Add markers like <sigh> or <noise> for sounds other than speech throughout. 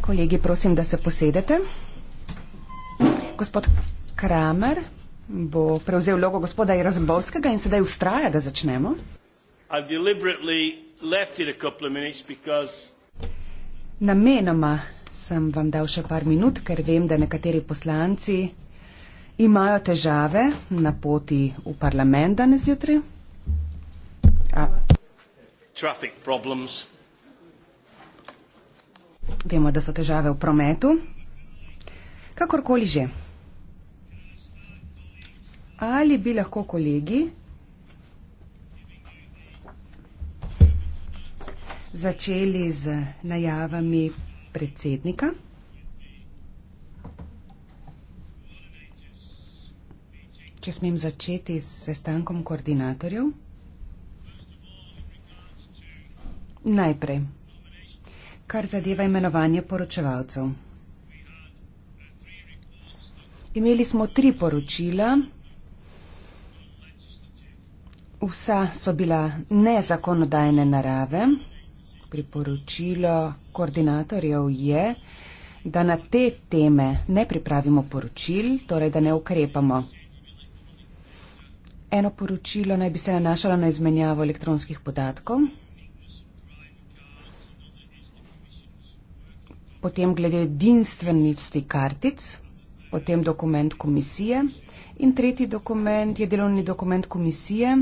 Kolegi, prosim, da se posedete. Gospod Kramer bo prevzel vlogo gospoda Jarzbovskega in sedaj ustraja, da začnemo. Namenoma sem vam dal še par minut, ker vem, da nekateri poslanci imajo težave na poti v parlament danes jutri. Vemo, da so težave v prometu. Kakorkoli že. Ali bi lahko kolegi začeli z najavami predsednika? Če smem začeti s sestankom koordinatorjev. Najprej kar zadeva imenovanje poročevalcev. Imeli smo tri poročila, vsa so bila nezakonodajne narave. Priporočilo koordinatorjev je, da na te teme ne pripravimo poročil, torej da ne ukrepamo. Eno poročilo naj bi se nanašalo na izmenjavo elektronskih podatkov. potem glede edinstvenosti kartic, potem dokument komisije in tretji dokument je delovni dokument komisije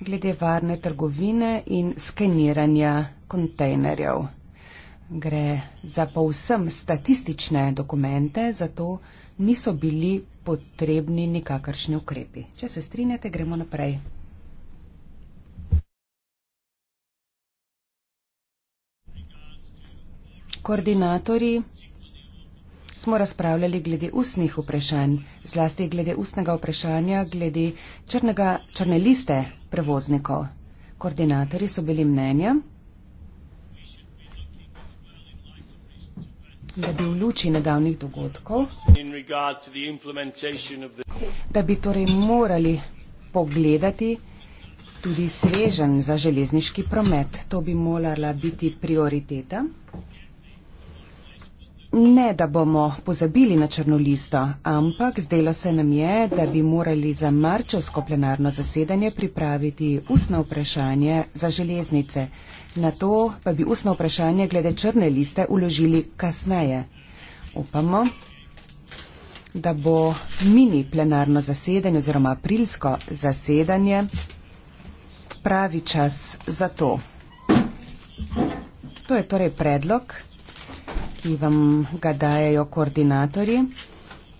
glede varne trgovine in skeniranja kontejnerjev. Gre za povsem statistične dokumente, zato niso bili potrebni nikakršni ukrepi. Če se strinjate, gremo naprej. koordinatorji smo razpravljali glede ustnih vprašanj, zlasti glede ustnega vprašanja glede črnega, črne liste prevoznikov. Koordinatorji so bili mnenja, da bi v luči nedavnih dogodkov, da bi torej morali pogledati tudi svežen za železniški promet. To bi morala biti prioriteta. Ne, da bomo pozabili na črno listo, ampak zdelo se nam je, da bi morali za marčevsko plenarno zasedanje pripraviti ustno vprašanje za železnice. Na to pa bi ustno vprašanje glede črne liste uložili kasneje. Upamo, da bo mini plenarno zasedanje oziroma aprilsko zasedanje pravi čas za to. To je torej predlog ki vam ga dajajo koordinatorji.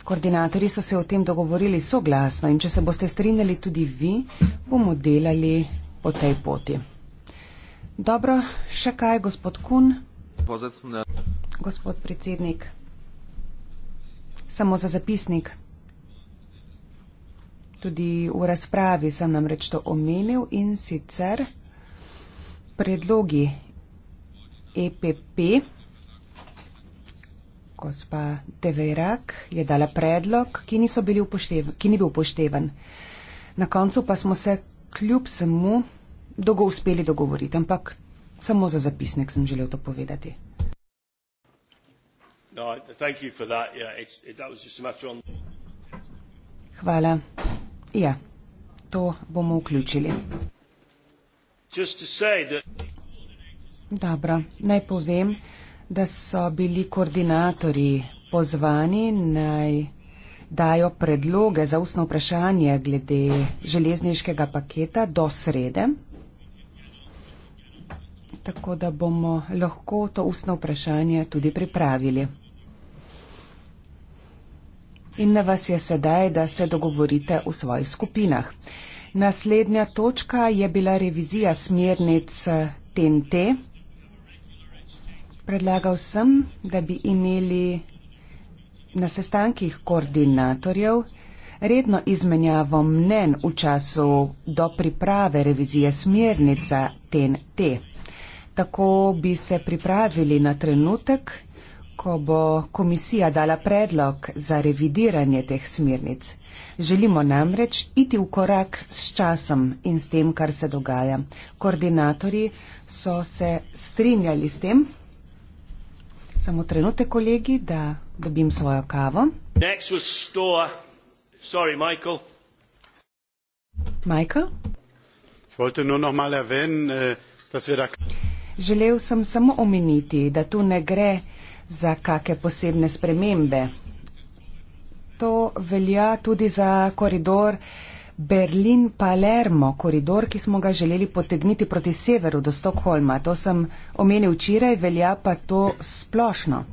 Koordinatorji so se o tem dogovorili soglasno in če se boste strinjali tudi vi, bomo delali po tej poti. Dobro, še kaj, gospod Kun? Pozicne. Gospod predsednik, samo za zapisnik. Tudi v razpravi sem namreč to omenil in sicer predlogi EPP gospa Teverak je dala predlog, ki, upošteva, ki ni bil upoštevan. Na koncu pa smo se kljub samo dolgo uspeli dogovoriti, ampak samo za zapisnik sem želel to povedati. No, Hvala. Ja, to bomo vključili. Dobro, naj povem da so bili koordinatorji pozvani naj dajo predloge za ustno vprašanje glede železniškega paketa do srede. Tako da bomo lahko to ustno vprašanje tudi pripravili. In na vas je sedaj, da se dogovorite v svojih skupinah. Naslednja točka je bila revizija smernic TNT. Predlagal sem, da bi imeli na sestankih koordinatorjev redno izmenjavo mnen v času do priprave revizije smernica TNT. Tako bi se pripravili na trenutek, ko bo komisija dala predlog za revidiranje teh smernic. Želimo namreč iti v korak s časom in s tem, kar se dogaja. Koordinatorji so se strinjali s tem. Samo trenute, kolegi, da dobim svojo kavo. Next was store. Sorry, Michael. Michael? Wollte nur noch mal erwähnen, äh, dass wir da... Želel sem samo omeniti, da tu ne gre za kake posebne spremembe. To velja tudi za koridor Berlin-Palermo, koridor, ki smo ga želeli potegniti proti severu do Stokholma. To sem omenil včeraj, velja pa to splošno.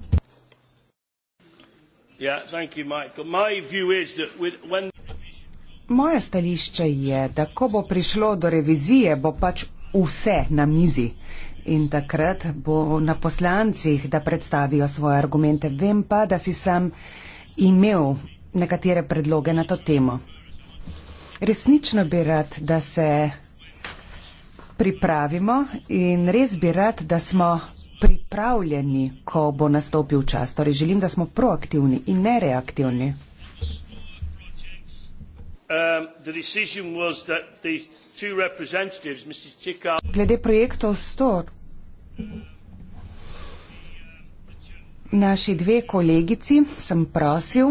Moje stališče je, da ko bo prišlo do revizije, bo pač vse na mizi. In takrat bo na poslancih, da predstavijo svoje argumente. Vem pa, da si sam imel nekatere predloge na to temo. Resnično bi rad, da se pripravimo in res bi rad, da smo pripravljeni, ko bo nastopil čas. Torej želim, da smo proaktivni in ne reaktivni. Um, Glede projektov 100, naši dve kolegici sem prosil,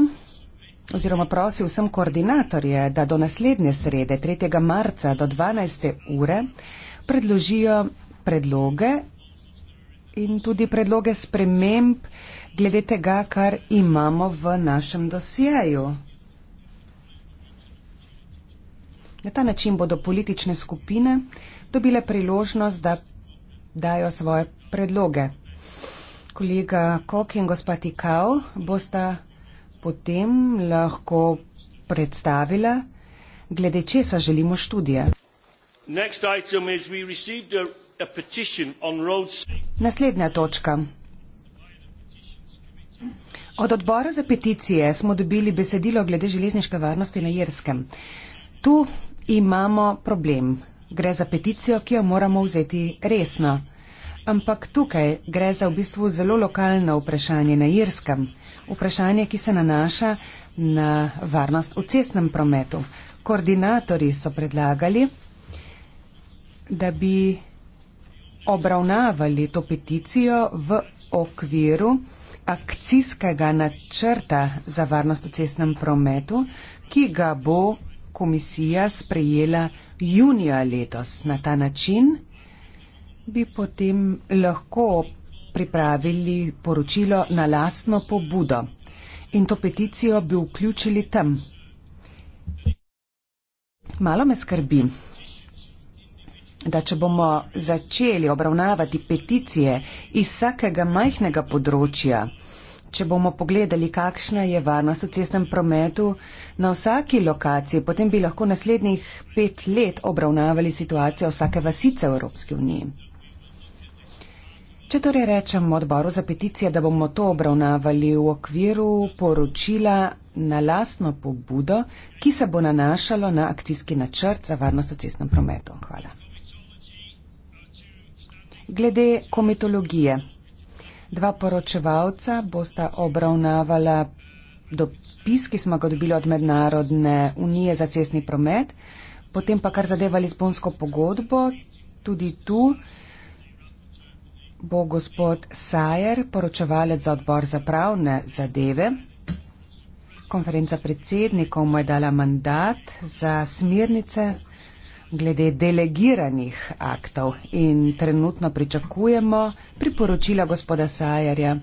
Oziroma prosil sem koordinatorje, da do naslednje srede, 3. marca do 12. ure, predložijo predloge in tudi predloge sprememb glede tega, kar imamo v našem dosjeju. Na ta način bodo politične skupine dobile priložnost, da dajo svoje predloge. Kolega Kok in gospa Tikal bosta potem lahko predstavila, glede česa želimo študije. Naslednja točka. Od odbora za peticije smo dobili besedilo glede železniške varnosti na Jerskem. Tu imamo problem. Gre za peticijo, ki jo moramo vzeti resno. Ampak tukaj gre za v bistvu zelo lokalno vprašanje na Jerskem vprašanje, ki se nanaša na varnost v cestnem prometu. Koordinatori so predlagali, da bi obravnavali to peticijo v okviru akcijskega načrta za varnost v cestnem prometu, ki ga bo komisija sprejela junija letos. Na ta način bi potem lahko pripravili poročilo na lastno pobudo in to peticijo bi vključili tam. Malo me skrbi, da če bomo začeli obravnavati peticije iz vsakega majhnega področja, če bomo pogledali, kakšna je varnost v cestnem prometu na vsaki lokaciji, potem bi lahko naslednjih pet let obravnavali situacijo vsake vasice v Evropski uniji. Če torej rečem odboru za peticije, da bomo to obravnavali v okviru poročila na lastno pobudo, ki se bo nanašalo na akcijski načrt za varnost v cestnem prometu. Hvala. Glede komitologije. Dva poročevalca bosta obravnavala dopis, ki smo ga dobili od Mednarodne unije za cestni promet, potem pa kar zadeva Lizbonsko pogodbo, tudi tu bo gospod Sajer, poročevalec za odbor za pravne zadeve. Konferenca predsednikov mu je dala mandat za smirnice glede delegiranih aktov in trenutno pričakujemo priporočila gospoda Sajerja,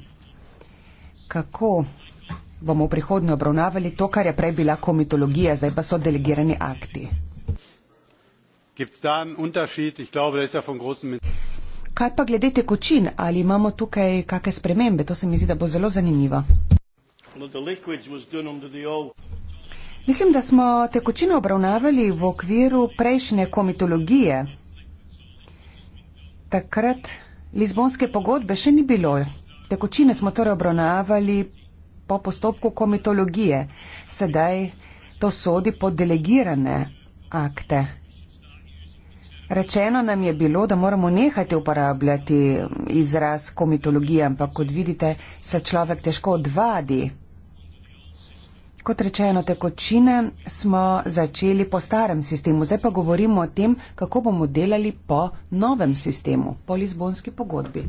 kako bomo v prihodnje obravnavali to, kar je prej bila komitologija, zdaj pa so delegirani akti. Gibt's da einen Unterschied? Ich glaube, der ist ja von großem Interesse kaj pa glede tekočin, ali imamo tukaj kakšne spremembe? To se mi zdi, da bo zelo zanimivo. Mislim, da smo tekočine obravnavali v okviru prejšnje komitologije. Takrat Lizbonske pogodbe še ni bilo. Tekočine smo torej obravnavali po postopku komitologije. Sedaj to sodi pod delegirane akte. Rečeno nam je bilo, da moramo nehati uporabljati izraz komitologija, ampak kot vidite, se človek težko odvadi. Kot rečeno, tekočine smo začeli po starem sistemu, zdaj pa govorimo o tem, kako bomo delali po novem sistemu, po Lizbonski pogodbi.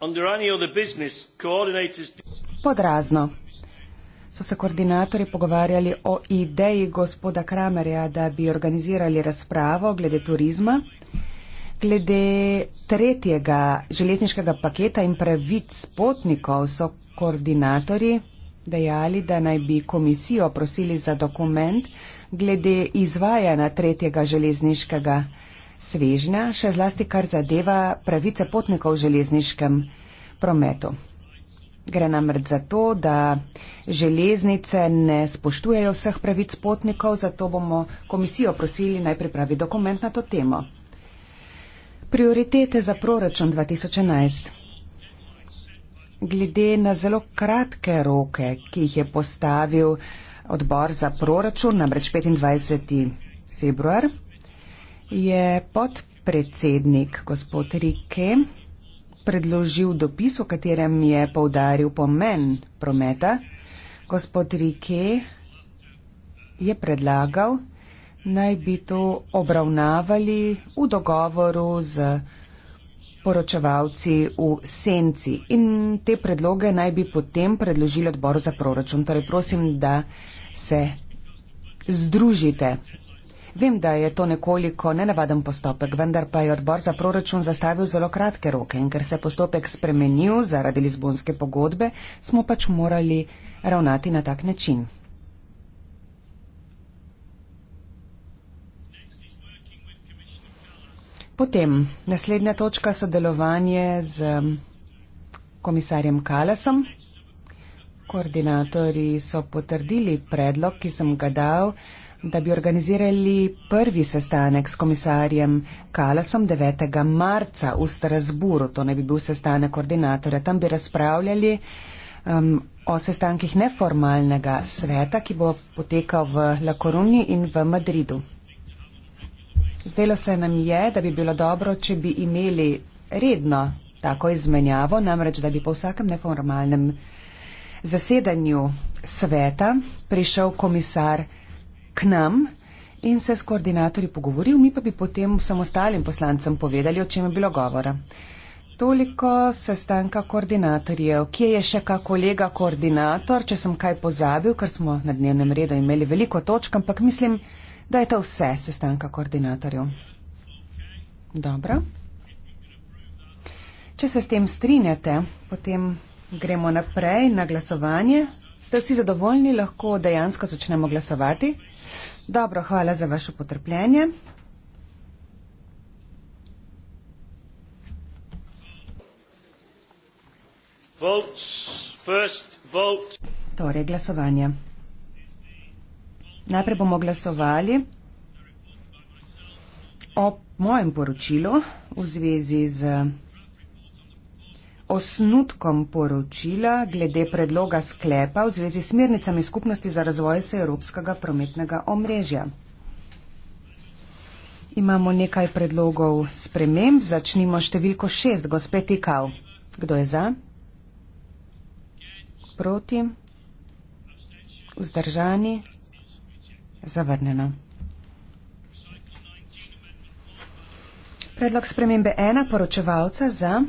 Um, Podrazno so se koordinatori pogovarjali o ideji gospoda Kramerja, da bi organizirali razpravo glede turizma, glede tretjega železniškega paketa in pravic potnikov so koordinatori dejali, da naj bi komisijo prosili za dokument glede izvajanja tretjega železniškega svežnja, še zlasti kar zadeva pravice potnikov v železniškem prometu. Gre namreč za to, da železnice ne spoštujejo vseh pravic potnikov, zato bomo komisijo prosili naj pripravi dokument na to temo. Prioritete za proračun 2011. Glede na zelo kratke roke, ki jih je postavil odbor za proračun, namreč 25. februar, je podpredsednik gospod Rike predložil dopis, v katerem je povdaril pomen prometa. Gospod Rike je predlagal, naj bi to obravnavali v dogovoru z poročevalci v senci in te predloge naj bi potem predložili odboru za proračun. Torej prosim, da se združite Vem, da je to nekoliko nenavaden postopek, vendar pa je odbor za proračun zastavil zelo kratke roke in ker se je postopek spremenil zaradi Lizbonske pogodbe, smo pač morali ravnati na tak način. Potem naslednja točka sodelovanje z um, komisarjem Kalasom. Koordinatorji so potrdili predlog, ki sem ga dal da bi organizirali prvi sestanek s komisarjem Kalasom 9. marca v Strasburu. To ne bi bil sestanek koordinatorja. Tam bi razpravljali um, o sestankih neformalnega sveta, ki bo potekal v La Coruni in v Madridu. Zdelo se nam je, da bi bilo dobro, če bi imeli redno tako izmenjavo, namreč da bi po vsakem neformalnem zasedanju sveta prišel komisar k nam in se s koordinatorji pogovoril, mi pa bi potem vsem ostalim poslancem povedali, o čem je bilo govora. Toliko sestanka koordinatorjev. Kje je še kak kolega koordinator, če sem kaj pozabil, ker smo na dnevnem redu imeli veliko točk, ampak mislim, da je to vse sestanka koordinatorjev. Dobro. Če se s tem strinjate, potem gremo naprej na glasovanje. Ste vsi zadovoljni, lahko dejansko začnemo glasovati? Dobro, hvala za vaše potrpljenje. Votes, first vote. Torej, glasovanje. Najprej bomo glasovali o mojem poročilu v zvezi z osnutkom poročila glede predloga sklepa v zvezi s smernicami skupnosti za razvoj se evropskega prometnega omrežja. Imamo nekaj predlogov sprememb, začnimo številko šest, gospe Tikal. Kdo je za? Proti? Vzdržani? Zavrnjeno. Predlog spremembe ena, poročevalca za?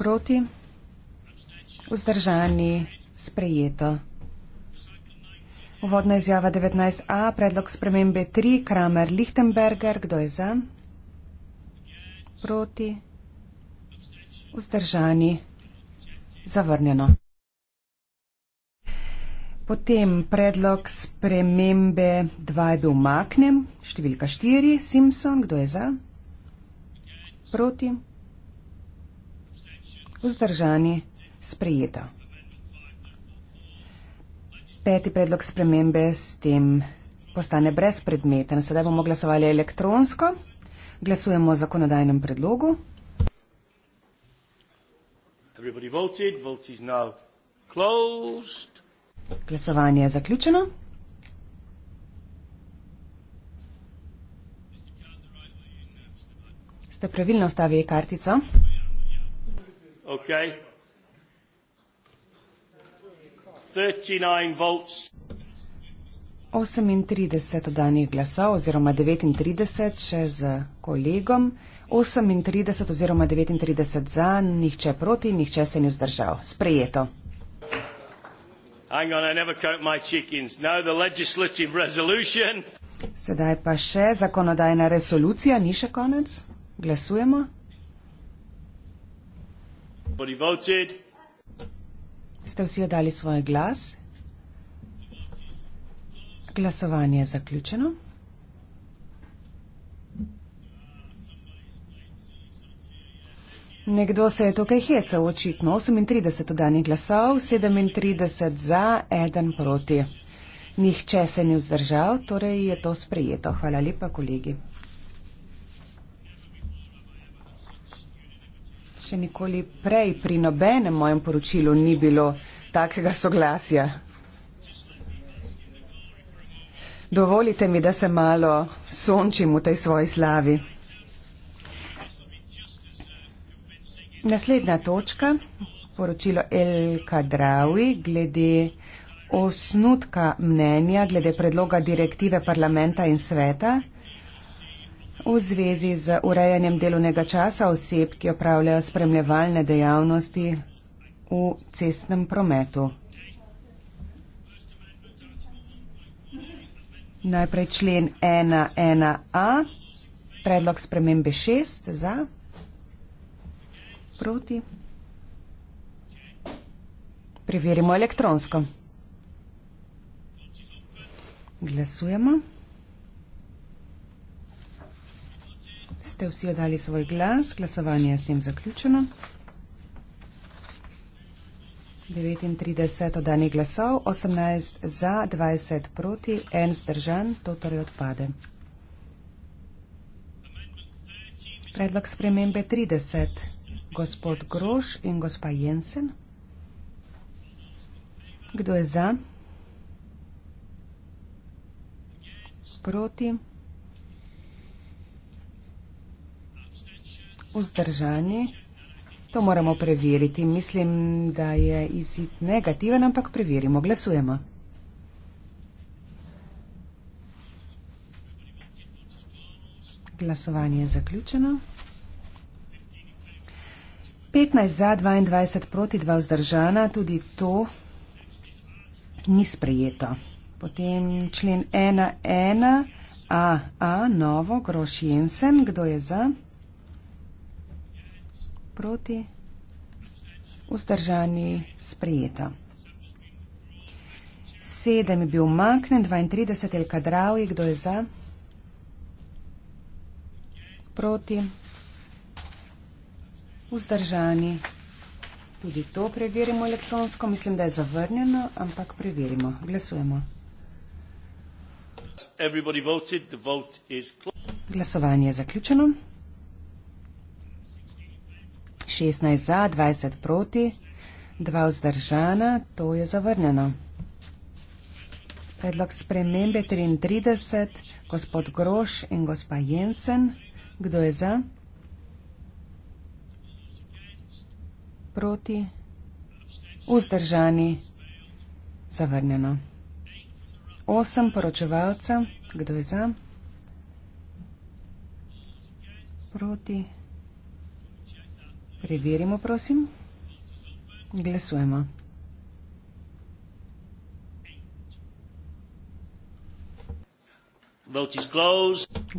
proti? Vzdržani sprejeto. Uvodna izjava 19a, predlog spremembe 3, Kramer Lichtenberger, kdo je za? Proti? Vzdržani? Zavrnjeno. Potem predlog spremembe 2 je bil umaknjen, številka 4, Simpson, kdo je za? Proti? vzdržani, sprejeta. Peti predlog spremembe s tem postane brezpredmeten. Sedaj bomo glasovali elektronsko. Glasujemo o zakonodajnem predlogu. Voted. Voted Glasovanje je zaključeno. Ste pravilno vstavili kartico? Okay. 39 votes. 38 danih glasov oziroma 39 še z kolegom, 38 oziroma 39 za, nihče proti, nihče se ni vzdržal. Sprejeto. No, Sedaj pa še zakonodajna resolucija, ni še konec? Glasujemo. Ste vsi oddali svoj glas? Glasovanje je zaključeno. Nekdo se je tukaj hecal, očitno. 38 oddanih glasov, 37 za, 1 proti. Nihče se ni vzdržal, torej je to sprejeto. Hvala lepa, kolegi. Še nikoli prej pri nobenem mojem poročilu ni bilo takega soglasja. Dovolite mi, da se malo sončim v tej svoji slavi. Naslednja točka, poročilo El Kadravi glede osnutka mnenja, glede predloga direktive parlamenta in sveta. V zvezi z urejanjem delovnega časa oseb, ki opravljajo spremljevalne dejavnosti v cestnem prometu. Najprej člen ena ena a, predlog spremembe šest za, proti. Preverimo elektronsko. Glasujemo. ste vsi oddali svoj glas, glasovanje je s tem zaključeno. 39 oddanih glasov, 18 za, 20 proti, en zdržan, to torej odpade. Predlog spremembe 30. Gospod Groš in gospa Jensen. Kdo je za? Proti. vzdržani. To moramo preveriti. Mislim, da je izid negativen, ampak preverimo. Glasujemo. Glasovanje je zaključeno. 15 za, 22 proti, 2 vzdržana. Tudi to ni sprejeto. Potem člen 1.1a.a. novo, groš Jensen. Kdo je za? proti? Vzdržani sprejeta. Sedem je bil umaknjen, 32 je kadravi, kdo je za? Proti? Vzdržani? Tudi to preverimo elektronsko, mislim, da je zavrnjeno, ampak preverimo. Glasujemo. Glasovanje je zaključeno. 16 za, 20 proti, 2 vzdržana, to je zavrnjeno. Predlog spremembe 33, gospod Groš in gospa Jensen, kdo je za? Proti, vzdržani, zavrnjeno. 8 poročevalcev, kdo je za? Proti. Preverimo, prosim. Glasujemo.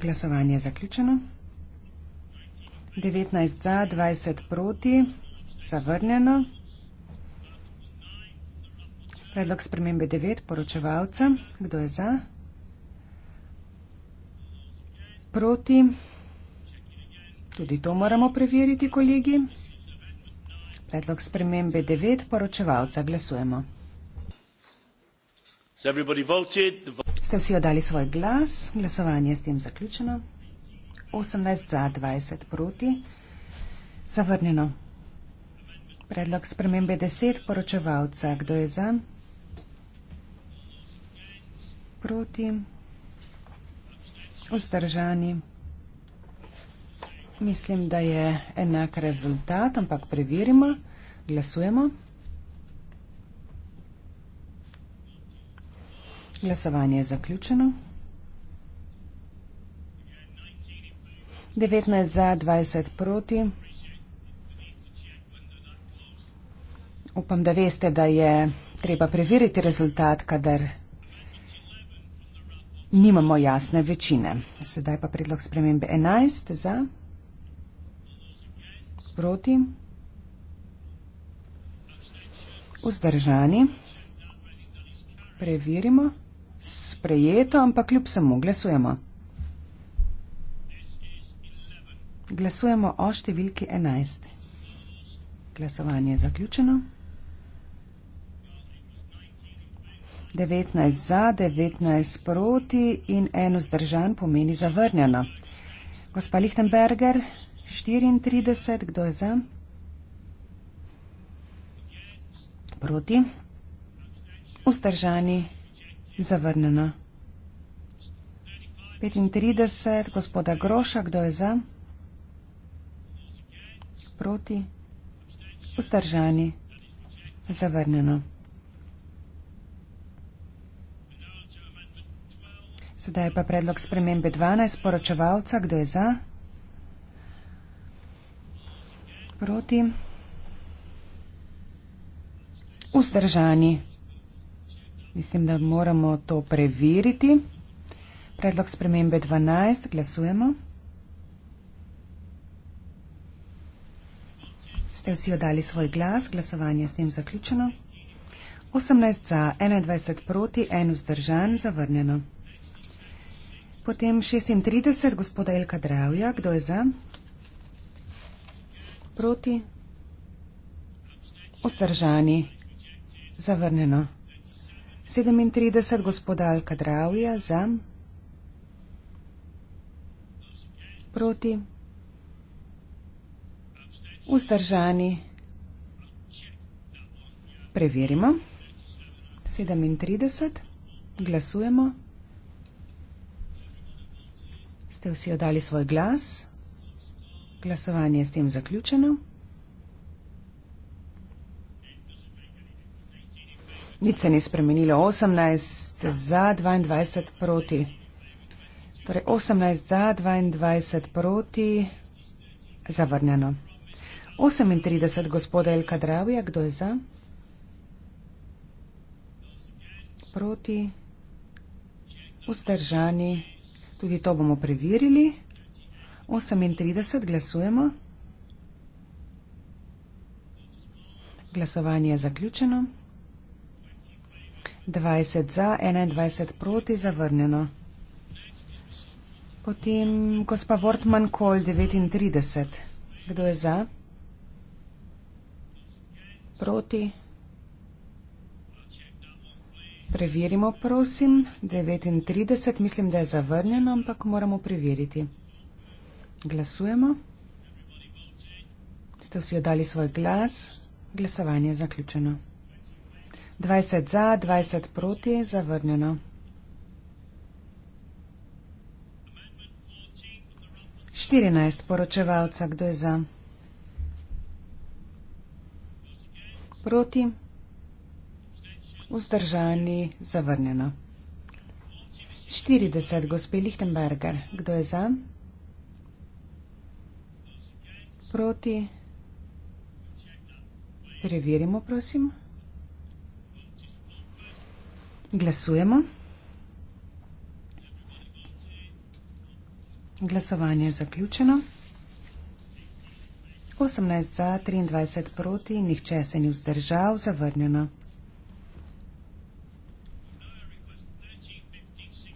Glasovanje je zaključeno. 19 za, 20 proti, zavrnjeno. Predlog spremembe 9 poročevalca. Kdo je za? Proti. Tudi to moramo preveriti, kolegi. Predlog spremembe 9 poročevalca glasujemo. Ste vsi oddali svoj glas, glasovanje je s tem zaključeno. 18 za, 20 proti. Zavrnjeno. Predlog spremembe 10 poročevalca. Kdo je za? Proti. Vzdržani. Mislim, da je enak rezultat, ampak preverimo. Glasujemo. Glasovanje je zaključeno. 19 za 20 proti. Upam, da veste, da je treba preveriti rezultat, kadar nimamo jasne večine. Sedaj pa predlog spremembe 11 za proti, vzdržani, preverimo, sprejeto, ampak kljub samo glasujemo. Glasujemo o številki 11. Glasovanje je zaključeno. 19 za, 19 proti in en vzdržan pomeni zavrnjeno. Gospa Lichtenberger, štiriintrideset, kdo je za? Proti? Vzdržani? Zavrnjeno. Petintrideset gospoda Groša, kdo je za? Proti? Vzdržani? Zavrnjeno. Sedaj je pa predlog spremembe dvanajst poročevalca, kdo je za? proti. Vzdržani. Mislim, da moramo to preveriti. Predlog spremembe 12. Glasujemo. Ste vsi oddali svoj glas, glasovanje s tem zaključeno. 18 za, 21 proti, 1 vzdržan, zavrnjeno. Potem 36, gospoda Elka Dravja, kdo je za? proti? Ostržani. Zavrnjeno. 37, gospoda Alka Dravija, za. Proti. Ustržani. Preverimo. 37. Glasujemo. Ste vsi oddali svoj glas? Glasovanje je s tem zaključeno. Nič se ni spremenilo. 18 za, 22 proti. Torej 18 za, 22 proti. Zavrnjeno. 38 gospoda Elka Dravija, kdo je za? Proti. Vzdržani. Tudi to bomo preverili. 38 glasujemo. Glasovanje je zaključeno. 20 za, 21 proti, zavrnjeno. Potem gospa Wortmann Kohl 39. Kdo je za? Proti. Preverimo, prosim. 39, mislim, da je zavrnjeno, ampak moramo preveriti. Glasujemo. Ste vsi dali svoj glas? Glasovanje je zaključeno. 20 za, 20 proti, zavrnjeno. Štirinajst poročevalca, kdo je za? Proti? Vzdržani, zavrnjeno. Štirideset, gospe Lichtenberger, kdo je za? proti. Preverimo, prosim. Glasujemo. Glasovanje je zaključeno. 18 za, 23 proti, nihče se ni vzdržal, zavrnjeno.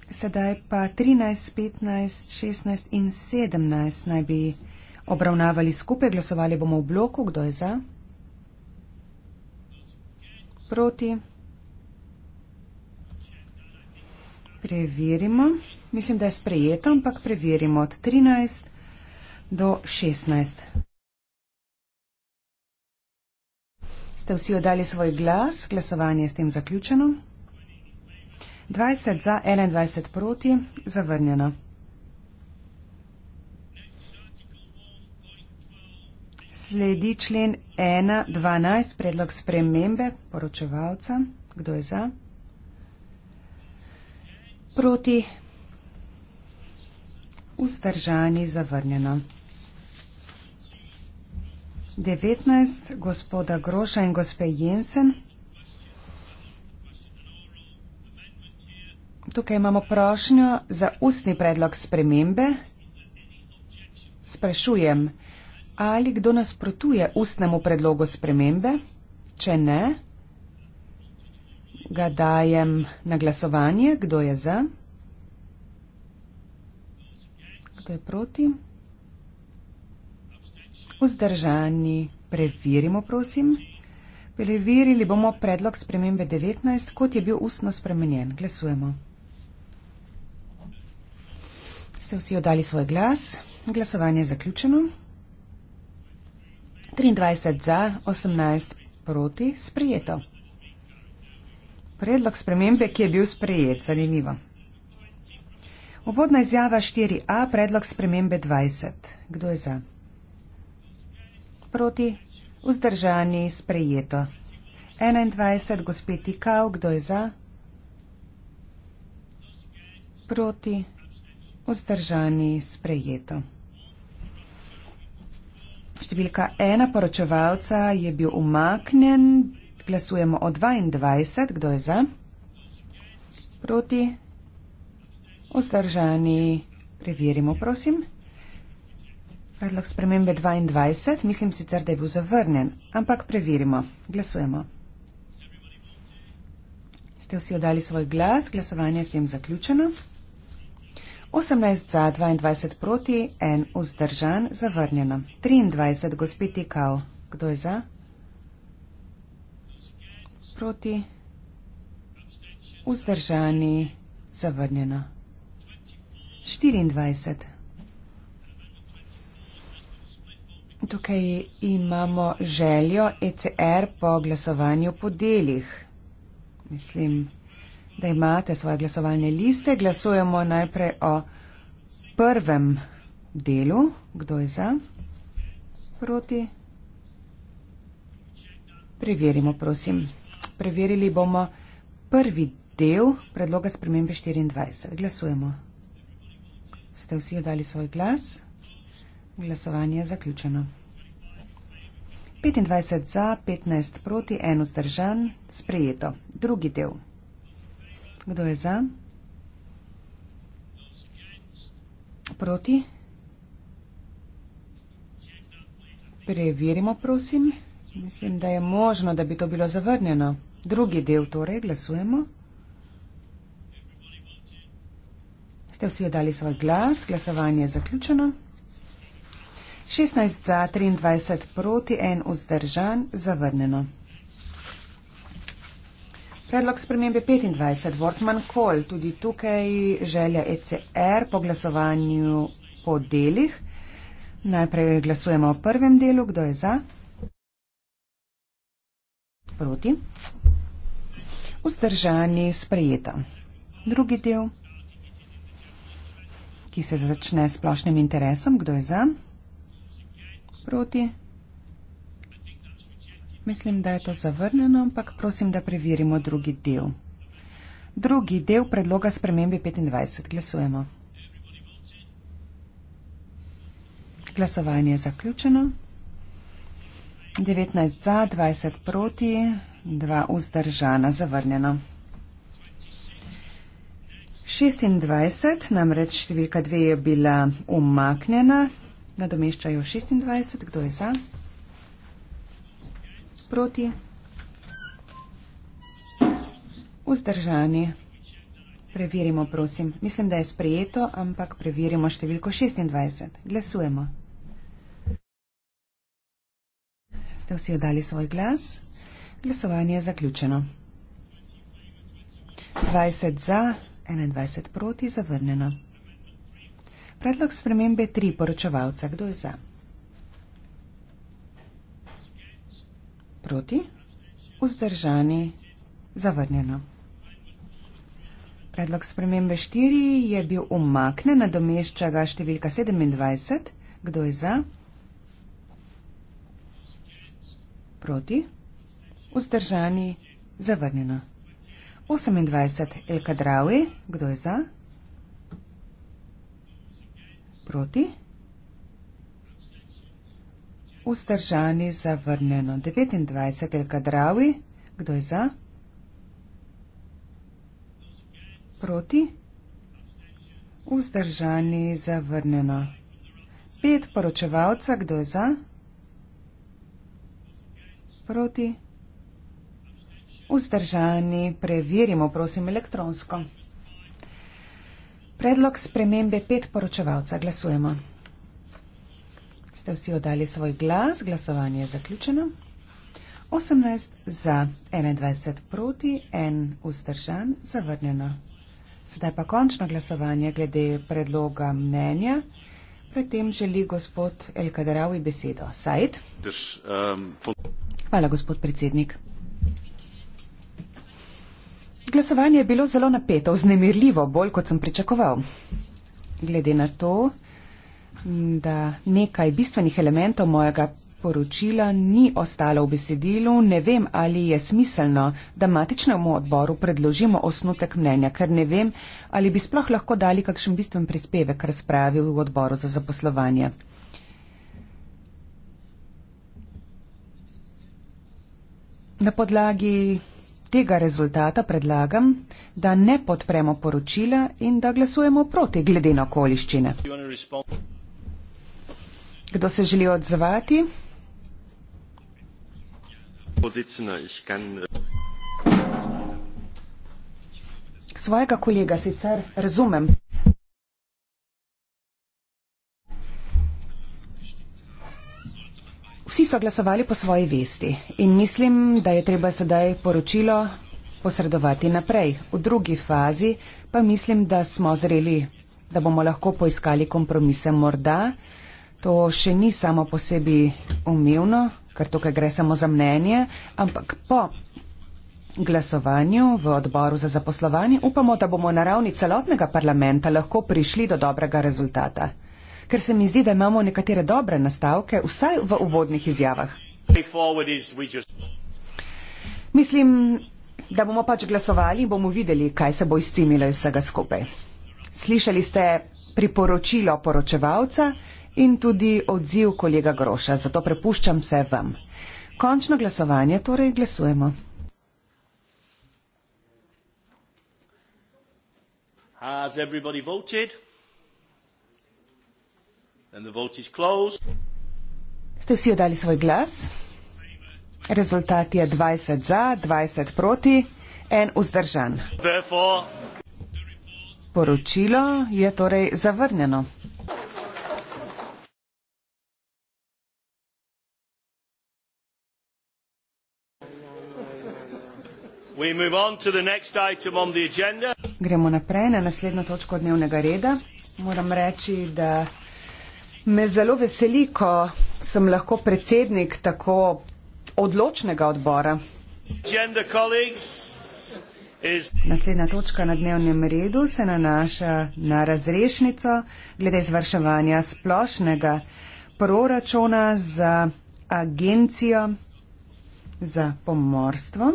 Sedaj pa 13, 15, 16 in 17 naj bi obravnavali skupaj, glasovali bomo v bloku, kdo je za, proti. Preverimo. Mislim, da je sprejeto, ampak preverimo od 13 do 16. Ste vsi oddali svoj glas, glasovanje je s tem zaključeno. 20 za, 21 proti, zavrnjeno. Sledi člen 1.12, predlog spremembe poročevalca. Kdo je za? Proti? Vzdržani, zavrnjeno. 19, gospoda Groša in gospe Jensen. Tukaj imamo prošnjo za ustni predlog spremembe. Sprašujem, ali kdo nasprotuje ustnemu predlogu spremembe? Če ne, ga dajem na glasovanje. Kdo je za? Kdo je proti? Vzdržani. Preverimo, prosim. Preverili bomo predlog spremembe 19, kot je bil ustno spremenjen. Glasujemo. Ste vsi oddali svoj glas? Glasovanje je zaključeno. 23 za, 18 proti, sprijeto. Predlog spremembe, ki je bil sprejet, zanimivo. Uvodna izjava 4a, predlog spremembe 20. Kdo je za? Proti, vzdržani, sprejeto. 21, gospod Tikal, kdo je za? Proti, vzdržani, sprejeto. Številka ena poročevalca je bil umaknjen. Glasujemo o 22. Kdo je za? Proti? Ostržani? Preverimo, prosim. Predlog spremembe 22. Mislim sicer, da je bil zavrnen, ampak preverimo. Glasujemo. Ste vsi oddali svoj glas? Glasovanje je s tem zaključeno. 18 za, 22 proti, 1 vzdržan, zavrnjeno. 23, gospod Tikal, kdo je za? Proti, vzdržani, zavrnjeno. 24. Tukaj imamo željo ECR po glasovanju po delih. Mislim, da imate svoje glasovalne liste. Glasujemo najprej o prvem delu. Kdo je za? Proti? Preverimo, prosim. Preverili bomo prvi del predloga spremembe 24. Glasujemo. Ste vsi oddali svoj glas? Glasovanje je zaključeno. 25 za, 15 proti, 1 vzdržan, sprejeto. Drugi del. Kdo je za? Proti? Preverimo, prosim. Mislim, da je možno, da bi to bilo zavrnjeno. Drugi del torej, glasujemo. Ste vsi dali svoj glas, glasovanje je zaključeno. 16 za, 23 proti, 1 vzdržan, zavrnjeno. Predlog spremembe 25. Wortman Kohl, tudi tukaj želja ECR po glasovanju po delih. Najprej glasujemo o prvem delu. Kdo je za? Proti. Vzdržani sprejeta. Drugi del, ki se začne s splošnim interesom. Kdo je za? Proti. Mislim, da je to zavrnjeno, ampak prosim, da preverimo drugi del. Drugi del predloga spremembe 25. Glasujemo. Glasovanje je zaključeno. 19 za, 20 proti, 2 vzdržana, zavrnjeno. 26, namreč številka 2 je bila umaknjena, nadomeščajo 26, kdo je za? proti. Vzdržani. Preverimo, prosim. Mislim, da je sprejeto, ampak preverimo številko 26. Glasujemo. Ste vsi oddali svoj glas? Glasovanje je zaključeno. 20 za, 21 proti, zavrnjeno. Predlog spremembe 3 poročevalca. Kdo je za? Proti? Vzdržani? Zavrnjeno. Predlog spremembe 4 je bil umaknen na domeščaga številka 27. Kdo je za? Proti? Vzdržani? Zavrnjeno. 28. El Kadravi. Kdo je za? Proti? vzdržani zavrnjeno. 29. Elka Dravi, kdo je za? Proti? Vzdržani zavrnjeno. Pet poročevalca, kdo je za? Proti? Vzdržani, preverimo, prosim, elektronsko. Predlog spremembe pet poročevalca, glasujemo ste vsi oddali svoj glas, glasovanje je zaključeno. 18 za, 21 proti, 1 vzdržan, zavrnjeno. Sedaj pa končno glasovanje glede predloga mnenja. Predtem želi gospod Elkaderavi besedo. Said. Ehm, Hvala, gospod predsednik. Glasovanje je bilo zelo napeto, vznemirljivo, bolj kot sem pričakoval. Glede na to, da nekaj bistvenih elementov mojega poročila ni ostalo v besedilu. Ne vem, ali je smiselno, da matičnemu odboru predložimo osnutek mnenja, ker ne vem, ali bi sploh lahko dali kakšen bistven prispevek razpravi v odboru za zaposlovanje. Na podlagi tega rezultata predlagam, da ne podpremo poročila in da glasujemo proti glede na okoliščine. Do you want to respond? Kdo se želi odzvati? Eh, Svojega kolega sicer razumem. Vsi so glasovali po svoji vesti in mislim, da je treba sedaj poročilo posredovati naprej. V drugi fazi pa mislim, da smo zreli, da bomo lahko poiskali kompromise morda. To še ni samo po sebi umevno, ker tukaj gre samo za mnenje, ampak po glasovanju v odboru za zaposlovanje upamo, da bomo na ravni celotnega parlamenta lahko prišli do dobrega rezultata. Ker se mi zdi, da imamo nekatere dobre nastavke, vsaj v uvodnih izjavah. Mislim, da bomo pač glasovali in bomo videli, kaj se bo izcimilo iz vsega skupaj. Slišali ste priporočilo poročevalca in tudi odziv kolega Groša, zato prepuščam se vam. Končno glasovanje, torej glasujemo. Ste vsi oddali svoj glas? Rezultat je 20 za, 20 proti, en vzdržan. Poročilo je torej zavrnjeno. Gremo naprej na naslednjo točko dnevnega reda. Moram reči, da me zelo veseli, ko sem lahko predsednik tako odločnega odbora. Naslednja točka na dnevnem redu se nanaša na razrešnico glede izvrševanja splošnega proračuna za agencijo za pomorstvo.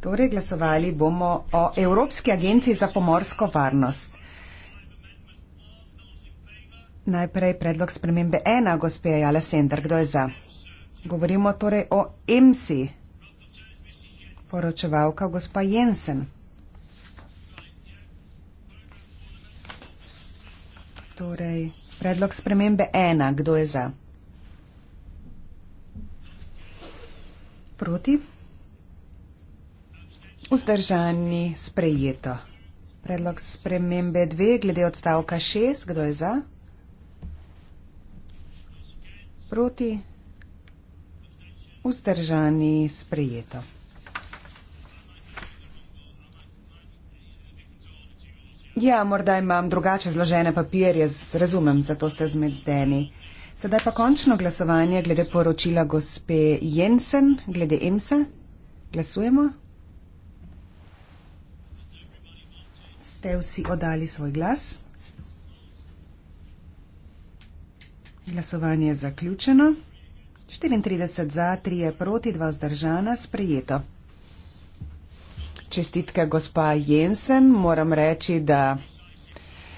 Torej, glasovali bomo o Evropski agenciji za pomorsko varnost. Najprej predlog spremembe ena, gospe Jale Sender, kdo je za? Govorimo torej o EMSI, poročevalka gospa Jensen. Torej, predlog spremembe ena, kdo je za? Proti? Vzdržani sprejeto. Predlog spremembe dve glede odstavka šest. Kdo je za? Proti? Vzdržani sprejeto. Ja, morda imam drugače zložene papirje, razumem, zato ste zmedeni. Sedaj pa končno glasovanje glede poročila gospe Jensen, glede EMSA. Glasujemo. ste vsi oddali svoj glas. Glasovanje je zaključeno. 34 za, 3 proti, 2 zdržana, sprejeto. Čestitke, gospa Jensen. Moram reči, da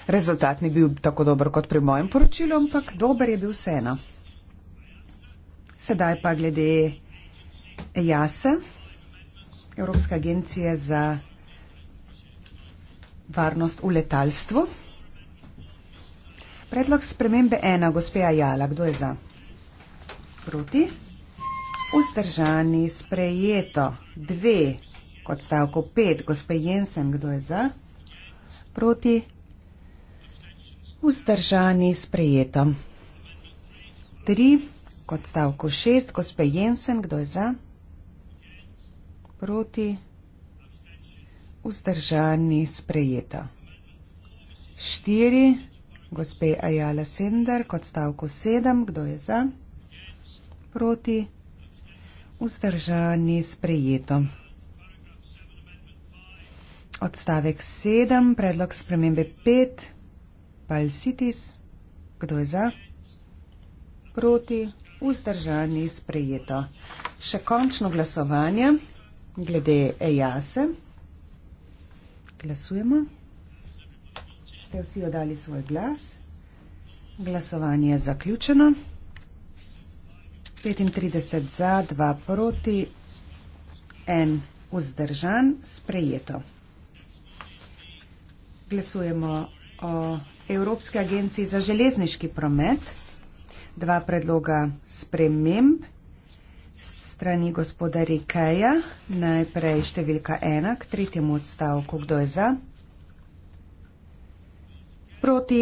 rezultat ni bil tako dober kot pri mojem poročilu, ampak dober je bil vseeno. Sedaj pa glede JASE, Evropske agencije za varnost v letalstvu. Predlog spremembe ena, gospe Ajala, kdo je za? Proti. Vzdržani, sprejeto. Dve, kot stavko pet, gospe Jensen, kdo je za? Proti. Vzdržani, sprejeto. Tri, kot stavko šest, gospe Jensen, kdo je za? Proti vzdržani, sprejeta. Štiri, gospe Ajala Sender, kot stavku sedem, kdo je za, proti, vzdržani, sprejeto. Odstavek sedem, predlog spremembe pet, palsitis, kdo je za, proti, vzdržani, sprejeto. Še končno glasovanje glede EJASE. Glasujemo. Ste vsi oddali svoj glas? Glasovanje je zaključeno. 35 za, 2 proti, 1 vzdržan, sprejeto. Glasujemo o Evropski agenciji za železniški promet. Dva predloga sprememb strani gospoda Rikeja, najprej številka ena k tretjemu odstavku. Kdo je za? Proti?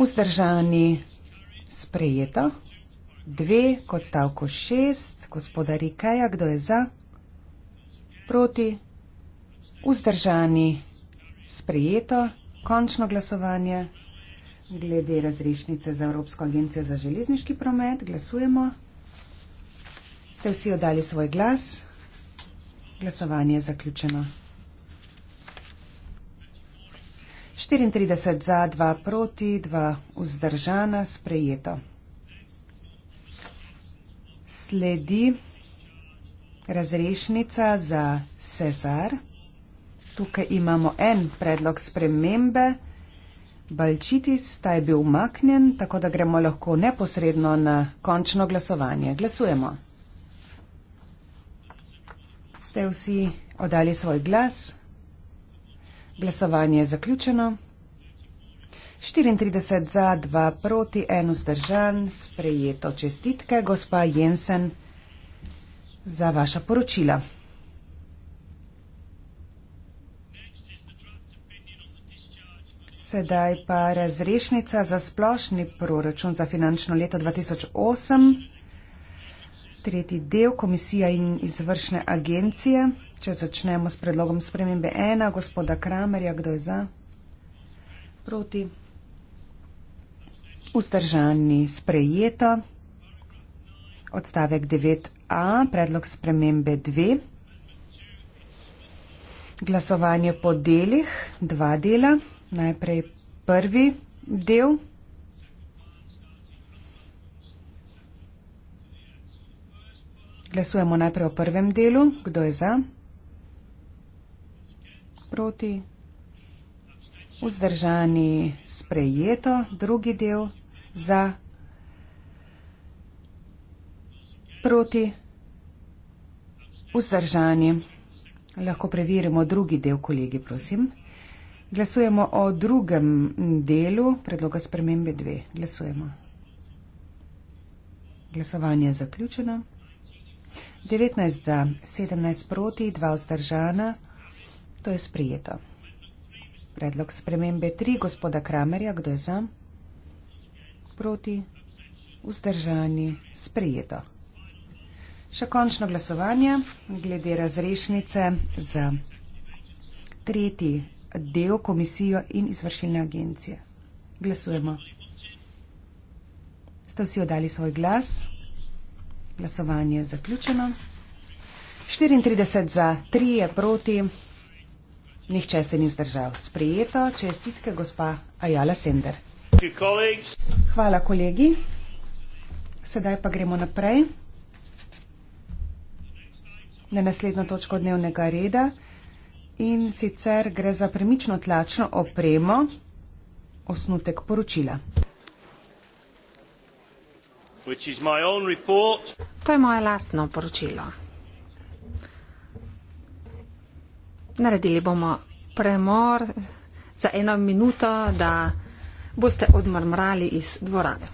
Vzdržani? Sprejeto. Dve k odstavku šest. Gospoda Rikeja, kdo je za? Proti? Vzdržani? Sprejeto. Končno glasovanje glede razrešnice za Evropsko agencijo za železniški promet. Glasujemo ste vsi oddali svoj glas. Glasovanje je zaključeno. 34 za, 2 proti, 2 vzdržana, sprejeto. Sledi razrešnica za Cesar. Tukaj imamo en predlog spremembe. Balčitis, ta je bil umaknjen, tako da gremo lahko neposredno na končno glasovanje. Glasujemo ste vsi oddali svoj glas. Glasovanje je zaključeno. 34 za, 2 proti, 1 zdržan, sprejeto čestitke, gospa Jensen, za vaša poročila. Sedaj pa razrešnica za splošni proračun za finančno leto 2008 tretji del komisija in izvršne agencije. Če začnemo s predlogom spremembe ena, gospoda Kramerja, kdo je za? Proti. Ustržani sprejeta. Odstavek 9a, predlog spremembe 2. Glasovanje po delih, dva dela. Najprej prvi del. Glasujemo najprej o prvem delu. Kdo je za? Proti? Vzdržani sprejeto. Drugi del za? Proti? Vzdržani. Lahko preverimo drugi del, kolegi, prosim. Glasujemo o drugem delu predloga spremembe dve. Glasujemo. Glasovanje je zaključeno. 19 za, 17 proti, 2 vzdržana. To je sprijeto. Predlog spremembe 3 gospoda Kramerja, kdo je za? Proti, vzdržani, sprijeto. Še končno glasovanje glede razrešnice za tretji del komisijo in izvršilne agencije. Glasujemo. Ste vsi oddali svoj glas? Glasovanje je zaključeno. 34 za 3 je proti, nihče se ni zdržal. Sprijeto, čestitke gospa Ajala Sender. Hvala kolegi. Sedaj pa gremo naprej na naslednjo točko dnevnega reda in sicer gre za premično tlačno opremo osnutek poročila. To je moje lastno poročilo. Naredili bomo premor za eno minuto, da boste odmrmrali iz dvorane.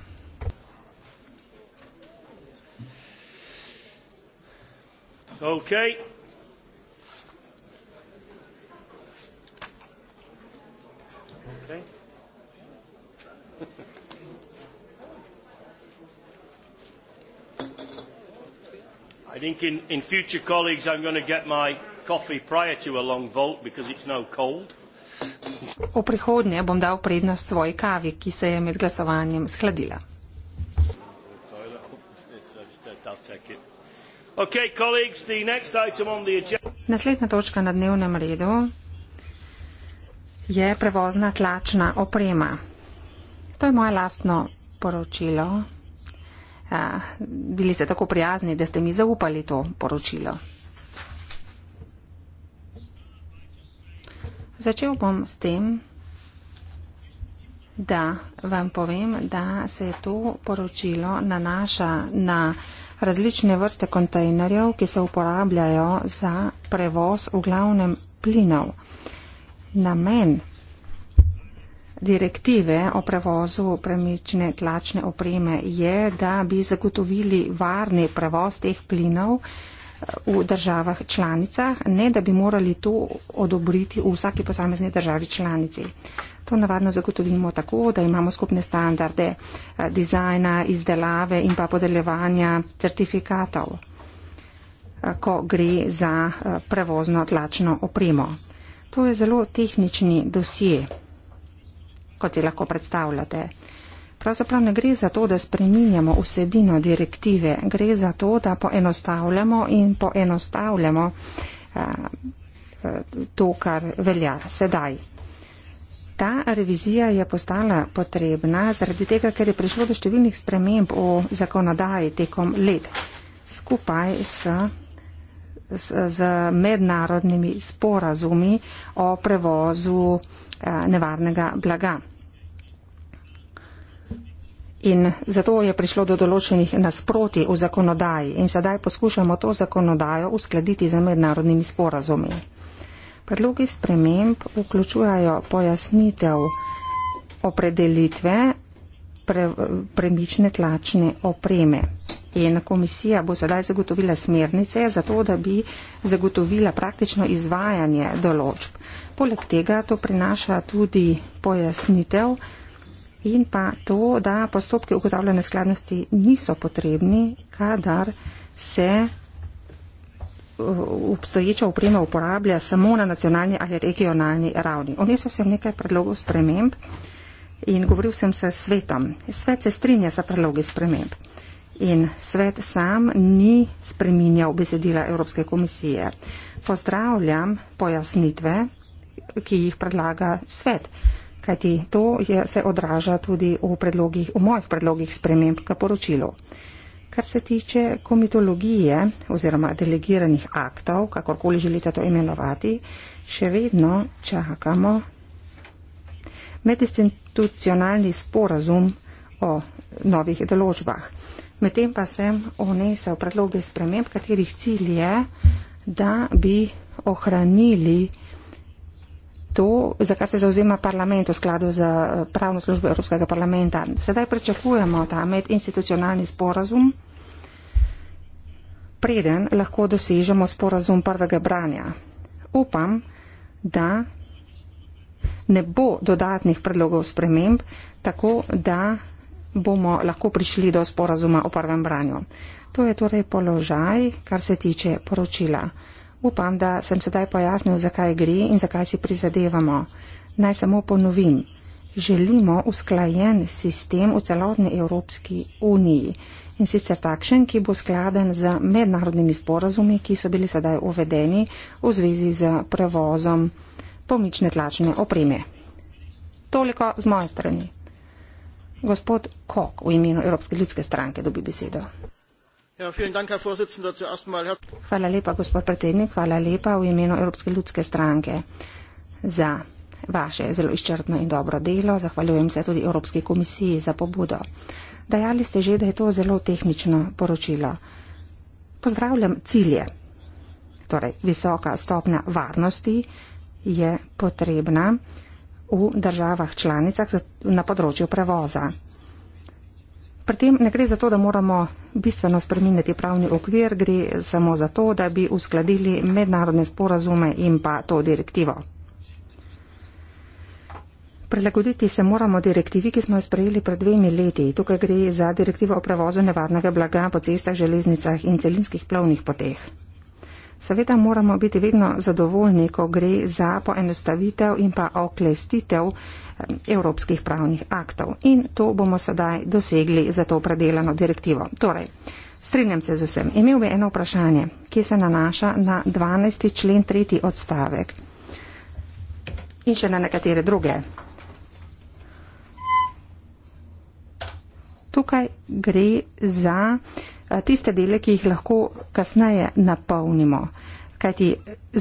Okay. I think in, in future colleagues, I'm going to get my coffee prior to a long vault because it's now cold. V prihodnje bom dal prednost svoji kavi, ki se je med glasovanjem shladila. Okay, agenda... Naslednja točka na dnevnem redu je prevozna tlačna oprema. To je moje lastno poročilo bili ste tako prijazni, da ste mi zaupali to poročilo. Začel bom s tem, da vam povem, da se to poročilo nanaša na različne vrste kontejnerjev, ki se uporabljajo za prevoz v glavnem plinov. Namen direktive o prevozu premične tlačne opreme je, da bi zagotovili varni prevoz teh plinov eh, v državah članicah, ne da bi morali to odobriti v vsaki posamezni državi članici. To navadno zagotovimo tako, da imamo skupne standarde eh, dizajna, izdelave in pa podeljevanja certifikatov, eh, ko gre za prevozno tlačno opremo. To je zelo tehnični dosje kot si lahko predstavljate. Pravzaprav ne gre za to, da spreminjamo vsebino direktive, gre za to, da poenostavljamo in poenostavljamo eh, eh, to, kar velja sedaj. Ta revizija je postala potrebna zaradi tega, ker je prišlo do številnih sprememb v zakonodaji tekom let skupaj s, s, z mednarodnimi sporazumi o prevozu eh, nevarnega blaga. In zato je prišlo do določenih nasproti v zakonodaji in sedaj poskušamo to zakonodajo uskladiti z mednarodnimi sporazumi. Predlogi sprememb vključujajo pojasnitev opredelitve pre, premične tlačne opreme. In komisija bo sedaj zagotovila smernice za to, da bi zagotovila praktično izvajanje določb. Poleg tega to prinaša tudi pojasnitev, in pa to, da postopke ugotavljanja skladnosti niso potrebni, kadar se uh, obstoječa oprema uporablja samo na nacionalni ali regionalni ravni. Onesel sem nekaj predlogov sprememb in govoril sem se s svetom. Svet se strinja za predloge sprememb in svet sam ni spreminjal besedila Evropske komisije. Pozdravljam pojasnitve, ki jih predlaga svet kajti to je, se odraža tudi v, predlogih, v mojih predlogih sprememb k poročilu. Kar se tiče komitologije oziroma delegiranih aktov, kakorkoli želite to imenovati, še vedno čakamo medistitucionalni sporazum o novih določbah. Medtem pa sem onesel predloge sprememb, katerih cilj je, da bi ohranili to, za kar se zauzema parlament v skladu z eh, pravno službo Evropskega parlamenta. Sedaj prečakujemo ta medinstitucionalni sporazum, preden lahko dosežemo sporazum prvega branja. Upam, da ne bo dodatnih predlogov sprememb, tako da bomo lahko prišli do sporazuma o prvem branju. To je torej položaj, kar se tiče poročila. Upam, da sem sedaj pojasnil, zakaj gre in zakaj si prizadevamo. Naj samo ponovim. Želimo usklajen sistem v celotni Evropski uniji in sicer takšen, ki bo skladen z mednarodnimi sporazumi, ki so bili sedaj uvedeni v zvezi z prevozom pomične tlačne opreme. Toliko z moje strani. Gospod Kok v imenu Evropske ljudske stranke dobi besedo. Ja, Hvala lepa, gospod predsednik. Hvala lepa v imenu Evropske ljudske stranke za vaše zelo izčrpno in dobro delo. Zahvaljujem se tudi Evropski komisiji za pobudo. Dajali ste že, da je to zelo tehnično poročilo. Pozdravljam cilje. Torej, visoka stopna varnosti je potrebna v državah članicah na področju prevoza pri tem ne gre za to, da moramo bistveno spremeniti pravni okvir, gre samo za to, da bi uskladili mednarodne sporazume in pa to direktivo. Prilagoditi se moramo direktivi, ki smo jo sprejeli pred dvemi leti. Tukaj gre za direktivo o prevozu nevarnega blaga po cestah, železnicah in celinskih plovnih poteh. Seveda moramo biti vedno zadovoljni, ko gre za poenostavitev in pa oklestitev evropskih pravnih aktov. In to bomo sedaj dosegli za to predelano direktivo. Torej, strinjam se z vsem. Imel bi eno vprašanje, ki se nanaša na 12. člen 3. odstavek in še na nekatere druge. Tukaj gre za eh, tiste dele, ki jih lahko kasneje napolnimo. Uh, Kajti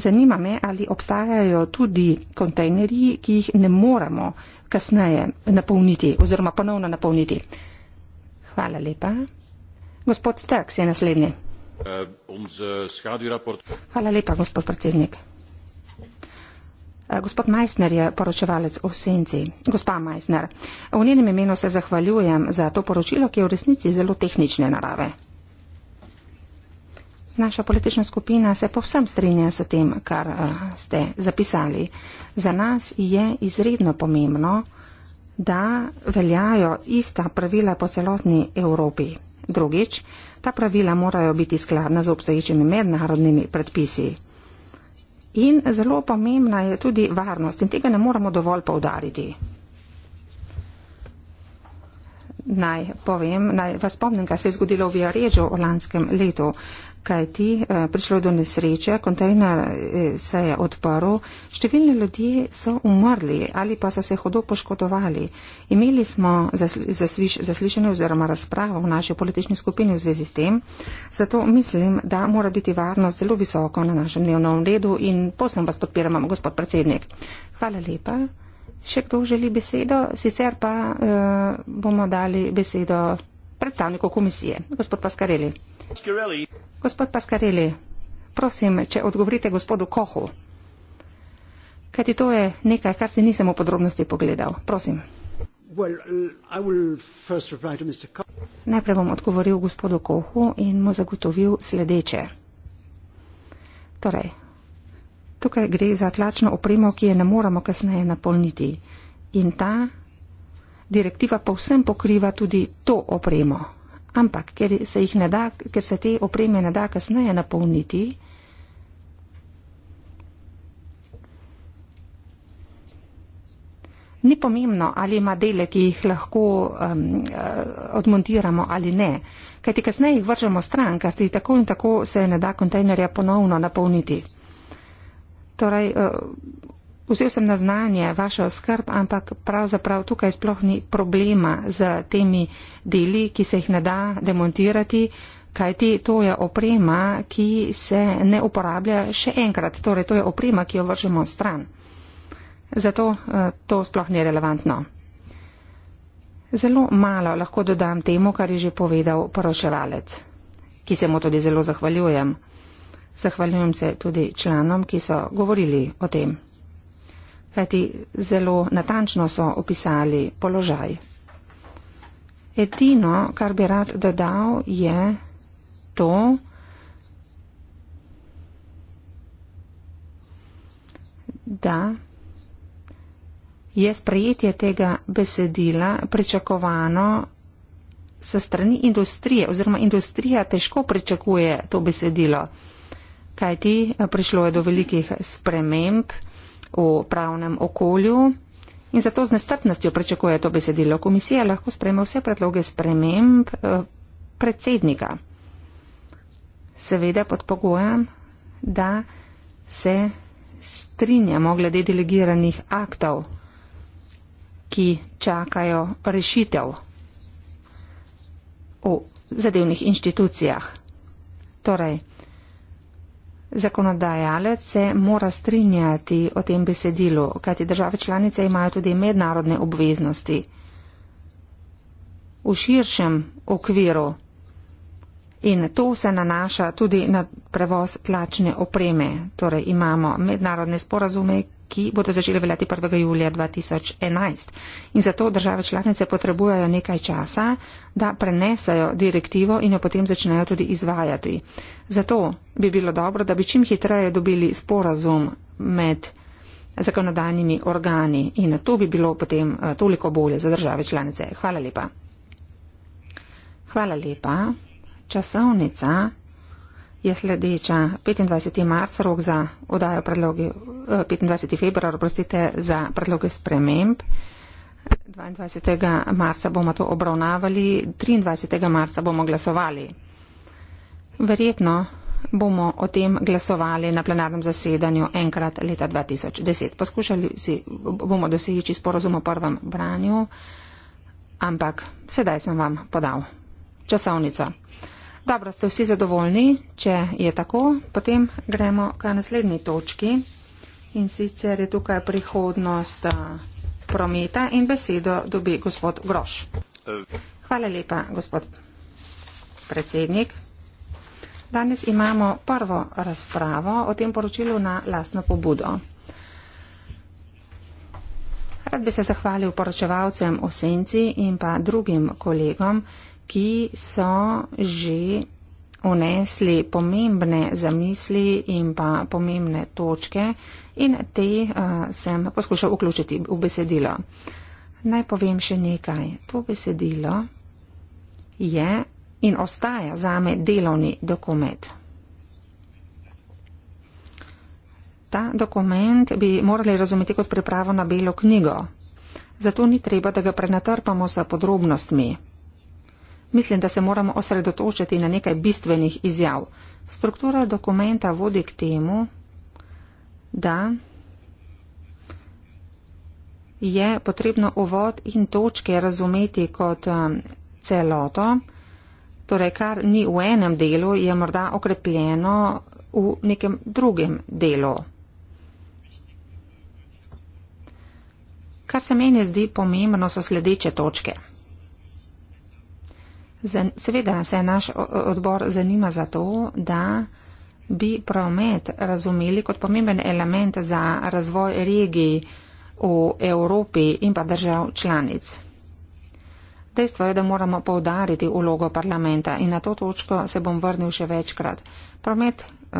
zanima me, ali obstajajo tudi kontejnerji, ki jih ne moremo kasneje napolniti oziroma ponovno napolniti. Hvala lepa. Gospod Strks je naslednji. Eh, Hvala lepa, gospod predsednik. Eh, gospod Majsner je poročevalec o senci. Gospa Majsner, v njenem imenu se zahvaljujem za to poročilo, ki je v resnici zelo tehnične narave naša politična skupina se povsem strinja s tem, kar eh, ste zapisali. Za nas je izredno pomembno, da veljajo ista pravila po celotni Evropi. Drugič, ta pravila morajo biti skladna z obstoječimi mednarodnimi predpisi. In zelo pomembna je tudi varnost in tega ne moramo dovolj povdariti. Naj povem, naj vas spomnim, kaj se je zgodilo v Viaređu v lanskem letu kajti eh, prišlo je do nesreče, kontejner eh, se je odprl, številni ljudje so umrli ali pa so se hodo poškodovali. Imeli smo zaslišanje oziroma razpravo v naši politični skupini v zvezi s tem, zato mislim, da mora biti varnost zelo visoko na našem dnevnem redu in posem vas podpiramo, gospod predsednik. Hvala lepa. Še kdo želi besedo? Sicer pa uh, bomo dali besedo predstavniku komisije. Gospod Paskareli. Gospod Paskareli, prosim, če odgovorite gospodu Kohu. Kajti to je nekaj, kar si nisem v podrobnosti pogledal. Prosim. Well, uh, Najprej bom odgovoril gospodu Kohu in mu zagotovil sledeče. Torej, tukaj gre za tlačno opremo, ki je ne moremo kasneje napolniti. In ta direktiva povsem pokriva tudi to opremo. Ampak, ker se, da, ker se te opreme ne da kasneje napolniti, ni pomembno, ali ima dele, ki jih lahko um, eh, odmontiramo ali ne, kaj ti kasneje jih vržemo stran, ker ti tako in tako se ne da kontejnerja ponovno napolniti. Torej, uh, Vzel sem na znanje vašo skrb, ampak pravzaprav tukaj sploh ni problema z temi deli, ki se jih ne da demontirati, kajti to je oprema, ki se ne uporablja še enkrat. Torej, to je oprema, ki jo vržemo stran. Zato eh, to sploh ni relevantno. Zelo malo lahko dodam temu, kar je že povedal poroševalec, ki se mu tudi zelo zahvaljujem. Zahvaljujem se tudi članom, ki so govorili o tem kajti zelo natančno so opisali položaj. Edino, kar bi rad dodal, je to, da je sprejetje tega besedila pričakovano se strani industrije oziroma industrija težko pričakuje to besedilo, kajti eh, prišlo je do velikih sprememb v pravnem okolju in zato z nestrpnostjo pričakuje to besedilo. Komisija lahko sprejme vse predloge sprememb eh, predsednika. Seveda pod pogojem, da se strinjamo glede delegiranih aktov, ki čakajo rešitev v zadevnih inštitucijah. Torej, Zakonodajalec se mora strinjati o tem besedilu, kajti države članice imajo tudi mednarodne obveznosti. V širšem okviru in to se nanaša tudi na prevoz tlačne opreme, torej imamo mednarodne sporazume, ki bodo začele veljati 1. julija 2011. In zato države članice potrebujejo nekaj časa, da prenesajo direktivo in jo potem začnejo tudi izvajati. Zato bi bilo dobro, da bi čim hitreje dobili sporazum med zakonodajnimi organi in to bi bilo potem eh, toliko bolje za države članice. Hvala lepa. Hvala lepa. Časovnica je sledeča 25. marc rok za odajo predloge, eh, 25. februar, prostite, za predloge sprememb. 22. marca bomo to obravnavali, 23. marca bomo glasovali. Verjetno bomo o tem glasovali na plenarnem zasedanju enkrat leta 2010. Poskušali si, bomo doseči sporozum o prvem branju, ampak sedaj sem vam podal časovnico. Dobro, ste vsi zadovoljni. Če je tako, potem gremo k naslednji točki. In sicer je tukaj prihodnost prometa in besedo dobi gospod Groš. Hvala lepa, gospod predsednik. Danes imamo prvo razpravo o tem poročilu na lastno pobudo. Rad bi se zahvalil poročevalcem o senci in pa drugim kolegom, ki so že unesli pomembne zamisli in pa pomembne točke in te uh, sem poskušal vključiti v besedilo. Naj povem še nekaj. To besedilo je in ostaja zame delovni dokument. Ta dokument bi morali razumeti kot pripravo na belo knjigo. Zato ni treba, da ga prenatrpamo sa podrobnostmi. Mislim, da se moramo osredotočiti na nekaj bistvenih izjav. Struktura dokumenta vodi k temu, da je potrebno uvod in točke razumeti kot um, celoto, torej kar ni v enem delu, je morda okrepljeno v nekem drugem delu. Kar se meni zdi pomembno, so sledeče točke. Seveda se naš odbor zanima za to, da bi promet razumeli kot pomemben element za razvoj regij v Evropi in pa držav članic. Dejstvo je, da moramo povdariti ulogo parlamenta in na to točko se bom vrnil še večkrat. Promet eh,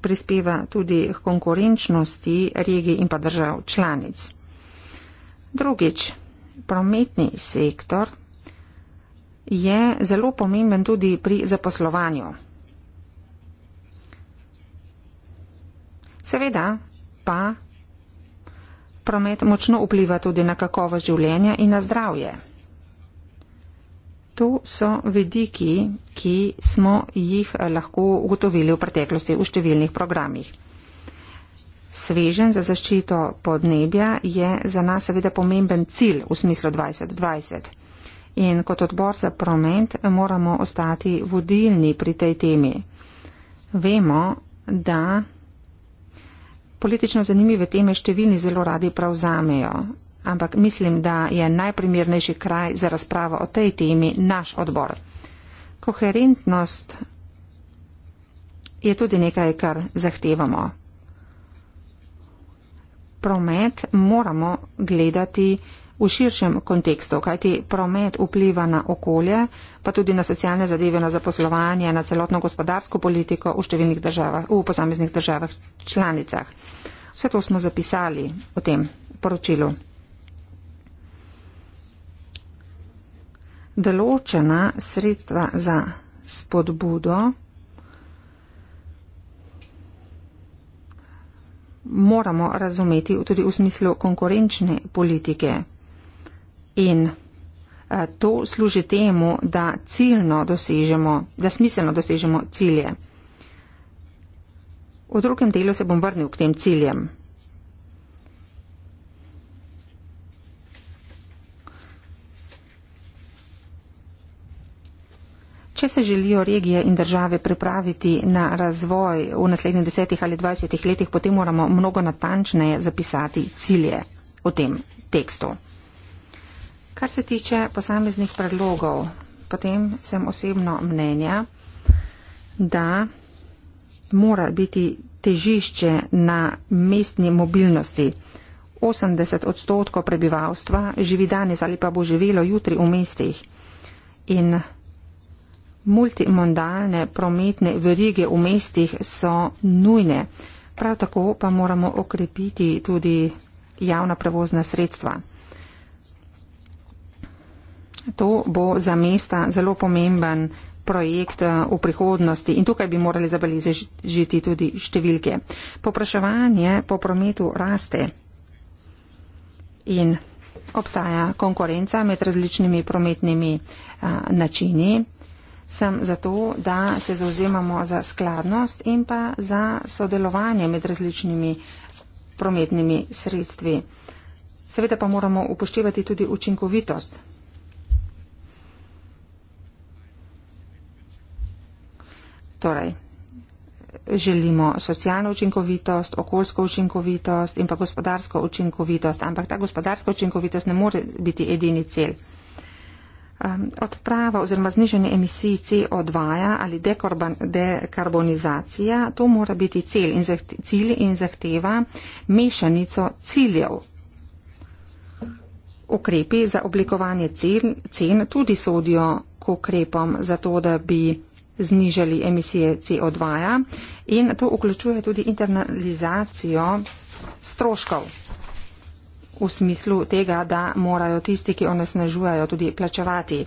prispeva tudi k konkurenčnosti regij in pa držav članic. Drugič, prometni sektor je zelo pomemben tudi pri zaposlovanju. Seveda pa promet močno vpliva tudi na kakovost življenja in na zdravje. To so vediki, ki smo jih eh, lahko ugotovili v preteklosti v številnih programih. Svežen za zaščito podnebja je za nas seveda pomemben cilj v smislu 2020 in kot odbor za promet moramo ostati vodilni pri tej temi. Vemo, da politično zanimive teme številni zelo radi pravzamejo, ampak mislim, da je najprimernejši kraj za razpravo o tej temi naš odbor. Koherentnost je tudi nekaj, kar zahtevamo. Promet moramo gledati v širšem kontekstu, kajti promet vpliva na okolje, pa tudi na socialne zadeve, na zaposlovanje, na celotno gospodarsko politiko v številnih državah, v posameznih državah članicah. Vse to smo zapisali v tem poročilu. Določena sredstva za spodbudo moramo razumeti tudi v smislu konkurenčne politike, In eh, to služi temu, da ciljno dosežemo, da smiselno dosežemo cilje. V drugem delu se bom vrnil k tem ciljem. Če se želijo regije in države pripraviti na razvoj v naslednjih desetih ali dvajsetih letih, potem moramo mnogo natančneje zapisati cilje v tem tekstu. Kar se tiče posameznih predlogov, potem sem osebno mnenja, da mora biti težišče na mestni mobilnosti. 80 odstotkov prebivalstva živi danes ali pa bo živelo jutri v mestih. In multimondalne prometne verige v mestih so nujne. Prav tako pa moramo okrepiti tudi javna prevozna sredstva. To bo za mesta zelo pomemben projekt eh, v prihodnosti in tukaj bi morali zabeležiti tudi številke. Popraševanje po prometu raste in obstaja konkurenca med različnimi prometnimi eh, načini. Sem zato, da se zauzemamo za skladnost in pa za sodelovanje med različnimi prometnimi sredstvi. Seveda pa moramo upoštevati tudi učinkovitost Torej, želimo socialno učinkovitost, okoljsko učinkovitost in pa gospodarsko učinkovitost, ampak ta gospodarska učinkovitost ne more biti edini cel. Um, odprava oziroma znižanje emisij CO2 ja ali dekarbonizacija, to mora biti cel in zahte, cilj in zahteva mešanico ciljev. Ukrepi za oblikovanje cel, cen tudi sodijo k ukrepom za to, da bi znižali emisije CO2 -ja in to vključuje tudi internalizacijo stroškov v smislu tega, da morajo tisti, ki onesnažujajo, tudi plačevati.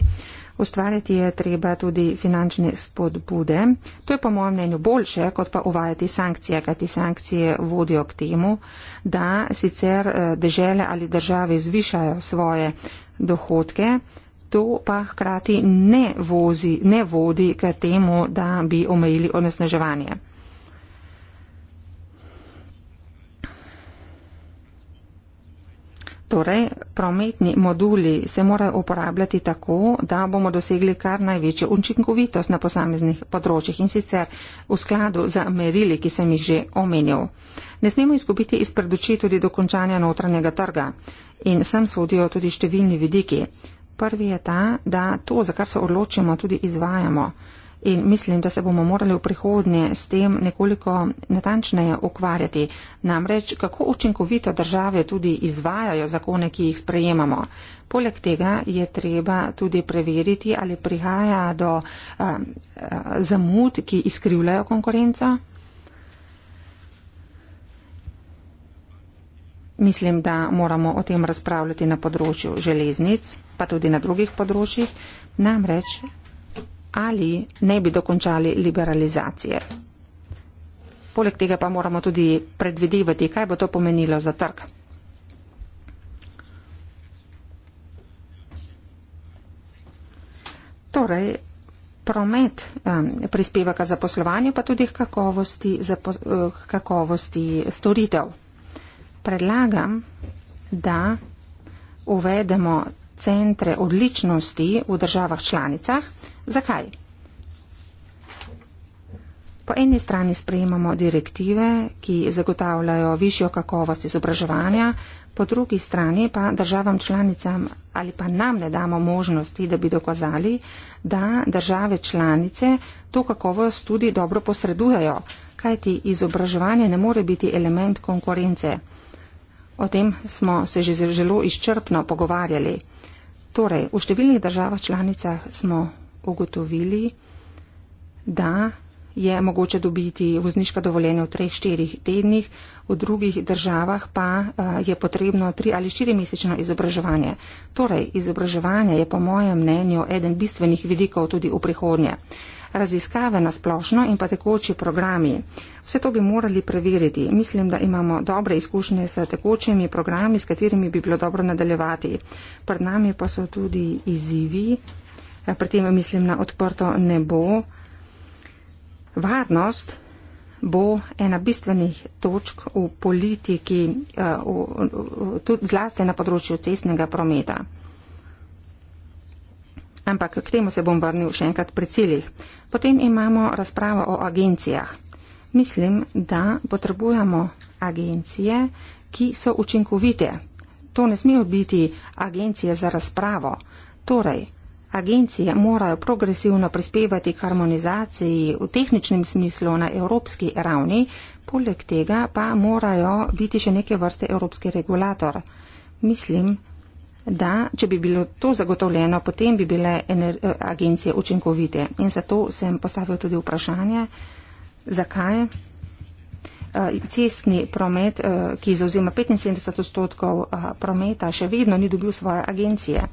Ustvarjati je treba tudi finančne spodbude. To je po mojem mnenju boljše, kot pa uvajati sankcije, kaj ti sankcije vodijo k temu, da sicer eh, države ali države zvišajo svoje dohodke, to pa hkrati ne, vozi, ne vodi k temu, da bi omejili onesnaževanje. Torej, prometni moduli se morajo uporabljati tako, da bomo dosegli kar največjo učinkovitost na posameznih področjih in sicer v skladu z merili, ki sem jih že omenil. Ne smemo izgubiti iz preduči tudi dokončanja notranjega trga in sem sodijo tudi številni vidiki. Prvi je ta, da to, za kar se odločimo, tudi izvajamo. In mislim, da se bomo morali v prihodnje s tem nekoliko natančneje ukvarjati. Namreč, kako učinkovito države tudi izvajajo zakone, ki jih sprejemamo. Poleg tega je treba tudi preveriti, ali prihaja do um, zamud, ki izkrivljajo konkurenco. mislim, da moramo o tem razpravljati na področju železnic, pa tudi na drugih področjih, namreč ali ne bi dokončali liberalizacije. Poleg tega pa moramo tudi predvidevati, kaj bo to pomenilo za trg. Torej, promet um, prispeva k zaposlovanju, pa tudi k kakovosti, zapo, k kakovosti storitev predlagam, da uvedemo centre odličnosti v državah članicah. Zakaj? Po eni strani sprejemamo direktive, ki zagotavljajo višjo kakovost izobraževanja, po drugi strani pa državam članicam ali pa nam ne damo možnosti, da bi dokazali, da države članice to kakovost tudi dobro posredujejo, kajti izobraževanje ne more biti element konkurence. O tem smo se že zelo izčrpno pogovarjali. Torej, v številnih državah članicah smo ugotovili, da je mogoče dobiti vozniško dovoljenje v 3-4 tednih, v drugih državah pa eh, je potrebno 3 ali 4 mesečno izobraževanje. Torej, izobraževanje je po mojem mnenju eden bistvenih vidikov tudi v prihodnje raziskave na splošno in pa tekoči programi. Vse to bi morali preveriti. Mislim, da imamo dobre izkušnje s tekočimi programi, s katerimi bi bilo dobro nadaljevati. Pred nami pa so tudi izzivi. Pri tem mislim na odprto nebo. Varnost bo ena bistvenih točk v politiki, eh, v, v, v, tudi zlasti na področju cestnega prometa ampak k temu se bom vrnil še enkrat pri ciljih. Potem imamo razpravo o agencijah. Mislim, da potrebujemo agencije, ki so učinkovite. To ne smejo biti agencije za razpravo. Torej, agencije morajo progresivno prispevati k harmonizaciji v tehničnem smislu na evropski ravni, poleg tega pa morajo biti še neke vrste evropski regulator. Mislim, da če bi bilo to zagotovljeno, potem bi bile ener, eh, agencije učinkovite. In zato sem postavil tudi vprašanje, zakaj eh, cestni promet, eh, ki zauzima 75 odstotkov prometa, še vedno ni dobil svoje agencije.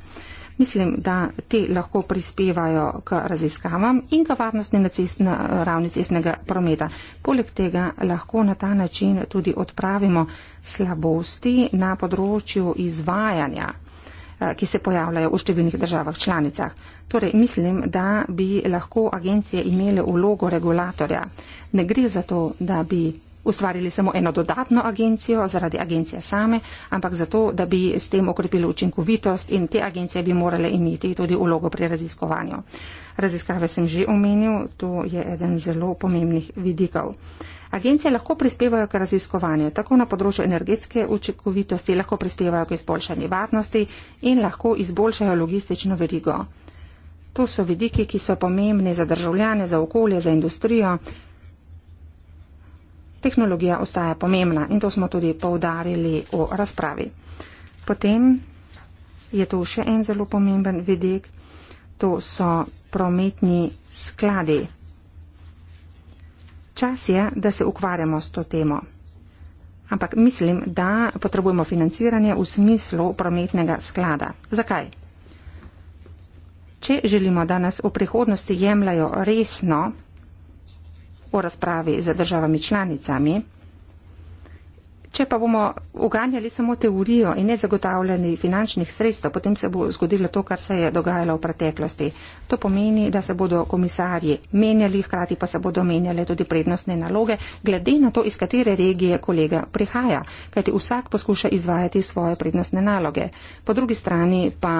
Mislim, da te lahko prispevajo k raziskavam in k varnosti na, cest, na ravni cestnega prometa. Poleg tega lahko na ta način tudi odpravimo slabosti na področju izvajanja Eh, ki se pojavljajo v številnih državah članicah. Torej, mislim, da bi lahko agencije imele vlogo regulatorja. Ne gre za to, da bi ustvarili samo eno dodatno agencijo zaradi agencije same, ampak zato, da bi s tem okrepili učinkovitost in te agencije bi morale imeti tudi vlogo pri raziskovanju. Raziskave sem že omenil, to je eden zelo pomembnih vidikov. Uh, Agencije lahko prispevajo k raziskovanju, tako na področju energetske učinkovitosti, lahko prispevajo k izboljšanju varnosti in lahko izboljšajo logistično verigo. To so vidiki, ki so pomembni za državljane, za okolje, za industrijo. Tehnologija ostaja pomembna in to smo tudi poudarili v razpravi. Potem je tu še en zelo pomemben vidik, to so prometni skladi čas je, da se ukvarjamo s to temo. Ampak mislim, da potrebujemo financiranje v smislu prometnega sklada. Zakaj? Če želimo, da nas v prihodnosti jemljajo resno v razpravi z državami članicami, Če pa bomo uganjali samo teorijo in ne zagotavljali finančnih sredstev, potem se bo zgodilo to, kar se je dogajalo v preteklosti. To pomeni, da se bodo komisarji menjali, hkrati pa se bodo menjale tudi prednostne naloge, glede na to, iz katere regije kolega prihaja, kajti vsak poskuša izvajati svoje prednostne naloge. Po drugi strani pa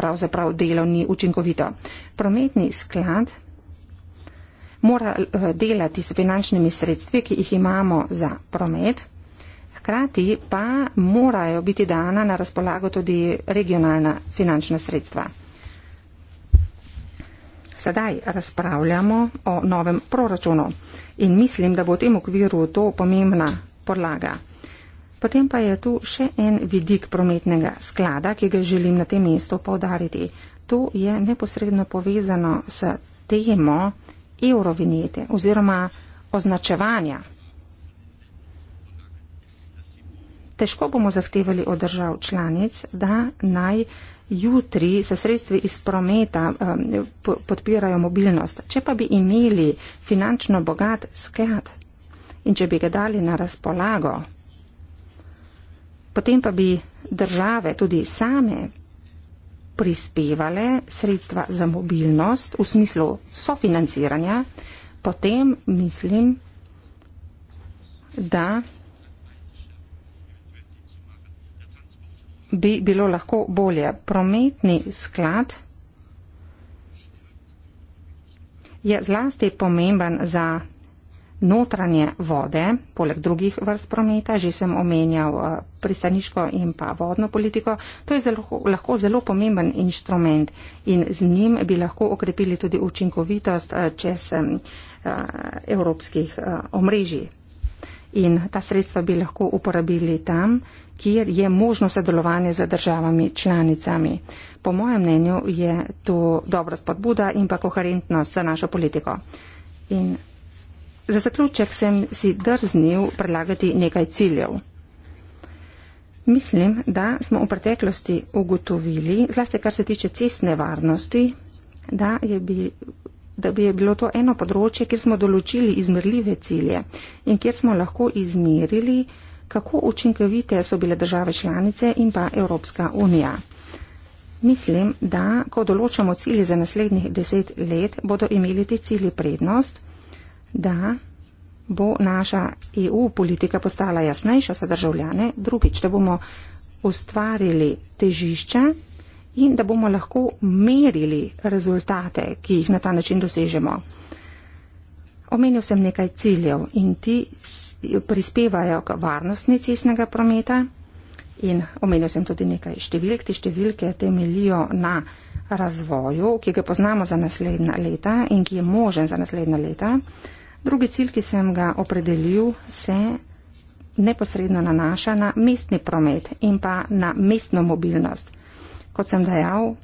pravzaprav delo ni učinkovito. Prometni sklad mora eh, delati s finančnimi sredstvi, ki jih imamo za promet, Hkrati pa morajo biti dana na razpolago tudi regionalna finančna sredstva. Sedaj razpravljamo o novem proračunu in mislim, da bo v tem okviru to pomembna podlaga. Potem pa je tu še en vidik prometnega sklada, ki ga želim na tem mestu povdariti. To je neposredno povezano s temo eurovinjete oziroma označevanja težko bomo zahtevali od držav članic, da naj jutri se sredstvi iz prometa um, podpirajo mobilnost. Če pa bi imeli finančno bogat sklad in če bi ga dali na razpolago, potem pa bi države tudi same prispevale sredstva za mobilnost v smislu sofinanciranja, potem mislim, da bi bilo lahko bolje. Prometni sklad je zlasti pomemben za notranje vode, poleg drugih vrst prometa, že sem omenjal eh, pristaniško in pa vodno politiko. To je zelo, lahko zelo pomemben inštrument in z njim bi lahko okrepili tudi učinkovitost eh, čez eh, evropskih omrežij. In ta sredstva bi lahko uporabili tam, kjer je možno sodelovanje z državami članicami. Po mojem mnenju je to dobra spodbuda in pa koherentnost za našo politiko. In za zaključek sem si drznil predlagati nekaj ciljev. Mislim, da smo v preteklosti ugotovili, zlasti kar se tiče cestne varnosti, da, je bi, da bi je bilo to eno področje, kjer smo določili izmerljive cilje in kjer smo lahko izmerili, kako učinkovite so bile države članice in pa Evropska unija. Mislim, da ko določamo cilje za naslednjih deset let, bodo imeli ti cilji prednost, da bo naša EU politika postala jasnejša za državljane, drugič, da bomo ustvarili težišče in da bomo lahko merili rezultate, ki jih na ta način dosežemo. Omenil sem nekaj ciljev in ti prispevajo k varnosti cestnega prometa in omenil sem tudi nekaj številk. Te številke temelijo na razvoju, ki ga poznamo za naslednja leta in ki je možen za naslednja leta. Drugi cilj, ki sem ga opredelil, se neposredno nanaša na mestni promet in pa na mestno mobilnost. Kot sem dejal,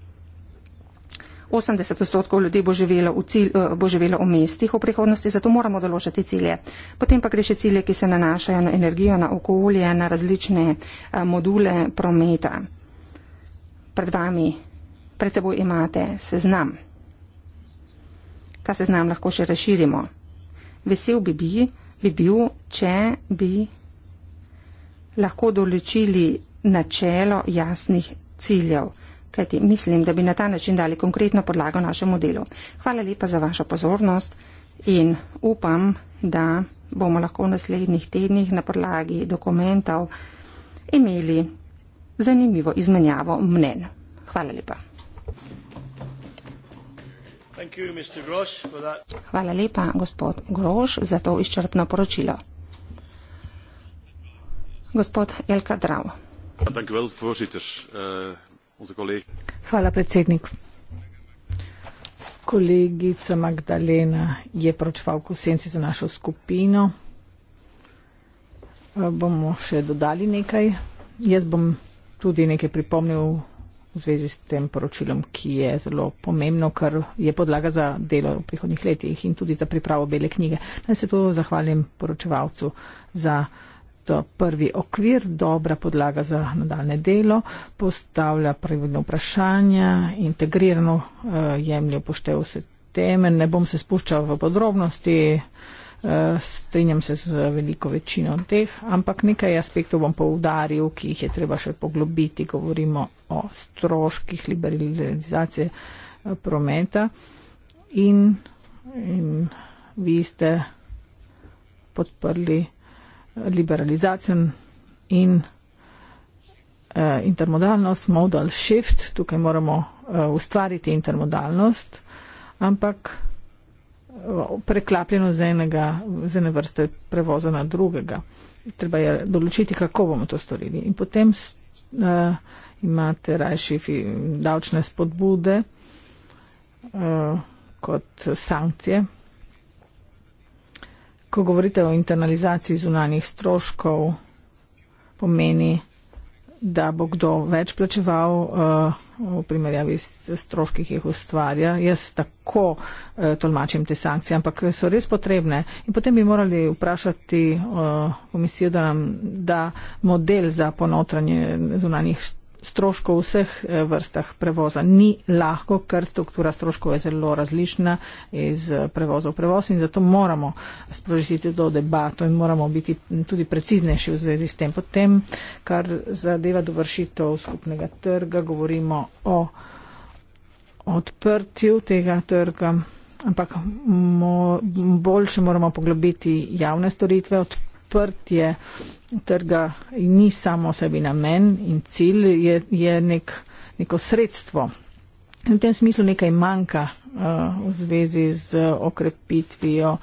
80 odstotkov ljudi bo živelo, v cilj, eh, bo živelo v mestih v prihodnosti, zato moramo določati cilje. Potem pa gre še cilje, ki se nanašajo na energijo, na okolje, na različne eh, module prometa. Pred vami, pred seboj imate seznam. Ta seznam lahko še razširimo. Vesel bi, bi, bi bil, če bi lahko določili načelo jasnih ciljev kajti mislim, da bi na ta način dali konkretno podlago našemu delu. Hvala lepa za vašo pozornost in upam, da bomo lahko v naslednjih tednih na podlagi dokumentov imeli zanimivo izmenjavo mnen. Hvala lepa. You, Grosch, Hvala lepa, gospod Groš, za to izčrpno poročilo. Gospod Elka Drav. Ja, dank u wel, voorzitter. Uh... Hvala, predsednik. Kolegica Magdalena je pročval kosenci za našo skupino. Eh, bomo še dodali nekaj. Jaz bom tudi nekaj pripomnil v zvezi s tem poročilom, ki je zelo pomembno, ker je podlaga za delo v prihodnih letih in tudi za pripravo bele knjige. Naj se tu zahvalim poročevalcu za bosta prvi okvir, dobra podlaga za nadaljne delo, postavlja pravilno vprašanje, integrirano eh, jemlje poštejo vse teme. Ne bom se spuščal v podrobnosti, eh, strinjam se z veliko večino teh, ampak nekaj aspektov bom poudaril, ki jih je treba še poglobiti. Govorimo o stroških liberalizacije eh, prometa in, in vi ste podprli liberalizacijom in uh, intermodalnost, modal shift, tukaj moramo uh, ustvariti intermodalnost, ampak eh, preklapljeno z enega, z ene vrste prevoza na drugega. Treba je določiti, kako bomo to storili. In potem uh, imate rajši davčne spodbude uh, kot sankcije ko govorite o internalizaciji zunanjih stroškov, pomeni, da bo kdo več plačeval uh, v primerjavi s stroški, ki jih ustvarja. Jaz tako uh, tolmačim te sankcije, ampak so res potrebne. In potem bi morali vprašati uh, komisijo, da nam da model za ponotranje zunanjih stroškov stroškov v vseh eh, vrstah prevoza ni lahko, ker struktura stroškov je zelo različna iz eh, prevoza v prevoz in zato moramo sprožiti to debato in moramo biti tudi preciznejši v zvezi s tem. Potem, kar zadeva dovršitev skupnega trga, govorimo o odprtju tega trga, ampak mo, boljše moramo poglobiti javne storitve, odprtje trga ni samo sebi namen in cilj, je, je nek, neko sredstvo. In v tem smislu nekaj manjka uh, v zvezi z okrepitvijo uh,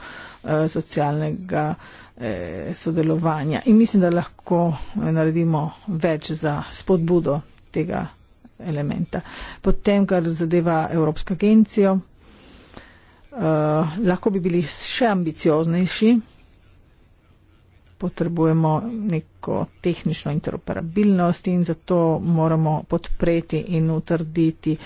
socialnega eh, sodelovanja. In mislim, da lahko eh, naredimo več za spodbudo tega elementa. Potem, kar zadeva Evropsko agencijo, uh, lahko bi bili še ambicioznejši potrebujemo neko tehnično interoperabilnost in zato moramo podpreti in utrditi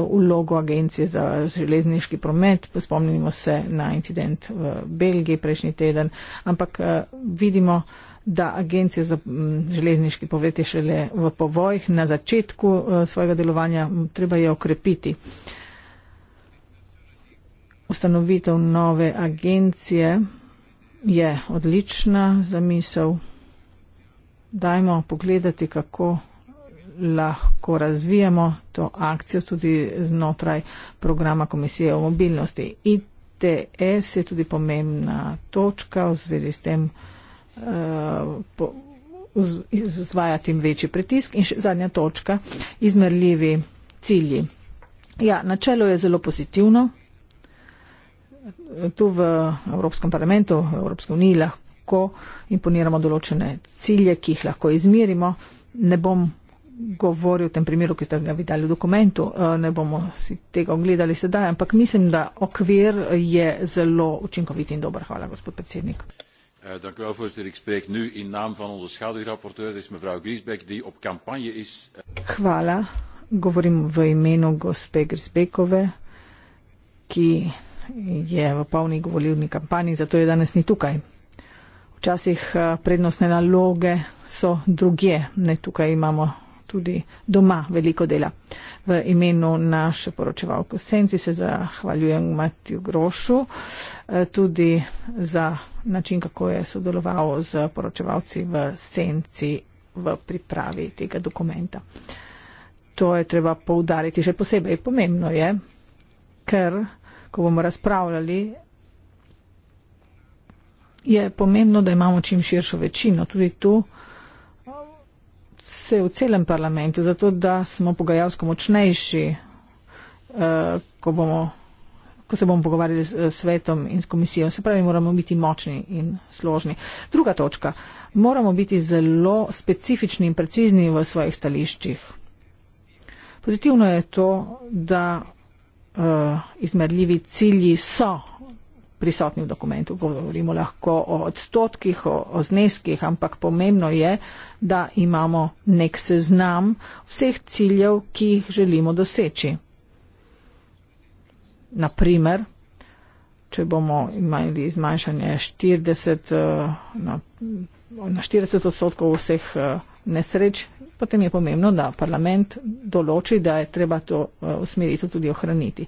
ulogo eh, Agencije za železniški promet. Spomnimo se na incident v Belgiji prejšnji teden, ampak eh, vidimo, da Agencija za mm, železniški promet je šele v povojih na začetku eh, svojega delovanja, mm, treba je okrepiti. Ustanovitev nove agencije je odlična zamisel. Dajmo pogledati, kako lahko razvijamo to akcijo tudi znotraj programa Komisije o mobilnosti. ITS je tudi pomembna točka v zvezi s tem uh, eh, izvajati večji pritisk. In še zadnja točka, izmerljivi cilji. Ja, načelo je zelo pozitivno, tu v Evropskem parlamentu, v Evropske unije lahko imponiramo določene cilje, ki jih lahko izmirimo. Ne bom govoril o tem primeru, ki ste ga videli v dokumentu, eh, ne bomo si tega ogledali sedaj, ampak mislim, da okvir je zelo učinkovit in dober. Hvala, gospod predsednik. Eh, dank u wel, voorzitter. Ik spreek nu in naam van onze schaduwrapporteur. Dat is mevrouw Griesbeck, die op campagne is. Eh. Hvala. Govorim v imenu gospe Griesbekove, ki je v polni govorilni kampanji, zato je danes ni tukaj. Včasih eh, prednostne naloge so druge, ne tukaj imamo tudi doma veliko dela. V imenu naše poročevalke v Senci se zahvaljujem Matiju Grošu eh, tudi za način, kako je sodeloval z poročevalci v Senci v pripravi tega dokumenta. To je treba poudariti, še posebej pomembno je, ker ko bomo razpravljali, je pomembno, da imamo čim širšo večino. Tudi tu se v celem parlamentu, zato da smo pogajalsko močnejši, eh, ko, bomo, ko se bomo pogovarjali s svetom in s komisijo. Se pravi, moramo biti močni in složni. Druga točka. Moramo biti zelo specifični in precizni v svojih stališčih. Pozitivno je to, da uh, izmerljivi cilji so prisotni v dokumentu. Govorimo lahko o odstotkih, o, o zneskih, ampak pomembno je, da imamo nek seznam vseh ciljev, ki jih želimo doseči. Naprimer, če bomo imeli zmanjšanje 40, eh, na, na 40 odstotkov vseh eh, nesreč, potem je pomembno, da parlament določi, da je treba to eh, usmeritev uh, tudi ohraniti.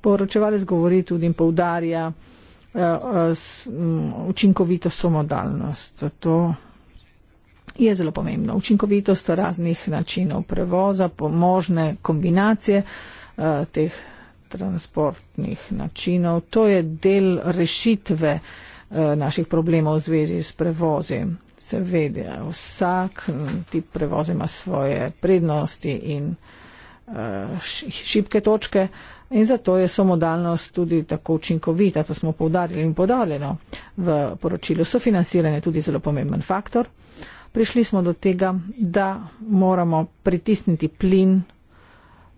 Poročevalec govori tudi in poudarja uh, um, učinkovito somodalnost. To je zelo pomembno. Učinkovitost raznih načinov prevoza, možne kombinacije uh, teh transportnih načinov. To je del rešitve uh, naših problemov v zvezi s prevozem. Seveda, vsak mm, tip prevoza ima svoje prednosti in uh, šibke točke in zato je somodalnost tudi tako učinkovita, to smo povdarjali in podaljeno v poročilu. Sofinansiranje je tudi zelo pomemben faktor. Prišli smo do tega, da moramo pritisniti plin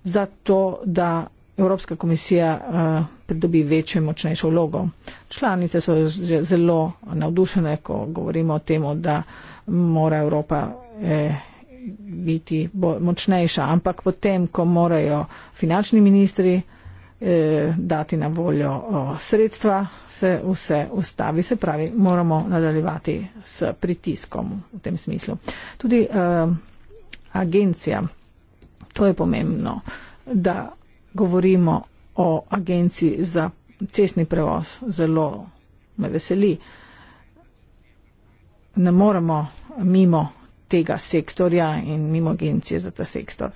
za to, da Evropska komisija eh, pridobi večjo in močnejšo vlogo. Članice so zelo navdušene, ko govorimo o tem, da mora Evropa eh, biti močnejša, ampak potem, ko morajo finančni ministri eh, dati na voljo sredstva, se vse ustavi, se pravi, moramo nadaljevati s pritiskom v tem smislu. Tudi uh, agencija, to je pomembno, da govorimo o agenciji za cestni prevoz, zelo me veseli. Ne moremo mimo tega sektorja in mimo agencije za ta sektor.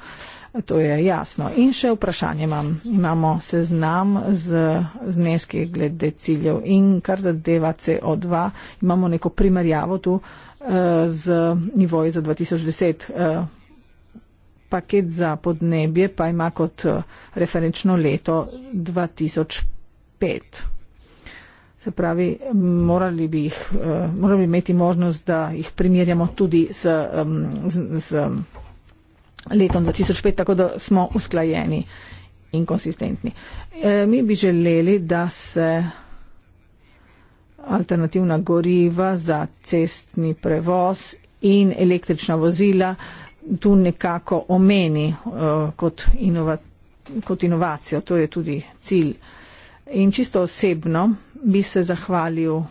To je jasno. In še vprašanje imam. Imamo seznam z zneski glede ciljev in kar zadeva CO2, imamo neko primerjavo tu uh, z nivoji za 2010. Uh, paket za podnebje pa ima kot eh, referenčno leto 2005. Se pravi, morali bi, jih, eh, morali bi imeti možnost, da jih primerjamo tudi z, z, z letom 2005, tako da smo usklajeni in konsistentni. Eh, mi bi želeli, da se alternativna goriva za cestni prevoz in električna vozila uh, tu nekako omeni eh, kot, inova, kot inovacijo, to je tudi cilj. In čisto osebno bi se zahvalil eh,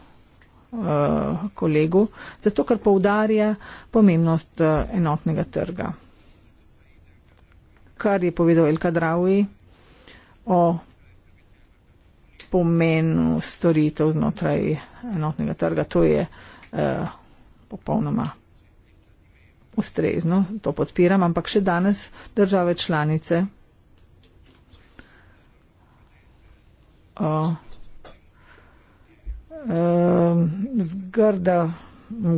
kolegu, zato ker poudarja pomembnost eh, enotnega trga. Kar je povedal Elka Drawi o pomenu storitev znotraj enotnega trga, to je eh, popolnoma ustrezno, to podpiram, ampak še danes države članice o, o, zgrda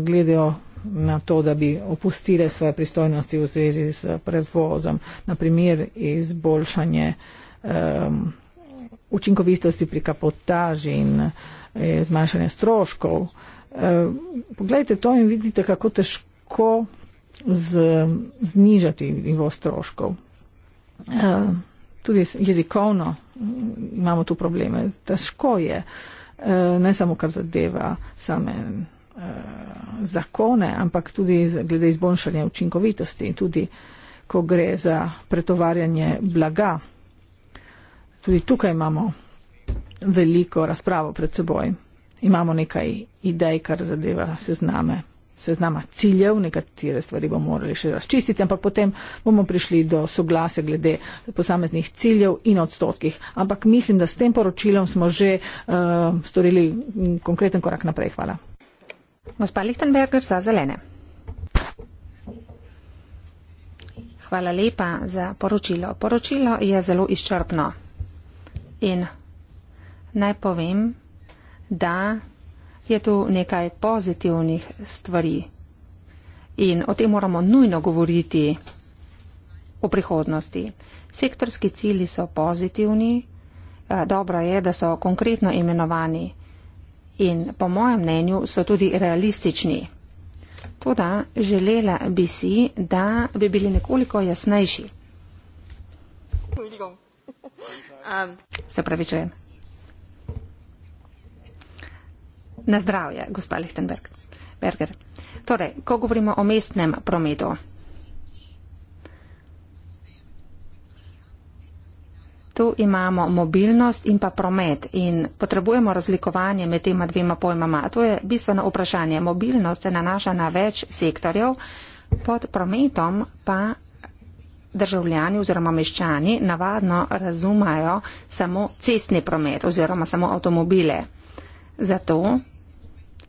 gledajo na to, da bi opustile svoje pristojnosti v zvezi s prevozom, naprimer izboljšanje um, učinkovitosti pri kapotaži in e, zmanjšanje stroškov. E, poglejte to in vidite, kako težko z, znižati nivo stroškov. Eh, tudi jezikovno imamo tu probleme. Težko je, eh, ne samo kar zadeva same eh, zakone, ampak tudi glede izboljšanja učinkovitosti in tudi, ko gre za pretovarjanje blaga. Tudi tukaj imamo veliko razpravo pred seboj. Imamo nekaj idej, kar zadeva sezname seznama ciljev, nekatere stvari bomo morali še razčistiti, ampak potem bomo prišli do soglase glede posameznih ciljev in odstotkih. Ampak mislim, da s tem poročilom smo že uh, storili konkreten korak naprej. Hvala. Gospa Lichtenberger za zelene. Hvala lepa za poročilo. Poročilo je zelo izčrpno. In naj povem, da je tu nekaj pozitivnih stvari. In o tem moramo nujno govoriti v prihodnosti. Sektorski cili so pozitivni, eh, dobro je, da so konkretno imenovani in po mojem mnenju so tudi realistični. Toda želela bi si, da bi bili nekoliko jasnejši. Um. Se pravi, če. na zdravje, gospa Lichtenberger. Torej, ko govorimo o mestnem prometu, tu imamo mobilnost in pa promet in potrebujemo razlikovanje med tema dvema pojmama. To je bistveno vprašanje. Mobilnost se nanaša na več sektorjev, pod prometom pa državljani oziroma meščani navadno razumajo samo cestni promet oziroma samo avtomobile. Zato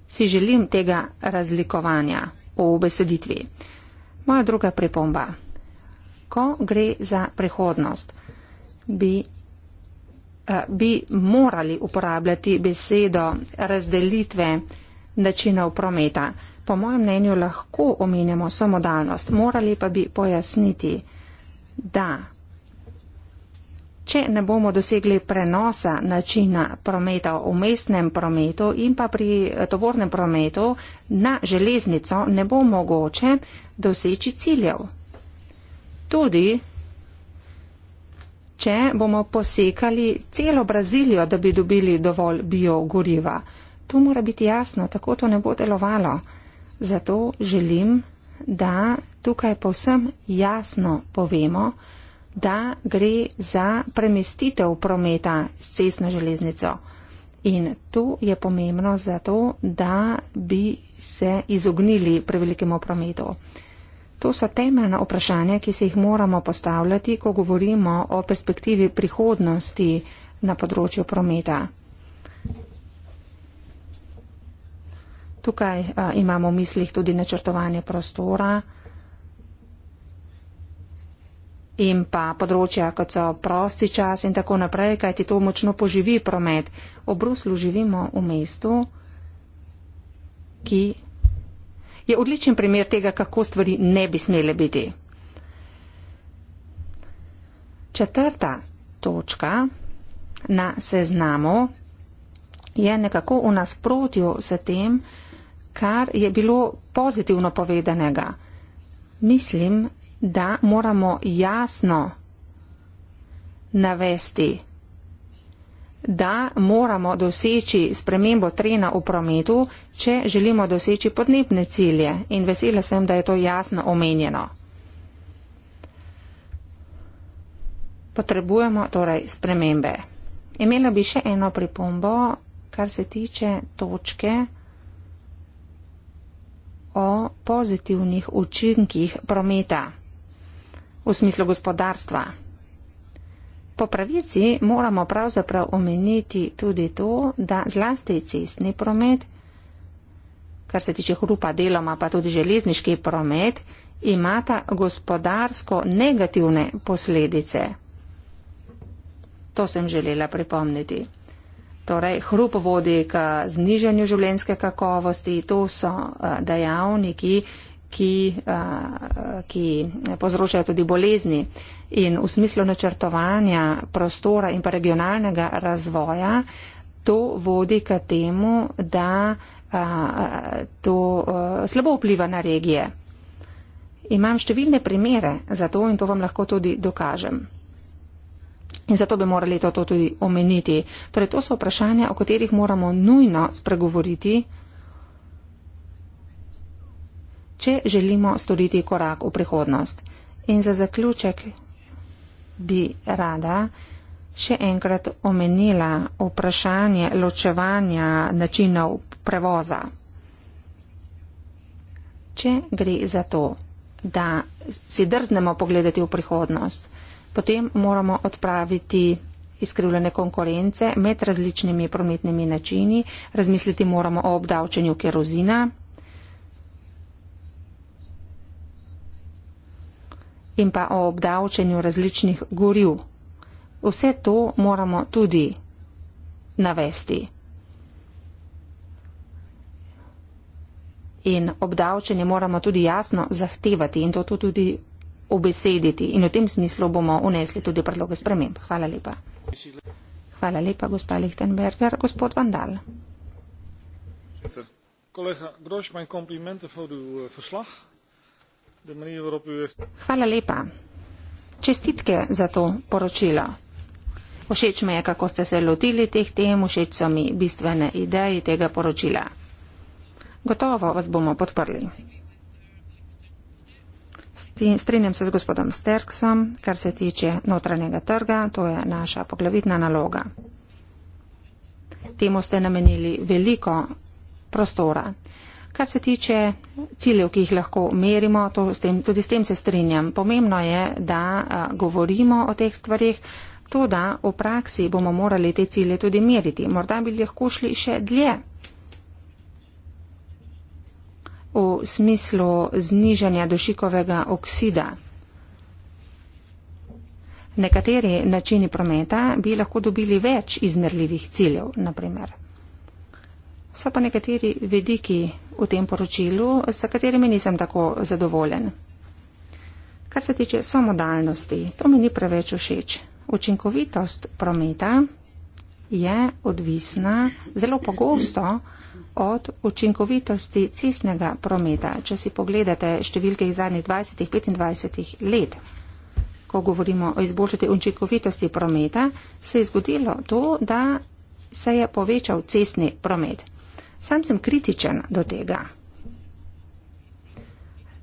si želim tega razlikovanja v obeseditvi. Moja druga pripomba. Ko gre za prihodnost, bi, eh, bi morali uporabljati besedo razdelitve načinov prometa. Po mojem mnenju lahko omenjamo samodalnost, morali pa bi pojasniti, da Če ne bomo dosegli prenosa načina prometa v mestnem prometu in pa pri tovornem prometu na železnico, ne bo mogoče doseči ciljev. Tudi, če bomo posekali celo Brazilijo, da bi dobili dovolj biogoriva. To mora biti jasno, tako to ne bo delovalo. Zato želim, da tukaj povsem jasno povemo, da gre za premestitev prometa s cestno železnico. In to je pomembno zato, da bi se izognili prevelikemu prometu. To so temeljna vprašanja, ki se jih moramo postavljati, ko govorimo o perspektivi prihodnosti na področju prometa. Tukaj a, eh, imamo v mislih tudi načrtovanje prostora in pa področja, kot so prosti čas in tako naprej, kaj ti to močno poživi promet. V Bruslu živimo v mestu, ki je odličen primer tega, kako stvari ne bi smele biti. Četrta točka na seznamu je nekako v nasprotju s tem, kar je bilo pozitivno povedanega. Mislim, da moramo jasno navesti, da moramo doseči spremembo trena v prometu, če želimo doseči podnebne cilje. In vesela sem, da je to jasno omenjeno. Potrebujemo torej spremembe. Imela bi še eno pripombo, kar se tiče točke o pozitivnih učinkih prometa v smislu gospodarstva. Po pravici moramo pravzaprav omeniti tudi to, da zlasti cestni promet, kar se tiče hrupa deloma, pa tudi železniški promet, imata gospodarsko negativne posledice. To sem želela pripomniti. Torej, hrup vodi k znižanju življenjske kakovosti, to so eh, dejavniki, ki ki, ki povzročajo tudi bolezni. In v smislu načrtovanja prostora in pa regionalnega razvoja, to vodi k temu, da a, a, to a, slabo vpliva na regije. Imam številne primere za to in to vam lahko tudi dokažem. In zato bi morali to, to tudi omeniti. Torej, to so vprašanja, o katerih moramo nujno spregovoriti, če želimo storiti korak v prihodnost. In za zaključek bi rada še enkrat omenila vprašanje ločevanja načinov prevoza. Če gre za to, da si drznemo pogledati v prihodnost, potem moramo odpraviti izkrivljene konkurence med različnimi prometnimi načini, razmisliti moramo o obdavčenju kerozina, in pa o obdavčenju različnih goriv. Vse to moramo tudi navesti. In obdavčenje moramo tudi jasno zahtevati in to tudi obesediti. In v tem smislu bomo unesli tudi predloge sprememb. Hvala lepa. Hvala lepa, gospa Lichtenberger. Gospod Vandal. Kolega Grošman, komplimente za vaš poslah. Hvala lepa. Čestitke za to poročilo. Všeč mi je, kako ste se lotili teh tem, všeč so mi bistvene ideje tega poročila. Gotovo vas bomo podprli. Strinjam se z gospodom Sterksom, kar se tiče notranjega trga, to je naša poglavitna naloga. Temu ste namenili veliko prostora. Kar se tiče ciljev, ki jih lahko merimo, s tem, tudi s tem se strinjam. Pomembno je, da govorimo o teh stvarih, to, da v praksi bomo morali te cilje tudi meriti. Morda bi lahko šli še dlje v smislu znižanja dušikovega oksida. Nekateri načini prometa bi lahko dobili več izmerljivih ciljev, naprimer. So pa nekateri vediki v tem poročilu, s katerimi nisem tako zadovoljen. Kar se tiče samodalnosti, to mi ni preveč všeč. Učinkovitost prometa je odvisna zelo pogosto od učinkovitosti cestnega prometa. Če si pogledate številke iz zadnjih 20-25 let, ko govorimo o izboljšati učinkovitosti prometa, se je zgodilo to, da se je povečal cestni promet. Sam sem kritičen do tega.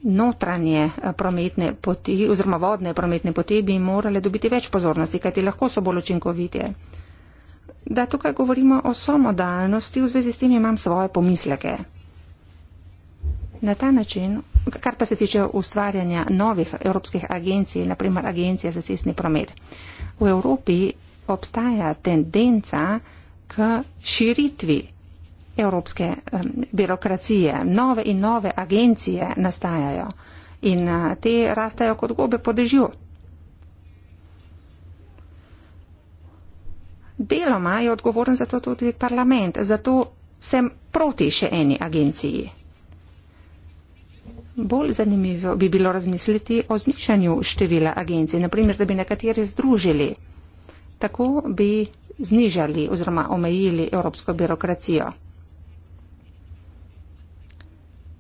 Notranje eh, prometne poti oziroma vodne prometne poti bi morale dobiti več pozornosti, kajti lahko so bolj učinkovite. Da tukaj govorimo o somodalnosti, v zvezi s tem imam svoje pomisleke. Na ta način, kar pa se tiče ustvarjanja novih evropskih agencij, naprimer Agencija za cestni promet, v Evropi obstaja tendenca k širitvi evropske birokracije. Nove in nove agencije nastajajo in te rastajo kot gobe po dežju. Deloma je odgovoren za to tudi parlament, zato sem proti še eni agenciji. Bolj zanimivo bi bilo razmisliti o zničanju števila agencij, naprimer, da bi nekateri združili. Tako bi znižali oziroma omejili evropsko birokracijo.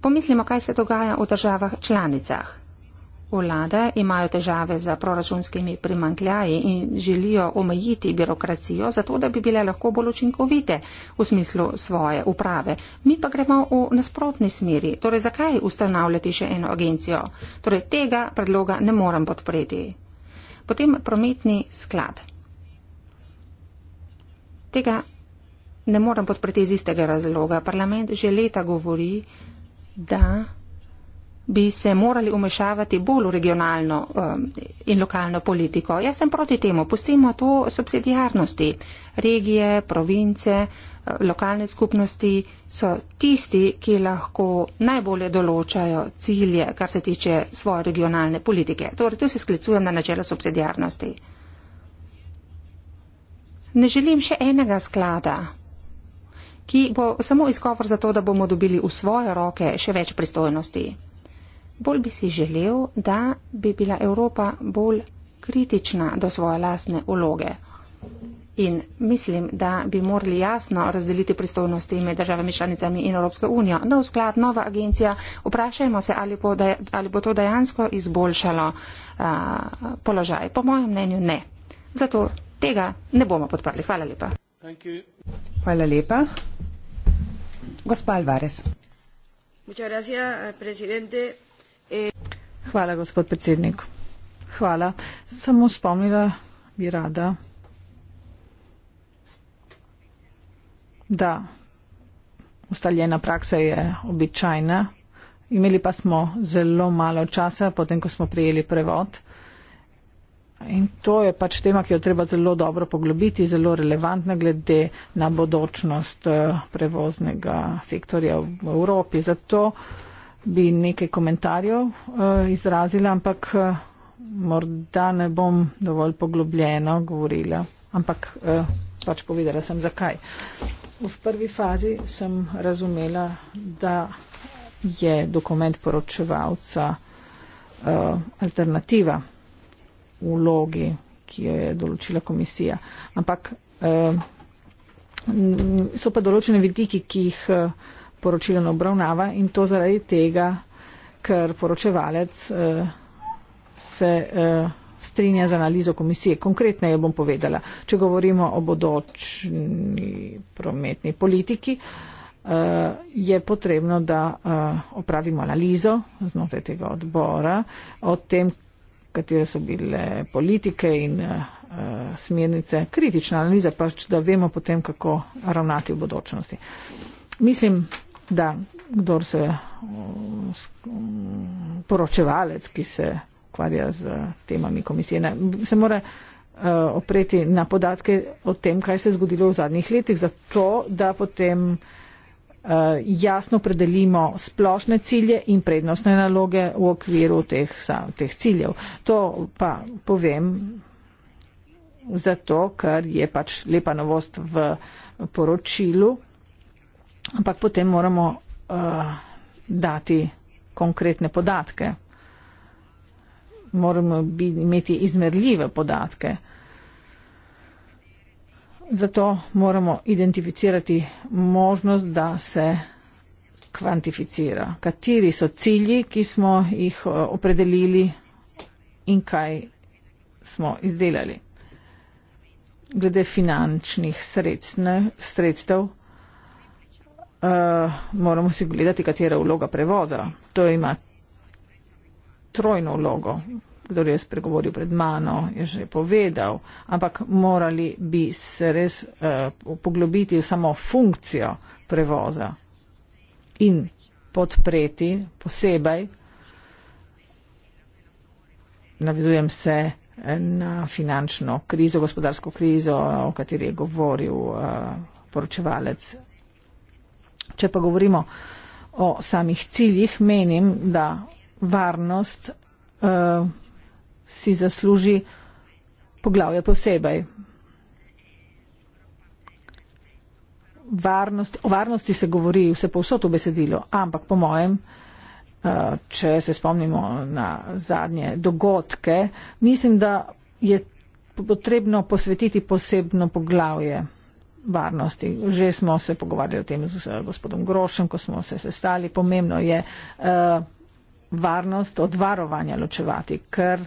Pomislimo, kaj se dogaja v državah članicah. Vlade imajo težave z proračunskimi primankljaji in želijo omejiti birokracijo, zato da bi bile lahko bolj učinkovite v smislu svoje uprave. Mi pa gremo v nasprotni smeri. Torej, zakaj ustanavljati še eno agencijo? Torej, tega predloga ne morem podpreti. Potem prometni sklad. Tega ne morem podpreti iz istega razloga. Parlament že leta govori, da bi se morali umešavati bolj v regionalno um, in lokalno politiko. Jaz sem proti temu. Pustimo to subsidijarnosti. Regije, province, uh, lokalne skupnosti so tisti, ki lahko najbolje določajo cilje, kar se tiče svoje regionalne politike. Torej, tu se sklicujem na načelo subsidijarnosti. Ne želim še enega sklada, ki bo samo izgovor za to, da bomo dobili v svoje roke še več pristojnosti. Bolj bi si želel, da bi bila Evropa bolj kritična do svoje lastne uloge. In mislim, da bi morali jasno razdeliti pristojnosti med državami članicami in Evropsko unijo. Nov sklad, nova agencija, vprašajmo se, ali bo, da, ali bo to dejansko izboljšalo a, položaj. Po mojem mnenju ne. Zato tega ne bomo podprli. Hvala lepa. Hvala lepa. Gospa Alvarez. Eh, eh, Hvala, gospod predsednik. Hvala. Samo spomnila bi rada, da ustaljena praksa je običajna. Imeli pa smo zelo malo časa, potem ko smo prijeli prevod. In to je pač tema, ki jo treba zelo dobro poglobiti, zelo relevantna glede na bodočnost eh, prevoznega sektorja v Evropi. Zato bi nekaj komentarjev eh, izrazila, ampak eh, morda ne bom dovolj poglobljeno govorila, ampak pač povedala sem zakaj. V prvi fazi sem razumela, da je dokument poročevalca uh, alternativa vlogi, ki jo je določila komisija. Ampak eh, so pa določene vidiki, ki jih eh, poročilo ne obravnava in to zaradi tega, ker poročevalec eh, se strinja z analizo komisije. Konkretne je bom povedala, če govorimo o bodočni prometni politiki, je potrebno, da opravimo analizo znotraj tega odbora o tem, katere so bile politike in uh, smernice. Kritična analiza pač, da vemo potem, kako ravnati v bodočnosti. Mislim, da kdor se uh, poročevalec, ki se ukvarja z temami komisije, ne, se mora uh, eh, opreti na podatke o tem, kaj se je zgodilo v zadnjih letih, zato da potem Eh, jasno predelimo splošne cilje in prednostne naloge v okviru teh, teh ciljev. To pa povem zato, ker je pač lepa novost v poročilu, ampak potem moramo uh, dati konkretne podatke. Moramo biti, imeti izmerljive podatke. Uh, zato moramo identificirati možnost, da se kvantificira, kateri so cilji, ki smo jih eh, opredelili in kaj smo izdelali. Glede finančnih sredstev uh, moramo si gledati, katera je vloga prevoza. To ima trojno vlogo kdor je spregovoril pred mano, je že povedal, ampak morali bi se res uh, poglobiti v samo funkcijo prevoza in podpreti posebej, navizujem se eh, na finančno krizo, gospodarsko krizo, o kateri je govoril uh, poročevalec. Če pa govorimo o samih ciljih, menim, da varnost uh, si zasluži poglavje posebej. Varnost, o varnosti se govori vse povsod v besedilu, ampak po mojem, eh, če se spomnimo na zadnje dogodke, mislim, da je potrebno posvetiti posebno poglavje varnosti. Že smo se pogovarjali o tem z gospodom Grošem, ko smo se sestali. Pomembno je uh, varnost od varovanja ločevati, ker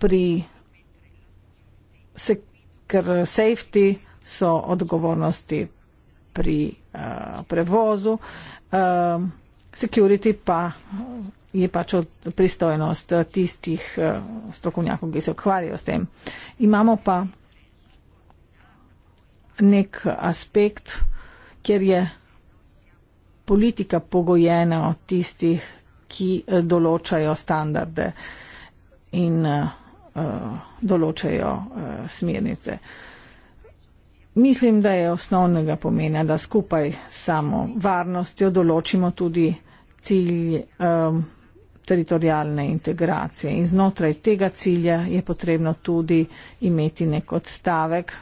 pri se, ker safety so odgovornosti pri uh, prevozu, uh, security pa je pač od pristojnost eh, tistih uh, strokovnjakov, ki se ukvarjajo s tem. Imamo pa nek aspekt, kjer je politika pogojena od tistih, ki določajo standarde in uh, Eh, določajo eh, smernice. Mislim, da je osnovnega pomena, da skupaj s samo varnostjo določimo tudi cilj um, eh, teritorijalne integracije in znotraj tega cilja je potrebno tudi imeti nek odstavek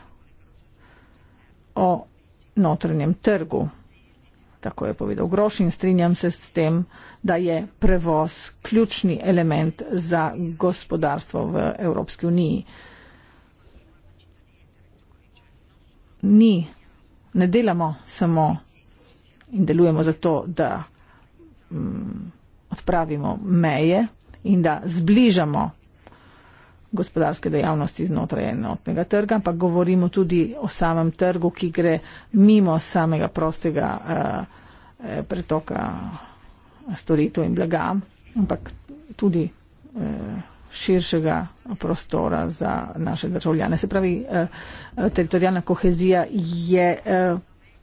o notranjem trgu tako je povedal Grošin, strinjam se s tem, da je prevoz ključni element za gospodarstvo v Evropski uniji. Ni, ne delamo samo in delujemo zato, da mm, odpravimo meje in da zbližamo gospodarske dejavnosti znotraj enotnega trga, ampak govorimo tudi o samem trgu, ki gre mimo samega prostega eh, eh pretoka storitev in blaga, ampak tudi eh, širšega prostora za naše državljane. Se pravi, eh, eh teritorijalna kohezija je eh,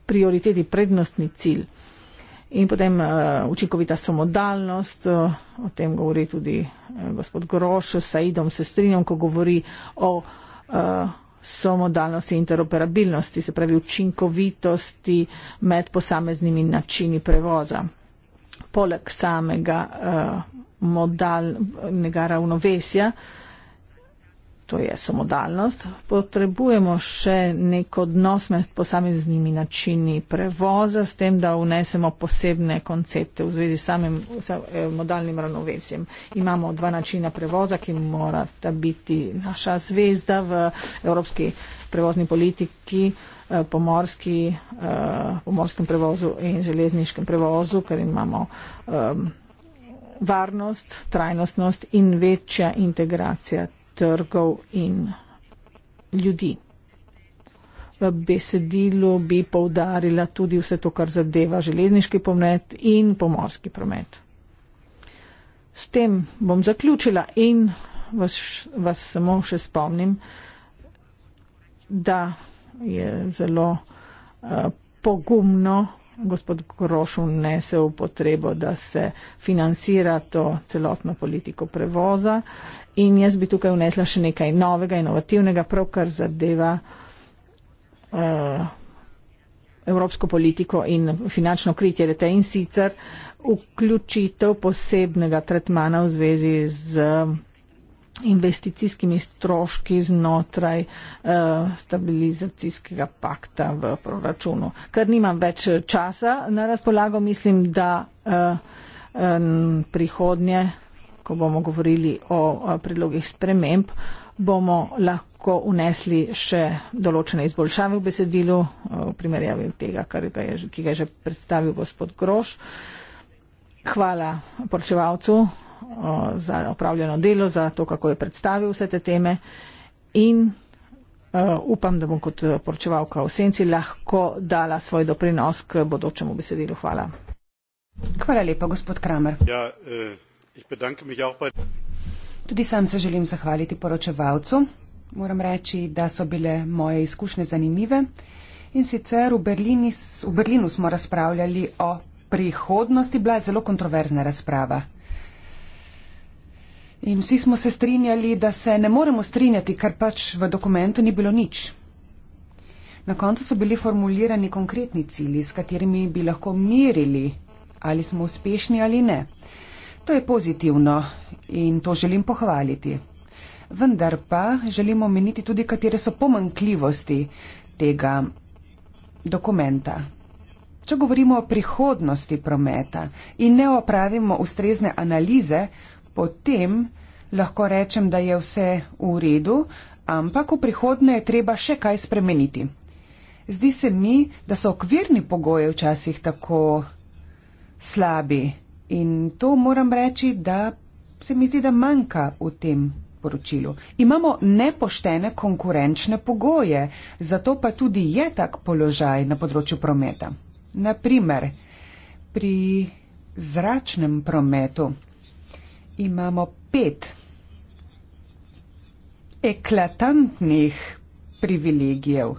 prioriteti prednostni cilj. In potem uh, učinkovita somodalnost, uh, eh, o tem govori tudi uh, gospod Groš s Saidom Sestrinjom, ko govori o uh, somodalnosti interoperabilnosti, se pravi učinkovitosti med posameznimi načini prevoza. Poleg samega uh, modalnega ravnovesja uh, to je samodalnost, potrebujemo še nek odnos med posameznimi načini prevoza, s tem, da vnesemo posebne koncepte v zvezi s samim eh, modalnim ravnovesjem. Imamo dva načina prevoza, ki morata biti naša zvezda v evropski prevozni politiki, eh, pomorski, eh, pomorskem prevozu in železniškem prevozu, ker imamo varnost, trajnostnost in večja integracija trgov in ljudi. V besedilu bi poudarila tudi vse to, kar zadeva železniški promet in pomorski promet. S tem bom zaključila in vas, vas samo še spomnim, da je zelo uh, pogumno gospod Grošun nesel potrebo, da se financira to celotno politiko prevoza In jaz bi tukaj vnesla še nekaj novega, inovativnega, prav kar zadeva uh, evropsko politiko in finančno kritje DT in sicer vključitev posebnega tretmana v zvezi z eh, investicijskimi stroški znotraj uh, stabilizacijskega pakta v proračunu. Ker nimam več časa na razpolago, mislim, da uh, um, prihodnje ko bomo govorili o predlogih sprememb, bomo lahko unesli še določene izboljšave v besedilu, v primerjavi tega, je, ki ga je že predstavil gospod Groš. Hvala poročevalcu za opravljeno delo, za to, kako je predstavil vse te teme in upam, da bom kot poročevalka v senci lahko dala svoj doprinos k bodočemu besedilu. Hvala. Hvala lepa, gospod Kramer. Ja, eh... Tudi sam se želim zahvaliti poročevalcu. Moram reči, da so bile moje izkušnje zanimive. In sicer v, Berlinis, v Berlinu smo razpravljali o prihodnosti, bila je zelo kontroverzna razprava. In vsi smo se strinjali, da se ne moremo strinjati, ker pač v dokumentu ni bilo nič. Na koncu so bili formulirani konkretni cilji, s katerimi bi lahko merili, ali smo uspešni ali ne. To je pozitivno in to želim pohvaliti. Vendar pa želimo omeniti tudi, katere so pomankljivosti tega dokumenta. Če govorimo o prihodnosti prometa in ne opravimo ustrezne analize, potem lahko rečem, da je vse v redu, ampak v prihodnje je treba še kaj spremeniti. Zdi se mi, da so okvirni pogoji včasih tako slabi, In to moram reči, da se mi zdi, da manjka v tem poročilu. Imamo nepoštene konkurenčne pogoje, zato pa tudi je tak položaj na področju prometa. Naprimer, pri zračnem prometu imamo pet eklatantnih privilegijev.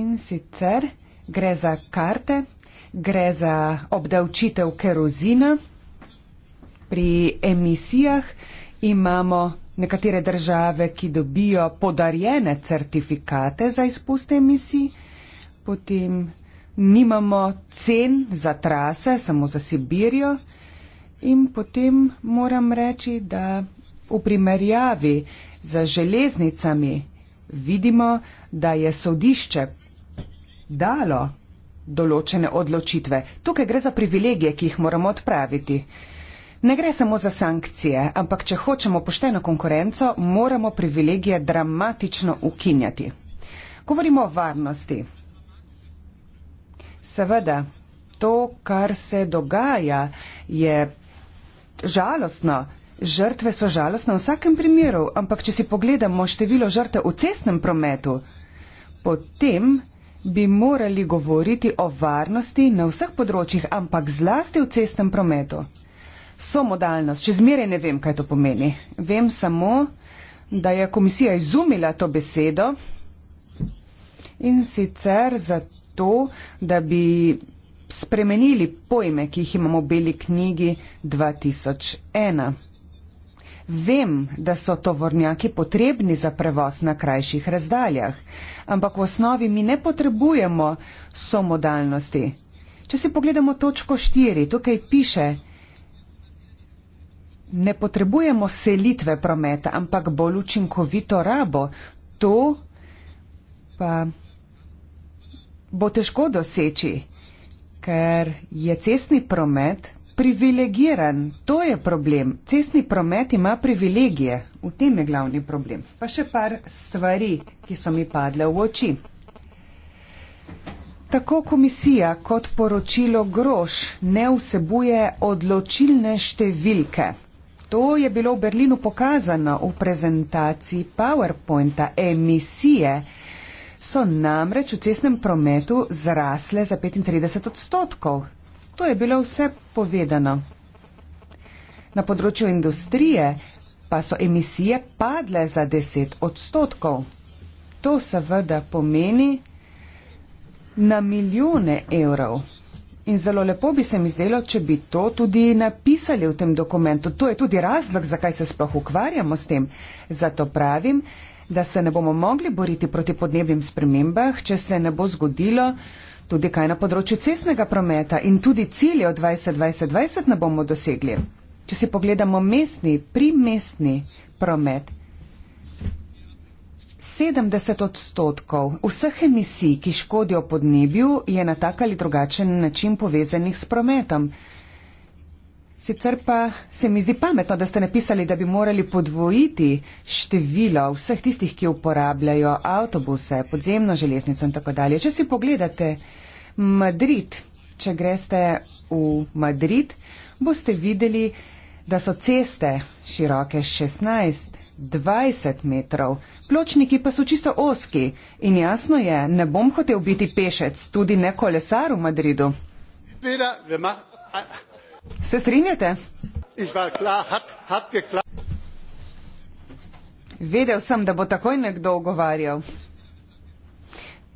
In sicer gre za karte gre za obdavčitev kerozina. Pri emisijah imamo nekatere države, ki dobijo podarjene certifikate za izpuste emisij, potem nimamo cen za trase, samo za Sibirijo in potem moram reči, da v primerjavi za železnicami vidimo, da je sodišče dalo določene odločitve. Tukaj gre za privilegije, ki jih moramo odpraviti. Ne gre samo za sankcije, ampak če hočemo pošteno konkurenco, moramo privilegije dramatično ukinjati. Govorimo o varnosti. Seveda, to, kar se dogaja, je žalostno. Žrtve so žalostne v vsakem primeru, ampak če si pogledamo število žrtev v cestnem prometu, potem bi morali govoriti o varnosti na vseh področjih, ampak zlasti v cestnem prometu. So modalnost, če zmeraj ne vem, kaj to pomeni. Vem samo, da je komisija izumila to besedo in sicer zato, da bi spremenili pojme, ki jih imamo v beli knjigi 2001. Vem, da so tovornjaki potrebni za prevoz na krajših razdaljah, ampak v osnovi mi ne potrebujemo somodalnosti. Če si pogledamo točko 4, tukaj piše, ne potrebujemo selitve prometa, ampak bolj učinkovito rabo. To pa bo težko doseči, ker je cestni promet Privilegiran, to je problem. Cestni promet ima privilegije, v tem je glavni problem. Pa še par stvari, ki so mi padle v oči. Tako komisija kot poročilo Groš ne vsebuje odločilne številke. To je bilo v Berlinu pokazano v prezentaciji PowerPointa. Emisije so namreč v cestnem prometu zrasle za 35 odstotkov. To je bilo vse povedano. Na področju industrije pa so emisije padle za 10 odstotkov. To seveda pomeni na milijone evrov. In zelo lepo bi se mi zdelo, če bi to tudi napisali v tem dokumentu. To je tudi razlog, zakaj se sploh ukvarjamo s tem. Zato pravim, da se ne bomo mogli boriti proti podnebnim spremembah, če se ne bo zgodilo, tudi kaj na področju cestnega prometa in tudi cilje od 2020-2020 ne bomo dosegli. Če si pogledamo mestni, primestni promet, 70 odstotkov vseh emisij, ki škodijo podnebju, je na tak ali drugačen način povezanih s prometom. Sicer pa se mi zdi pametno, da ste napisali, da bi morali podvojiti število vseh tistih, ki uporabljajo avtobuse, podzemno železnico in tako dalje. Če si pogledate, Madrid. Če greste v Madrid, boste videli, da so ceste široke 16-20 metrov, pločniki pa so čisto oski in jasno je, ne bom hotel biti pešec, tudi ne kolesar v Madridu. Se strinjate? Vedel sem, da bo takoj nekdo ogovarjal.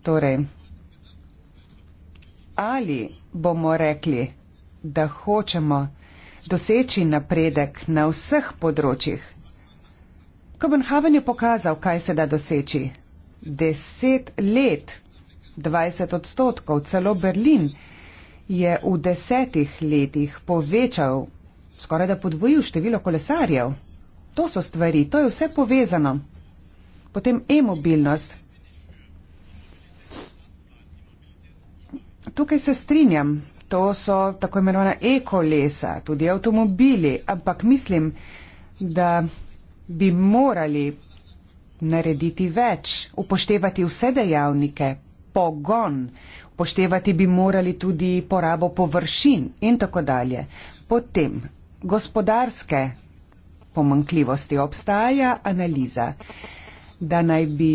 Torej, ali bomo rekli, da hočemo doseči napredek na vseh področjih. Kopenhagen je pokazal, kaj se da doseči. Deset let, 20 odstotkov, celo Berlin je v desetih letih povečal, skoraj da podvojil število kolesarjev. To so stvari, to je vse povezano. Potem e-mobilnost, tukaj se strinjam. To so tako imenovana ekolesa, tudi avtomobili, ampak mislim, da bi morali narediti več, upoštevati vse dejavnike, pogon, upoštevati bi morali tudi porabo površin in tako dalje. Potem gospodarske pomankljivosti obstaja analiza, da naj bi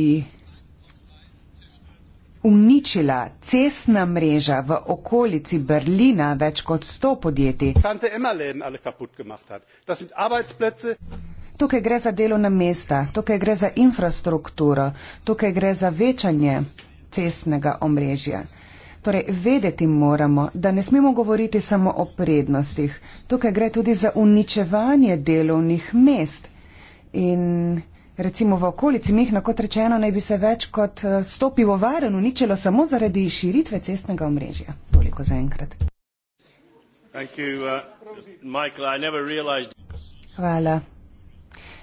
uničila cestna mreža v okolici Berlina več kot sto podjetij. Tukaj gre za delovna mesta, tukaj gre za infrastrukturo, tukaj gre za večanje cestnega omrežja. Torej, vedeti moramo, da ne smemo govoriti samo o prednostih. Tukaj gre tudi za uničevanje delovnih mest. In Recimo v okolici Mihna, kot rečeno, naj bi se več kot eh, stopivo varen uničilo samo zaradi širitve cestnega omrežja. Toliko za enkrat. You, uh, realized... Hvala.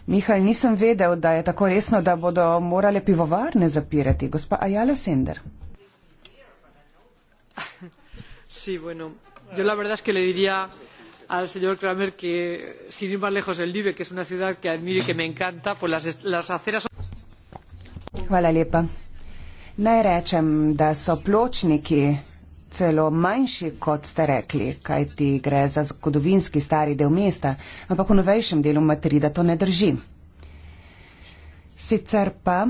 Mihaj, nisem vedel, da je tako resno, da bodo morale pivovarne zapirati. Gospa Ajala Sender. <laughs> Sí, bueno. Yo la verdad es que le diría al señor Kramer que, sin ir más lejos, el Libre, que es una ciudad que admiro y que me encanta, pues las, las aceras son. Hvala lepa. Naj rečem, da so pločniki celo manjši, kot ste rekli, kaj ti gre za zgodovinski stari del mesta, ampak v novejšem delu Madrida to ne drži. Sicer pa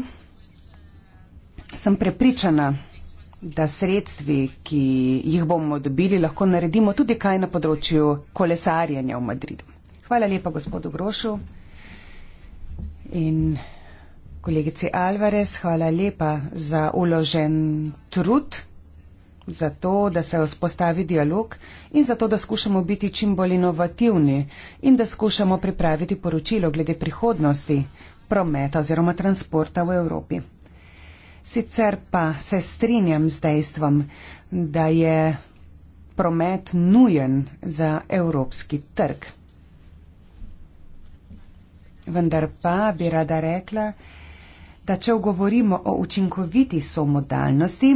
sem prepričana, da sredstvi, ki jih bomo dobili, lahko naredimo tudi kaj na področju kolesarjenja v Madridu. Hvala lepa gospodu Grošu in kolegici Alvarez, hvala lepa za uložen trud, za to, da se vzpostavi dialog in za to, da skušamo biti čim bolj inovativni in da skušamo pripraviti poročilo glede prihodnosti prometa oziroma transporta v Evropi. Sicer pa se strinjam z dejstvom, da je promet nujen za evropski trg. Vendar pa bi rada rekla, da če govorimo o učinkoviti somodalnosti,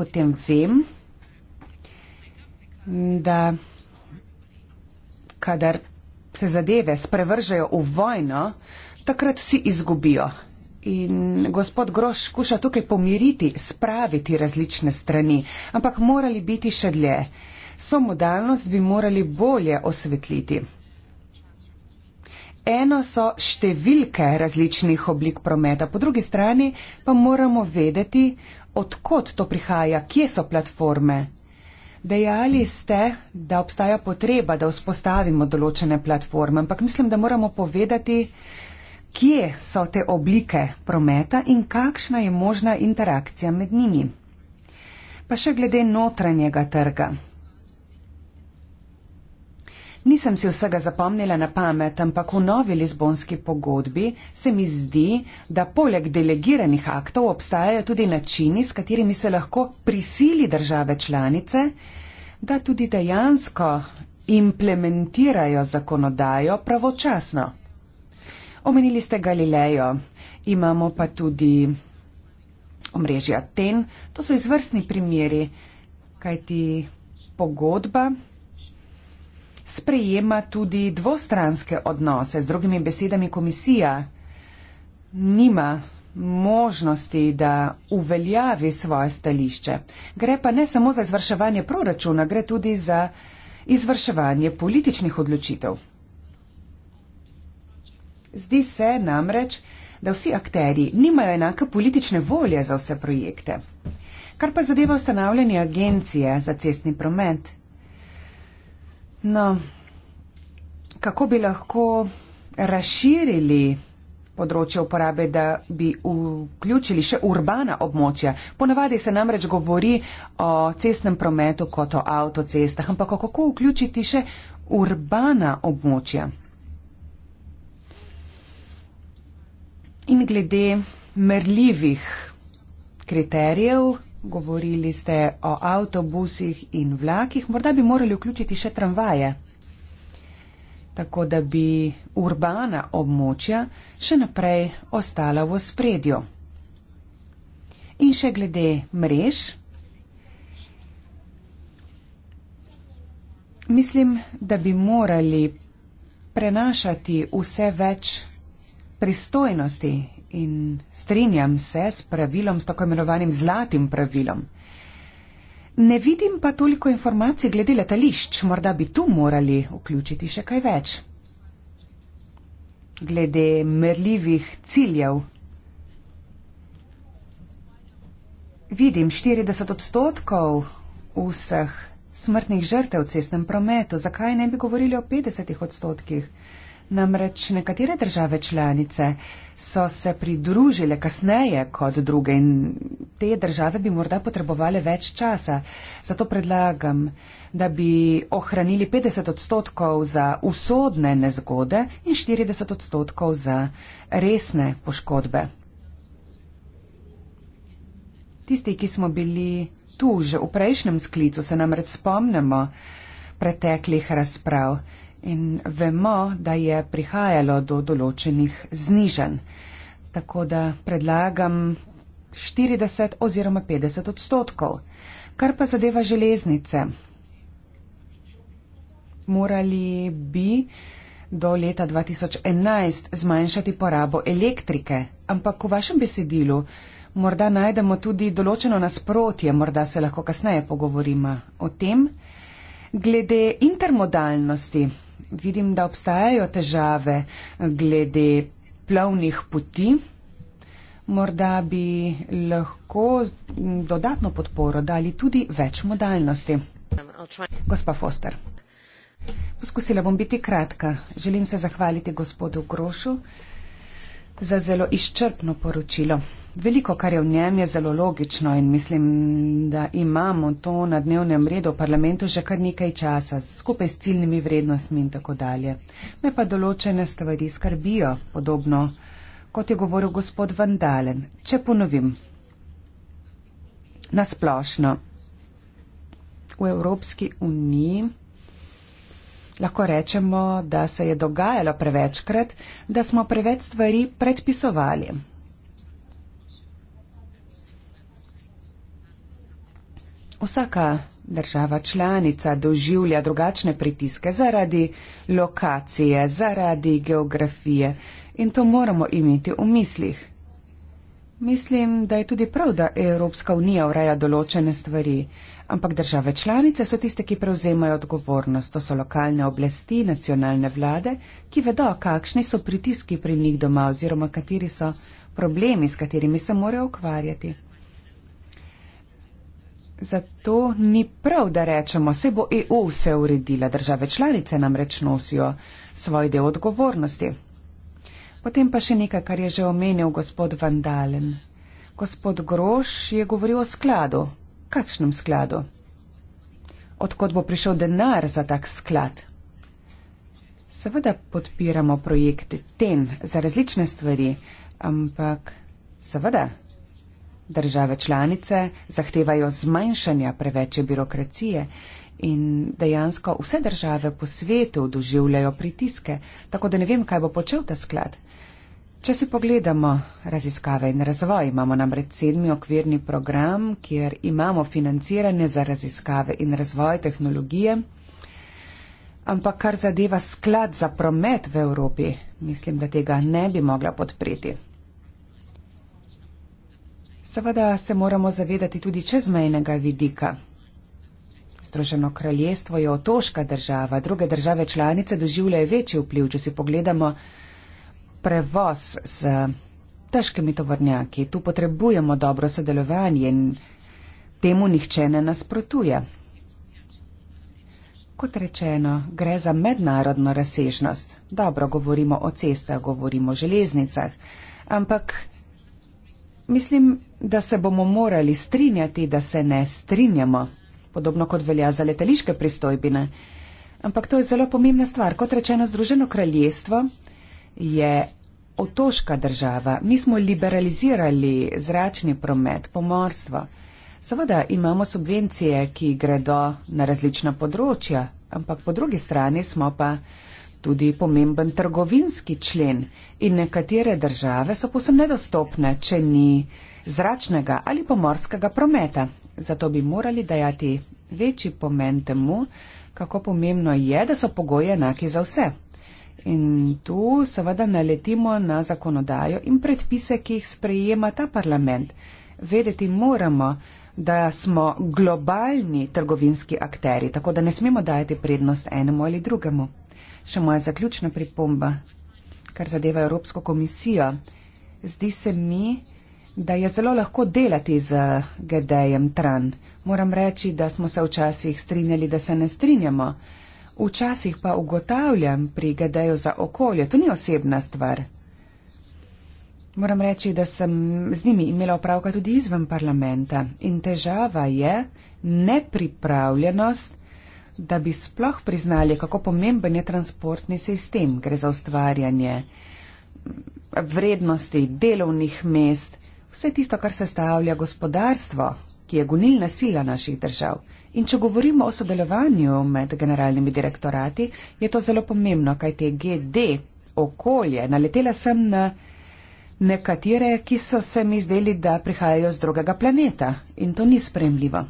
potem vem, da kadar se zadeve sprevržajo v vojno, takrat vsi izgubijo. In gospod Groš skuša tukaj pomiriti, spraviti različne strani, ampak morali biti še dlje. So modalnost bi morali bolje osvetliti. Eno so številke različnih oblik prometa, po drugi strani pa moramo vedeti, odkot to prihaja, kje so platforme. Dejali ste, da obstaja potreba, da vzpostavimo določene platforme, ampak mislim, da moramo povedati, kje so te oblike prometa in kakšna je možna interakcija med njimi. Pa še glede notranjega trga. Nisem si vsega zapomnila na pamet, ampak v novi lizbonski pogodbi se mi zdi, da poleg delegiranih aktov obstajajo tudi načini, s katerimi se lahko prisili države članice, da tudi dejansko implementirajo zakonodajo pravočasno. Omenili ste Galilejo, imamo pa tudi omrežje Aten. To so izvrstni primeri, kajti pogodba sprejema tudi dvostranske odnose. Z drugimi besedami, komisija nima možnosti, da uveljavi svoje stališče. Gre pa ne samo za izvrševanje proračuna, gre tudi za izvrševanje političnih odločitev. Zdi se namreč, da vsi akteri nimajo enake politične volje za vse projekte. Kar pa zadeva ustanavljanje agencije za cestni promet. No, kako bi lahko razširili področje uporabe, da bi vključili še urbana območja. Ponavadi se namreč govori o cestnem prometu kot o avtocestah, ampak kako vključiti še urbana območja? In glede merljivih kriterijev, govorili ste o avtobusih in vlakih, morda bi morali vključiti še tramvaje, tako da bi urbana območja še naprej ostala v spredju. In še glede mrež. Mislim, da bi morali prenašati vse več pristojnosti in strinjam se s pravilom, s tako imenovanim zlatim pravilom. Ne vidim pa toliko informacij glede letališč, morda bi tu morali vključiti še kaj več. Glede merljivih ciljev. Vidim 40 odstotkov vseh smrtnih žrtev v cestnem prometu. Zakaj ne bi govorili o 50 odstotkih? Namreč nekatere države članice so se pridružile kasneje kot druge in te države bi morda potrebovale več časa. Zato predlagam, da bi ohranili 50 odstotkov za usodne nezgode in 40 odstotkov za resne poškodbe. Tisti, ki smo bili tu že v prejšnjem sklicu, se namreč spomnimo preteklih razprav. In vemo, da je prihajalo do določenih znižanj. Tako da predlagam 40 oziroma 50 odstotkov. Kar pa zadeva železnice. Morali bi do leta 2011 zmanjšati porabo elektrike, ampak v vašem besedilu morda najdemo tudi določeno nasprotje, morda se lahko kasneje pogovorimo o tem. Glede intermodalnosti, vidim, da obstajajo težave glede plovnih poti. Morda bi lahko dodatno podporo dali tudi več modalnosti. Gospa Foster. Poskusila bom biti kratka. Želim se zahvaliti gospodu Grošu za zelo izčrpno poročilo. Veliko, kar je v njem, je zelo logično in mislim, da imamo to na dnevnem redu v parlamentu že kar nekaj časa, skupaj s ciljnimi vrednostmi in tako dalje. Me pa določene stvari skrbijo, podobno kot je govoril gospod Vandalen. Če ponovim, nasplošno v Evropski uniji lahko rečemo, da se je dogajalo prevečkrat, da smo preveč stvari predpisovali. Vsaka država članica doživlja drugačne pritiske zaradi lokacije, zaradi geografije in to moramo imeti v mislih. Mislim, da je tudi prav, da Evropska unija ureja določene stvari, ampak države članice so tiste, ki prevzemajo odgovornost. To so lokalne oblasti, nacionalne vlade, ki vedo, kakšni so pritiski pri njih doma oziroma kateri so problemi, s katerimi se morajo ukvarjati. Zato ni prav, da rečemo, se bo EU vse uredila, države članice namreč nosijo svoj del odgovornosti. Potem pa še nekaj, kar je že omenil gospod Vandalen. Gospod Groš je govoril o skladu. Kakšnem skladu? Odkot bo prišel denar za tak sklad? Seveda podpiramo projekt TEN za različne stvari, ampak seveda Države članice zahtevajo zmanjšanja preveče birokracije in dejansko vse države po svetu doživljajo pritiske, tako da ne vem, kaj bo počel ta sklad. Če si pogledamo raziskave in razvoj, imamo namreč sedmi okvirni program, kjer imamo financiranje za raziskave in razvoj tehnologije, ampak kar zadeva sklad za promet v Evropi, mislim, da tega ne bi mogla podpreti. Seveda se moramo zavedati tudi čezmejnega vidika. Združeno kraljestvo je otoška država, druge države članice doživljajo večji vpliv, če si pogledamo prevoz z težkimi tovornjaki. Tu potrebujemo dobro sodelovanje in temu nihče ne nasprotuje. Kot rečeno, gre za mednarodno razsežnost. Dobro govorimo o cestah, govorimo o železnicah, ampak Mislim, da se bomo morali strinjati, da se ne strinjamo, podobno kot velja za letališke pristojbine. Ampak to je zelo pomembna stvar. Kot rečeno, Združeno kraljestvo je otoška država. Mi smo liberalizirali zračni promet, pomorstvo. Seveda imamo subvencije, ki gredo na različna področja, ampak po drugi strani smo pa tudi pomemben trgovinski člen in nekatere države so posebno nedostopne, če ni zračnega ali pomorskega prometa. Zato bi morali dajati večji pomen temu, kako pomembno je, da so pogoji enaki za vse. In tu seveda naletimo na zakonodajo in predpise, ki jih sprejema ta parlament. Vedeti moramo, da smo globalni trgovinski akteri, tako da ne smemo dajati prednost enemu ali drugemu. Še moja zaključna pripomba, kar zadeva Evropsko komisijo. Zdi se mi, da je zelo lahko delati z GD-jem Tran. Moram reči, da smo se včasih strinjali, da se ne strinjamo. Včasih pa ugotavljam pri GD-ju za okolje, to ni osebna stvar. Moram reči, da sem z njimi imela opravka tudi izven parlamenta in težava je nepripravljenost da bi sploh priznali, kako pomemben je transportni sistem. Gre za ustvarjanje vrednosti delovnih mest, vse tisto, kar sestavlja gospodarstvo, ki je gonilna sila naših držav. In če govorimo o sodelovanju med generalnimi direktorati, je to zelo pomembno, kaj te GD okolje naletela sem na nekatere, ki so se mi zdeli, da prihajajo z drugega planeta. In to ni spremljivo.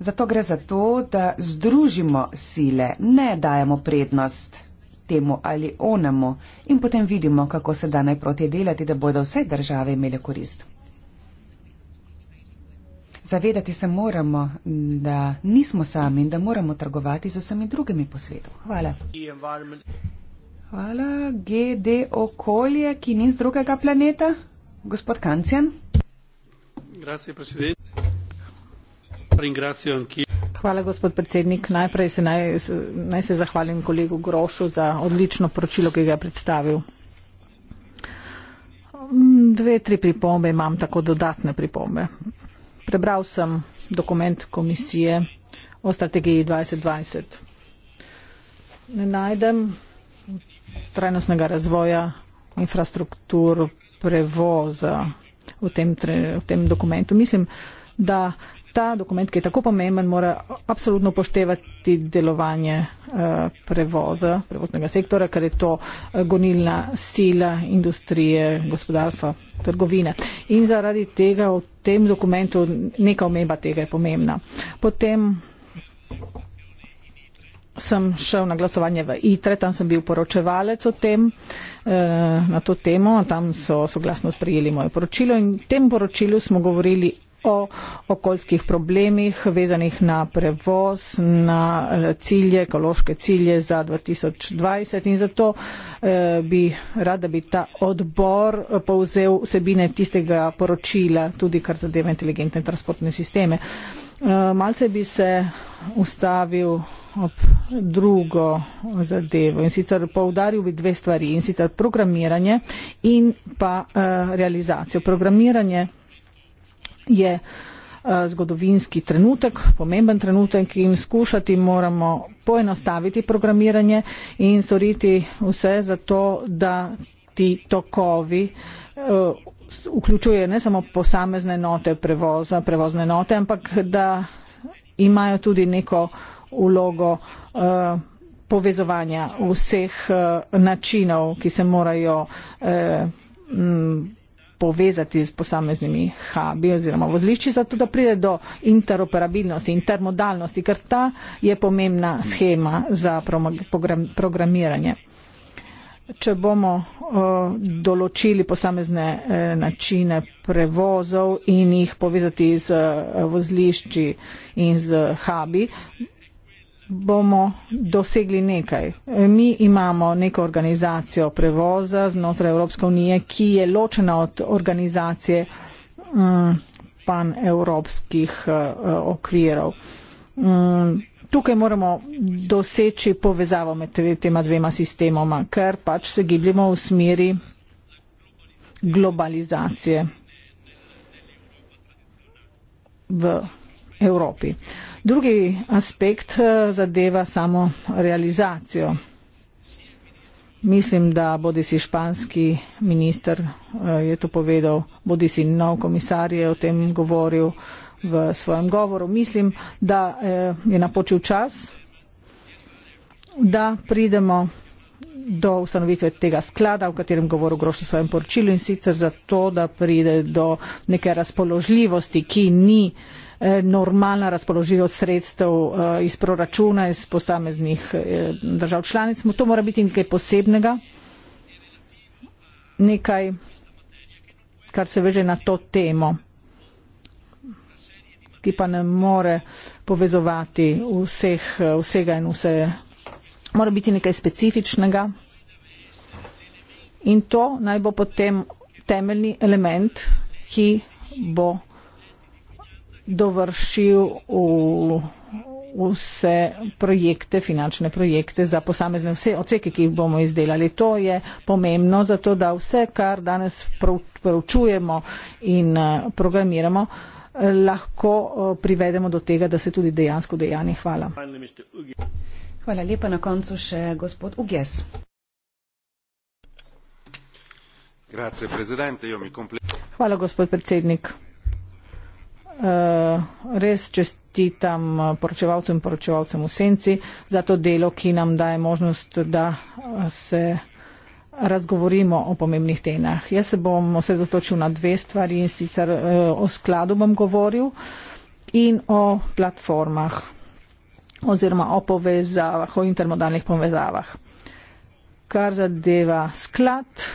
Zato gre za to, da združimo sile, ne dajemo prednost temu ali onemu in potem vidimo, kako se da najproti delati, da bodo vse države imele korist. Zavedati se moramo, da nismo sami in da moramo trgovati z vsemi drugimi po svetu. Hvala. Hvala, GD okolje, ki ni z drugega planeta. Gospod Kancijan. Hvala, gospod predsednik. Najprej se naj, naj se zahvalim kolegu Grošu za odlično poročilo, ki ga je predstavil. Dve, tri pripombe imam, tako dodatne pripombe. Prebral sem dokument komisije o strategiji 2020. Ne najdem trajnostnega razvoja infrastruktur, prevoza v tem, v tem dokumentu. Mislim, da ta dokument, ki je tako pomemben, mora absolutno poštevati delovanje eh, prevoza, prevoznega sektora, ker je to eh, gonilna sila industrije, gospodarstva, trgovine. In zaradi tega v tem dokumentu neka omemba tega je pomembna. Potem sem šel na glasovanje v ITRE, tam sem bil poročevalec o tem, eh, na to temo, tam so soglasno sprejeli moje poročilo in v tem poročilu smo govorili o okoljskih problemih vezanih na prevoz, na eh, cilje, ekološke cilje za 2020 in zato eh, bi rada, da bi ta odbor eh, povzel vsebine tistega poročila, tudi kar zadeva inteligentne transportne sisteme. Malce bi se ustavil ob drugo zadevo in sicer poudaril bi dve stvari in sicer programiranje in pa realizacijo. Programiranje je eh, zgodovinski trenutek, pomemben trenutek in skušati moramo poenostaviti programiranje in storiti vse za to, da ti tokovi eh, vključuje ne samo posamezne note prevoza, prevozne note, ampak da imajo tudi neko ulogo eh, povezovanja vseh načinov, ki se morajo povezati z posameznimi hubi oziroma vozlišči, zato da pride do interoperabilnosti, intermodalnosti, ker ta je pomembna schema za programiranje. Če bomo uh, določili posamezne uh, načine prevozov in jih povezati z uh, vozlišči in z hubi, bomo dosegli nekaj. Mi imamo neko organizacijo prevoza znotraj Evropske unije, ki je ločena od organizacije mm, panevropskih eh, okvirov. Mm, tukaj moramo doseči povezavo med tema dvema sistemoma, ker pač se gibljamo v smeri globalizacije. V Evropi. Drugi aspekt eh, zadeva samo realizacijo. Mislim, da bodi si španski minister eh, je to povedal, bodi si nov komisar je o tem govoril v svojem govoru. Mislim, da eh, je napočil čas, da pridemo do ustanovitve tega sklada, o katerem govoril Groš v svojem poročilu in sicer zato, da pride do neke razpoložljivosti, ki ni. Eh, normalna razpoložljivost sredstev eh, iz proračuna, iz posameznih eh, držav članic. To mora biti nekaj posebnega, nekaj, kar se veže na to temo, ki pa ne more povezovati vseh, vsega in vse. Mora biti nekaj specifičnega in to naj bo potem temeljni element, ki bo dovršil v vse projekte, finančne projekte za posamezne vse odseke, ki jih bomo izdelali. To je pomembno, zato da vse, kar danes proučujemo in eh, programiramo, eh, lahko eh, privedemo do tega, da se tudi dejansko dejani. Hvala. Hvala lepa na koncu še gospod Uges. Hvala gospod predsednik. Eh, res čestitam eh, poročevalcem in poročevalcem v senci za to delo, ki nam daje možnost, da eh, se razgovorimo o pomembnih temah. Jaz se bom osredotočil na dve stvari in sicer o skladu bom govoril in o platformah oziroma o povezavah, o intermodalnih povezavah. Kar zadeva sklad,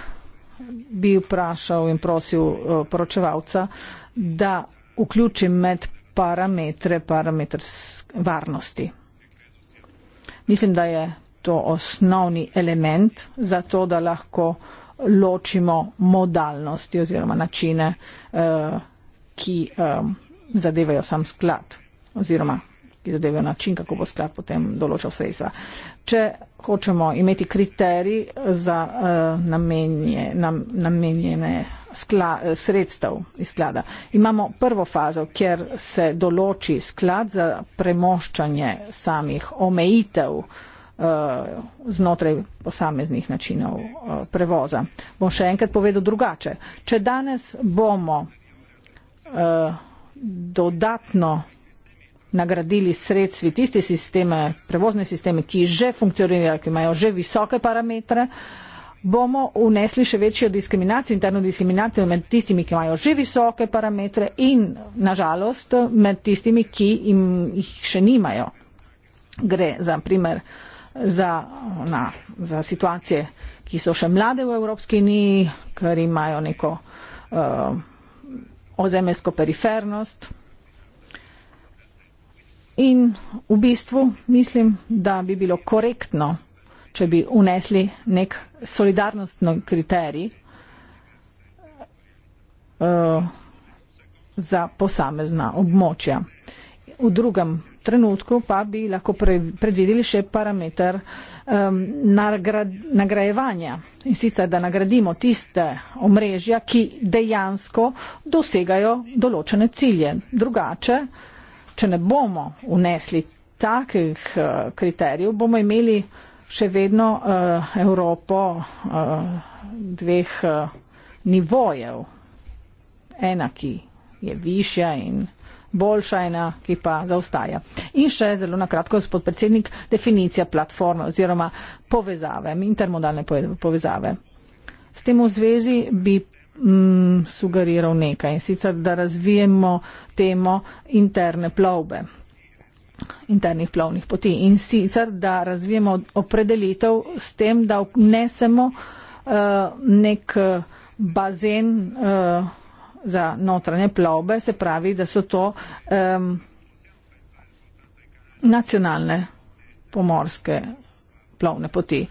bi vprašal in prosil poročevalca, da vključim med parametre, parametr varnosti. Mislim, da je to osnovni element za to, da lahko ločimo modalnosti oziroma načine, eh, ki eh, zadevajo sam sklad oziroma ki zadevajo način, kako bo sklad potem določal sredstva. Če hočemo imeti kriterij za eh, namenje, nam, namenjene skla, sredstev iz sklada. Imamo prvo fazo, kjer se določi sklad za premoščanje samih omejitev eh, znotraj posameznih načinov eh, prevoza. Bom še enkrat povedal drugače. Če danes bomo eh, dodatno nagradili sredstvi tiste sisteme, prevozne sisteme, ki že funkcionirajo, ki imajo že visoke parametre, uh, bomo unesli še večjo diskriminacijo, interno diskriminacijo med tistimi, ki imajo že visoke parametre in nažalost med tistimi, ki jim jih še nimajo. Gre za primer za, na, za situacije, ki so še mlade v Evropski uniji, ker imajo neko uh, ozemeljsko perifernost. In v bistvu mislim, da bi bilo korektno če bi unesli nek solidarnostni kriterij uh, za posamezna območja. V drugem trenutku pa bi lahko predvideli še parameter um, nagrad, nagrajevanja in sicer, da nagradimo tiste omrežja, ki dejansko dosegajo določene cilje. Drugače, če ne bomo unesli takih uh, kriterijev, bomo imeli uh, še vedno uh, Evropo uh, dveh uh, nivojev. Ena, ki je višja in boljša, ena, ki pa zaostaja. In še zelo na kratko, gospod predsednik, definicija platforme oziroma povezave, intermodalne povezave. S tem v zvezi bi mm, sugeriral nekaj in sicer, da razvijemo temo interne plovbe internih plovnih poti in sicer, da razvijemo opredelitev s tem, da vnesemo uh, nek eh, bazen uh, za notranje plovbe, se pravi, da so to um, nacionalne pomorske plovne poti.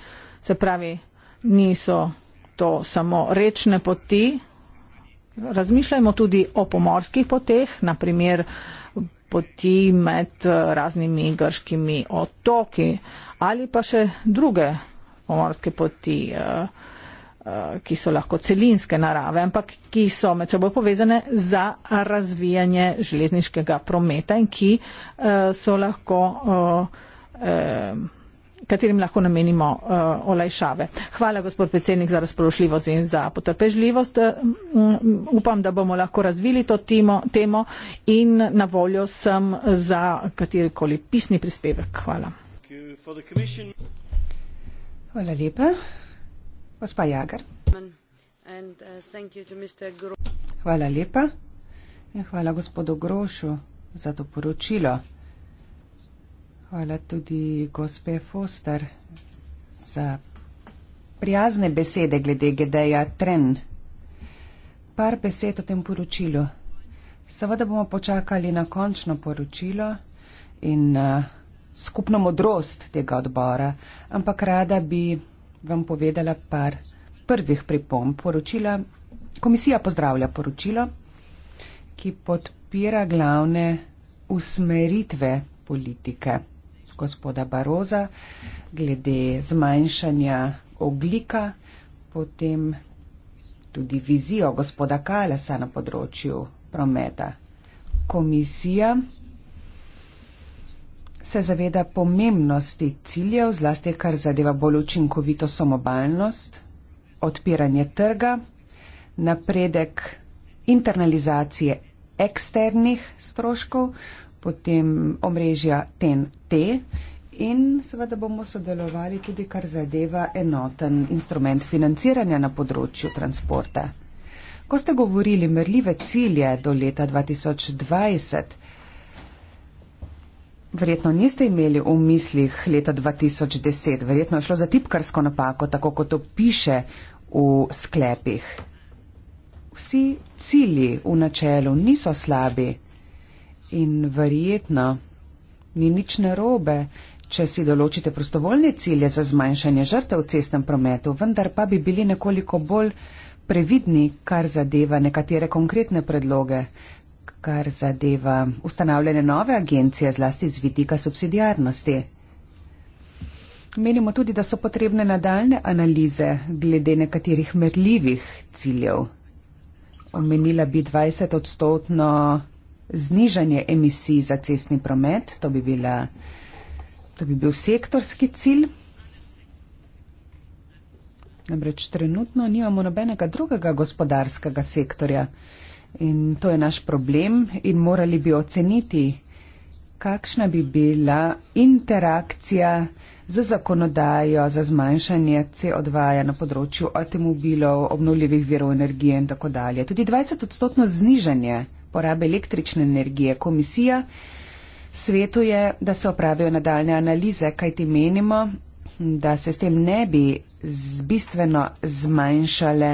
Se pravi, niso to samo rečne poti, razmišljajmo tudi o pomorskih poteh, naprimer uh, poti med eh, raznimi grškimi otoki ali pa še druge pomorske poti, eh, eh, ki so lahko celinske narave, ampak ki so med seboj povezane za razvijanje železniškega prometa in ki so lahko katerim lahko namenimo uh, olajšave. Hvala, gospod predsednik, za razpoložljivost in za potrpežljivost. Uh, upam, da bomo lahko razvili to timo, temo in na voljo sem za katerikoli pisni prispevek. Hvala. Hvala lepa. Gospa Jagar. Hvala lepa. Hvala gospodu Grošu za to poročilo. Hvala tudi gospe Foster za prijazne besede glede GDE-ja Tren. Par besed o tem poročilu. Seveda bomo počakali na končno poročilo in uh, skupno modrost tega odbora, ampak rada bi vam povedala par prvih pripomb. Poročila, komisija pozdravlja poročilo, ki podpira glavne usmeritve politike gospoda Baroza glede zmanjšanja oglika, potem tudi vizijo gospoda Kalesa na področju prometa. Komisija se zaveda pomembnosti ciljev, zlasti kar zadeva bolj učinkovito samobalnost, odpiranje trga, napredek internalizacije eksternih stroškov, potem omrežja TNT in seveda bomo sodelovali tudi kar zadeva enoten instrument financiranja na področju transporta. Ko ste govorili merljive cilje do leta 2020, verjetno niste imeli v mislih leta 2010, verjetno je šlo za tipkarsko napako, tako kot to piše v sklepih. Vsi cilji v načelu niso slabi. In verjetno ni nič narobe, če si določite prostovoljne cilje za zmanjšanje žrtev v cestnem prometu, vendar pa bi bili nekoliko bolj previdni, kar zadeva nekatere konkretne predloge, kar zadeva ustanavljanje nove agencije zlasti z vidika subsidijarnosti. Menimo tudi, da so potrebne nadaljne analize glede nekaterih merljivih ciljev. Omenila bi 20 odstotno znižanje emisij za cestni promet, to bi, bila, to bi bil sektorski cilj. Namreč trenutno nimamo nobenega drugega gospodarskega sektorja in to je naš problem in morali bi oceniti, kakšna bi bila interakcija z zakonodajo za zmanjšanje CO2 ja na področju avtomobilov, obnovljivih virov energije in tako dalje. Tudi 20-odstotno znižanje porabe električne energije. Komisija svetuje, da se opravijo nadaljne analize, kajti menimo, da se s tem ne bi bistveno zmanjšale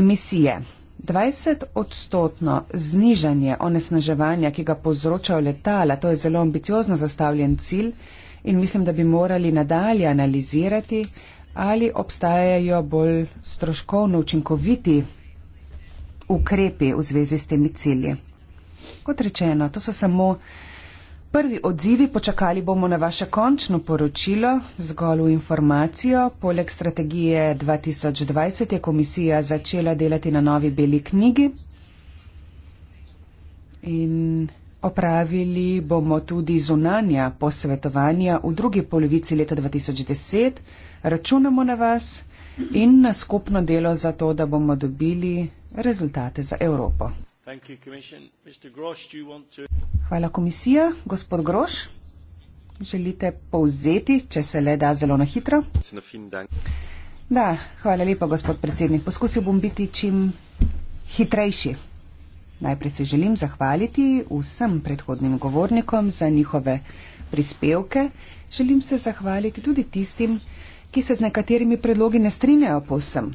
emisije. 20 odstotno znižanje onesnaževanja, ki ga povzročajo letala, to je zelo ambiciozno zastavljen cilj in mislim, da bi morali nadalje analizirati, ali obstajajo bolj stroškovno učinkoviti ukrepi v zvezi s temi cilji? Kot rečeno, to so samo prvi odzivi, počakali bomo na vaše končno poročilo, zgolj v informacijo. Poleg strategije 2020 je komisija začela delati na novi beli knjigi in opravili bomo tudi zunanja posvetovanja v drugi polovici leta 2010. Računamo na vas in na skupno delo za to, da bomo dobili rezultate za Evropo. Hvala komisija. Gospod Groš, želite povzeti, če se le da zelo na hitro? Da, hvala lepa, gospod predsednik. Poskusil bom biti čim hitrejši. Najprej se želim zahvaliti vsem predhodnim govornikom za njihove prispevke. Želim se zahvaliti tudi tistim, ki se z nekaterimi predlogi ne strinjajo povsem.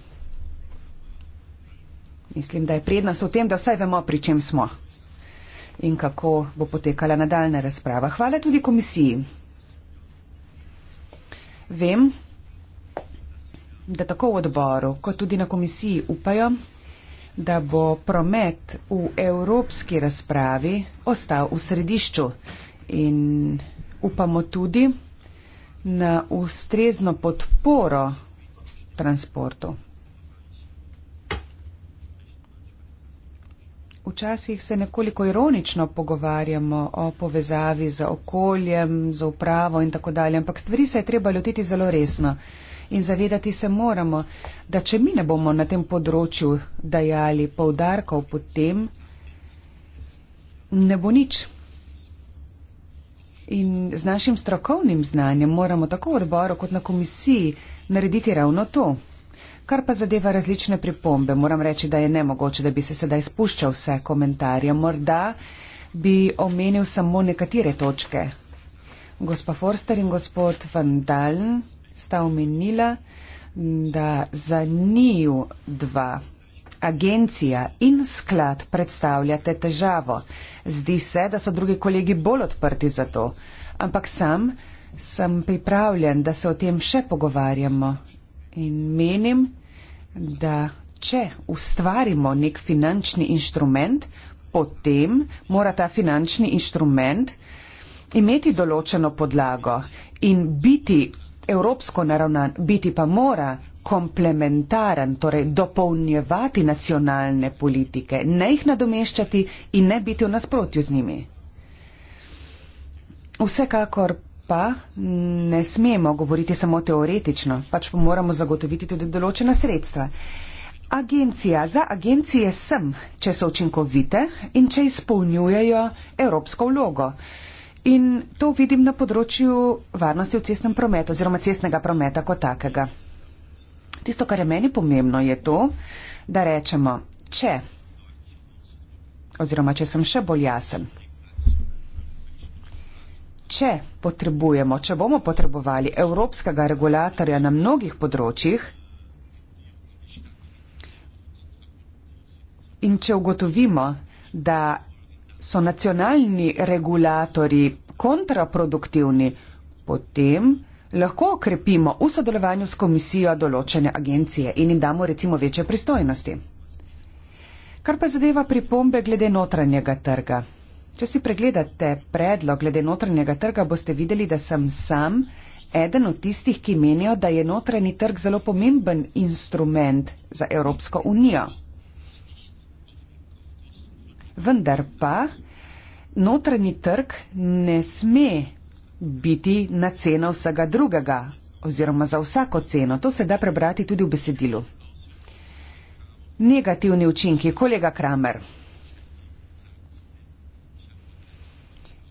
Mislim, da je prednost v tem, da vsaj vemo, pri čem smo in kako bo potekala nadaljna razprava. Hvala tudi komisiji. Vem, da tako v odboru, kot tudi na komisiji upajo, da bo promet v evropski razpravi ostal v središču in upamo tudi na ustrezno podporo transportu. včasih se nekoliko ironično pogovarjamo o povezavi z okoljem, z upravo in tako dalje, ampak stvari se je treba lotiti zelo resno. In zavedati se moramo, da če mi ne bomo na tem področju dajali poudarkov potem, ne bo nič. In z našim strokovnim znanjem moramo tako v odboru kot na komisiji narediti ravno to. Kar pa zadeva različne pripombe, moram reči, da je nemogoče, da bi se sedaj spuščal vse komentarje. Morda bi omenil samo nekatere točke. Gospa Forster in gospod Vandaln sta omenila, da za njiju dva, agencija in sklad, predstavljate težavo. Zdi se, da so drugi kolegi bolj odprti za to. Ampak sam sem pripravljen, da se o tem še pogovarjamo. In menim, da če ustvarimo nek finančni inštrument, potem mora ta finančni inštrument imeti določeno podlago in biti evropsko naravnan, biti pa mora komplementaren, torej dopolnjevati nacionalne politike, ne jih nadomeščati in ne biti v nasprotju z njimi. Vsekakor pa ne smemo govoriti samo teoretično, pač pa moramo zagotoviti tudi določena sredstva. Agencija za agencije sem, če so učinkovite in če izpolnjujejo evropsko vlogo. In to vidim na področju varnosti v cestnem prometu oziroma cestnega prometa kot takega. Tisto, kar je meni pomembno, je to, da rečemo, če oziroma če sem še bolj jasen če potrebujemo, če bomo potrebovali evropskega regulatorja na mnogih področjih in če ugotovimo, da so nacionalni regulatori kontraproduktivni, potem lahko okrepimo v sodelovanju s komisijo določene agencije in jim damo recimo večje pristojnosti. Kar pa zadeva pripombe glede notranjega trga. Če si pregledate predlog glede notranjega trga, boste videli, da sem sam eden od tistih, ki menijo, da je notranji trg zelo pomemben instrument za Evropsko unijo. Vendar pa notranji trg ne sme biti na ceno vsega drugega oziroma za vsako ceno. To se da prebrati tudi v besedilu. Negativni učinki, kolega Kramer.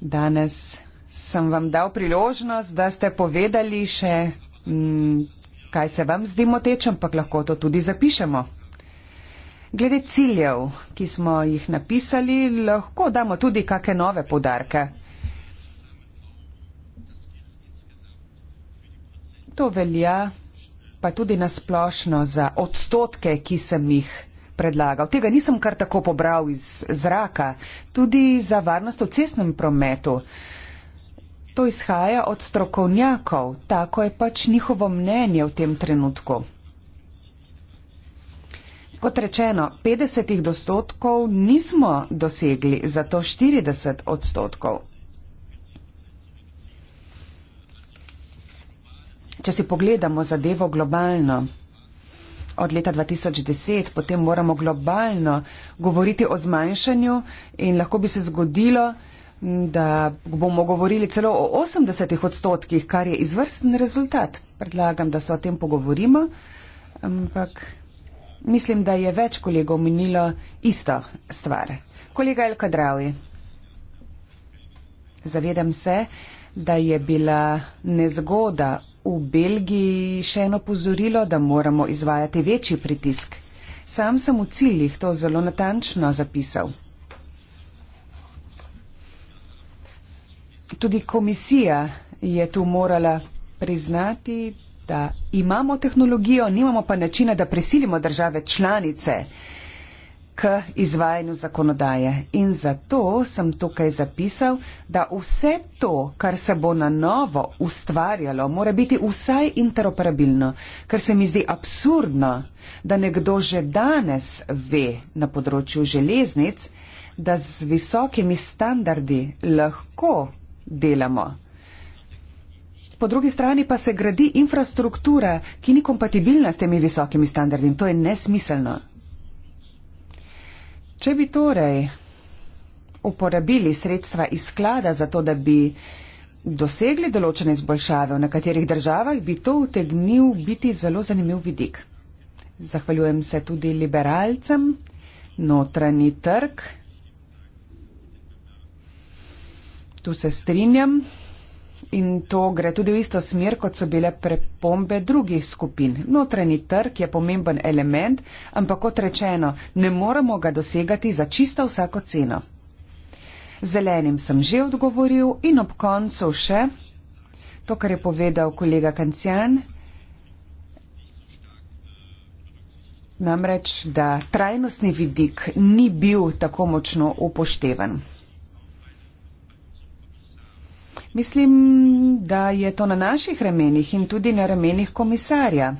Danes sem vam dal priložnost, da ste povedali še, mm, kaj se vam zdi moteč, ampak lahko to tudi zapišemo. Glede ciljev, ki smo jih napisali, lahko damo tudi kakšne nove podarke. To velja pa tudi nasplošno za odstotke, ki sem jih napisal predlagal. Tega nisem kar tako pobral iz zraka. Tudi za varnost v cestnem prometu. To izhaja od strokovnjakov. Tako je pač njihovo mnenje v tem trenutku. Kot rečeno, 50 odstotkov nismo dosegli, zato 40 odstotkov. Če si pogledamo zadevo globalno, od leta 2010, potem moramo globalno govoriti o zmanjšanju in lahko bi se zgodilo, da bomo govorili celo o 80 odstotkih, kar je izvrsten rezultat. Predlagam, da se o tem pogovorimo, ampak mislim, da je več kolegov omenilo isto stvar. Kolega El Kadravi, zavedam se, da je bila nezgoda V Belgiji še eno pozorilo, da moramo izvajati večji pritisk. Sam sem v ciljih to zelo natančno zapisal. Tudi komisija je tu morala priznati, da imamo tehnologijo, nimamo pa načina, da prisilimo države članice, k izvajanju zakonodaje. In zato sem tukaj zapisal, da vse to, kar se bo na novo ustvarjalo, mora biti vsaj interoperabilno, ker se mi zdi absurdno, da nekdo že danes ve na področju železnic, da z visokimi standardi lahko delamo. Po drugi strani pa se gradi infrastruktura, ki ni kompatibilna s temi visokimi standardi in to je nesmiselno. Če bi torej uporabili sredstva iz sklada za to, da bi dosegli določene izboljšave v nekaterih državah, bi to utegnil biti zelo zanimiv vidik. Zahvaljujem se tudi liberalcem, notranji trg. Tu se strinjam in to gre tudi v isto smer, kot so bile prepombe drugih skupin. Notranji trg je pomemben element, ampak kot rečeno, ne moramo ga dosegati za čisto vsako ceno. Zelenim sem že odgovoril in ob koncu še to, kar je povedal kolega Kancijan. Namreč, da trajnostni vidik ni bil tako močno upoštevan. Mislim, da je to na naših ramenih in tudi na ramenih komisarja.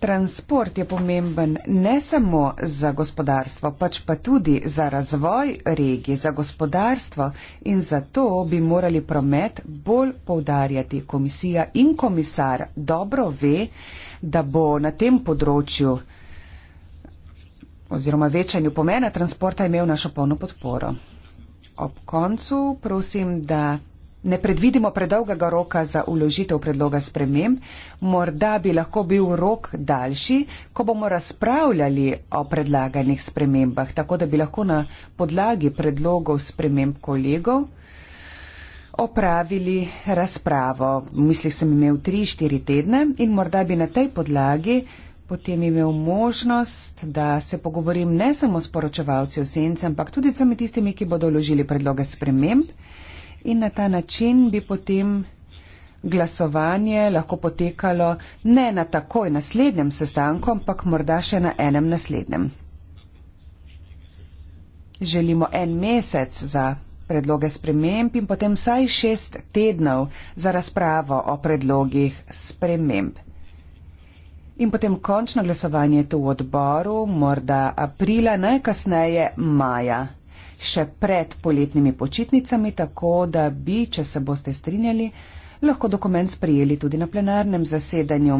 Transport je pomemben ne samo za gospodarstvo, pač pa tudi za razvoj regije, za gospodarstvo in zato bi morali promet bolj povdarjati. Komisija in komisar dobro ve, da bo na tem področju oziroma večanju pomena transporta imel našo polno podporo ob koncu, prosim, da ne predvidimo predolgega roka za uložitev predloga sprememb. Morda bi lahko bil rok daljši, ko bomo razpravljali o predlaganih spremembah, tako da bi lahko na podlagi predlogov sprememb kolegov opravili razpravo. Mislim, sem imel tri, štiri tedne in morda bi na tej podlagi potem imel možnost, da se pogovorim ne samo s poročevalci o sence, ampak tudi sami tistimi, ki bodo vložili predloge sprememb. In na ta način bi potem glasovanje lahko potekalo ne na takoj naslednjem sestanku, ampak morda še na enem naslednjem. Želimo en mesec za predloge sprememb in potem vsaj šest tednov za razpravo o predlogih sprememb in potem končno glasovanje tu v odboru, morda aprila, najkasneje maja, še pred poletnimi počitnicami, tako da bi, če se boste strinjali, lahko dokument sprijeli tudi na plenarnem zasedanju.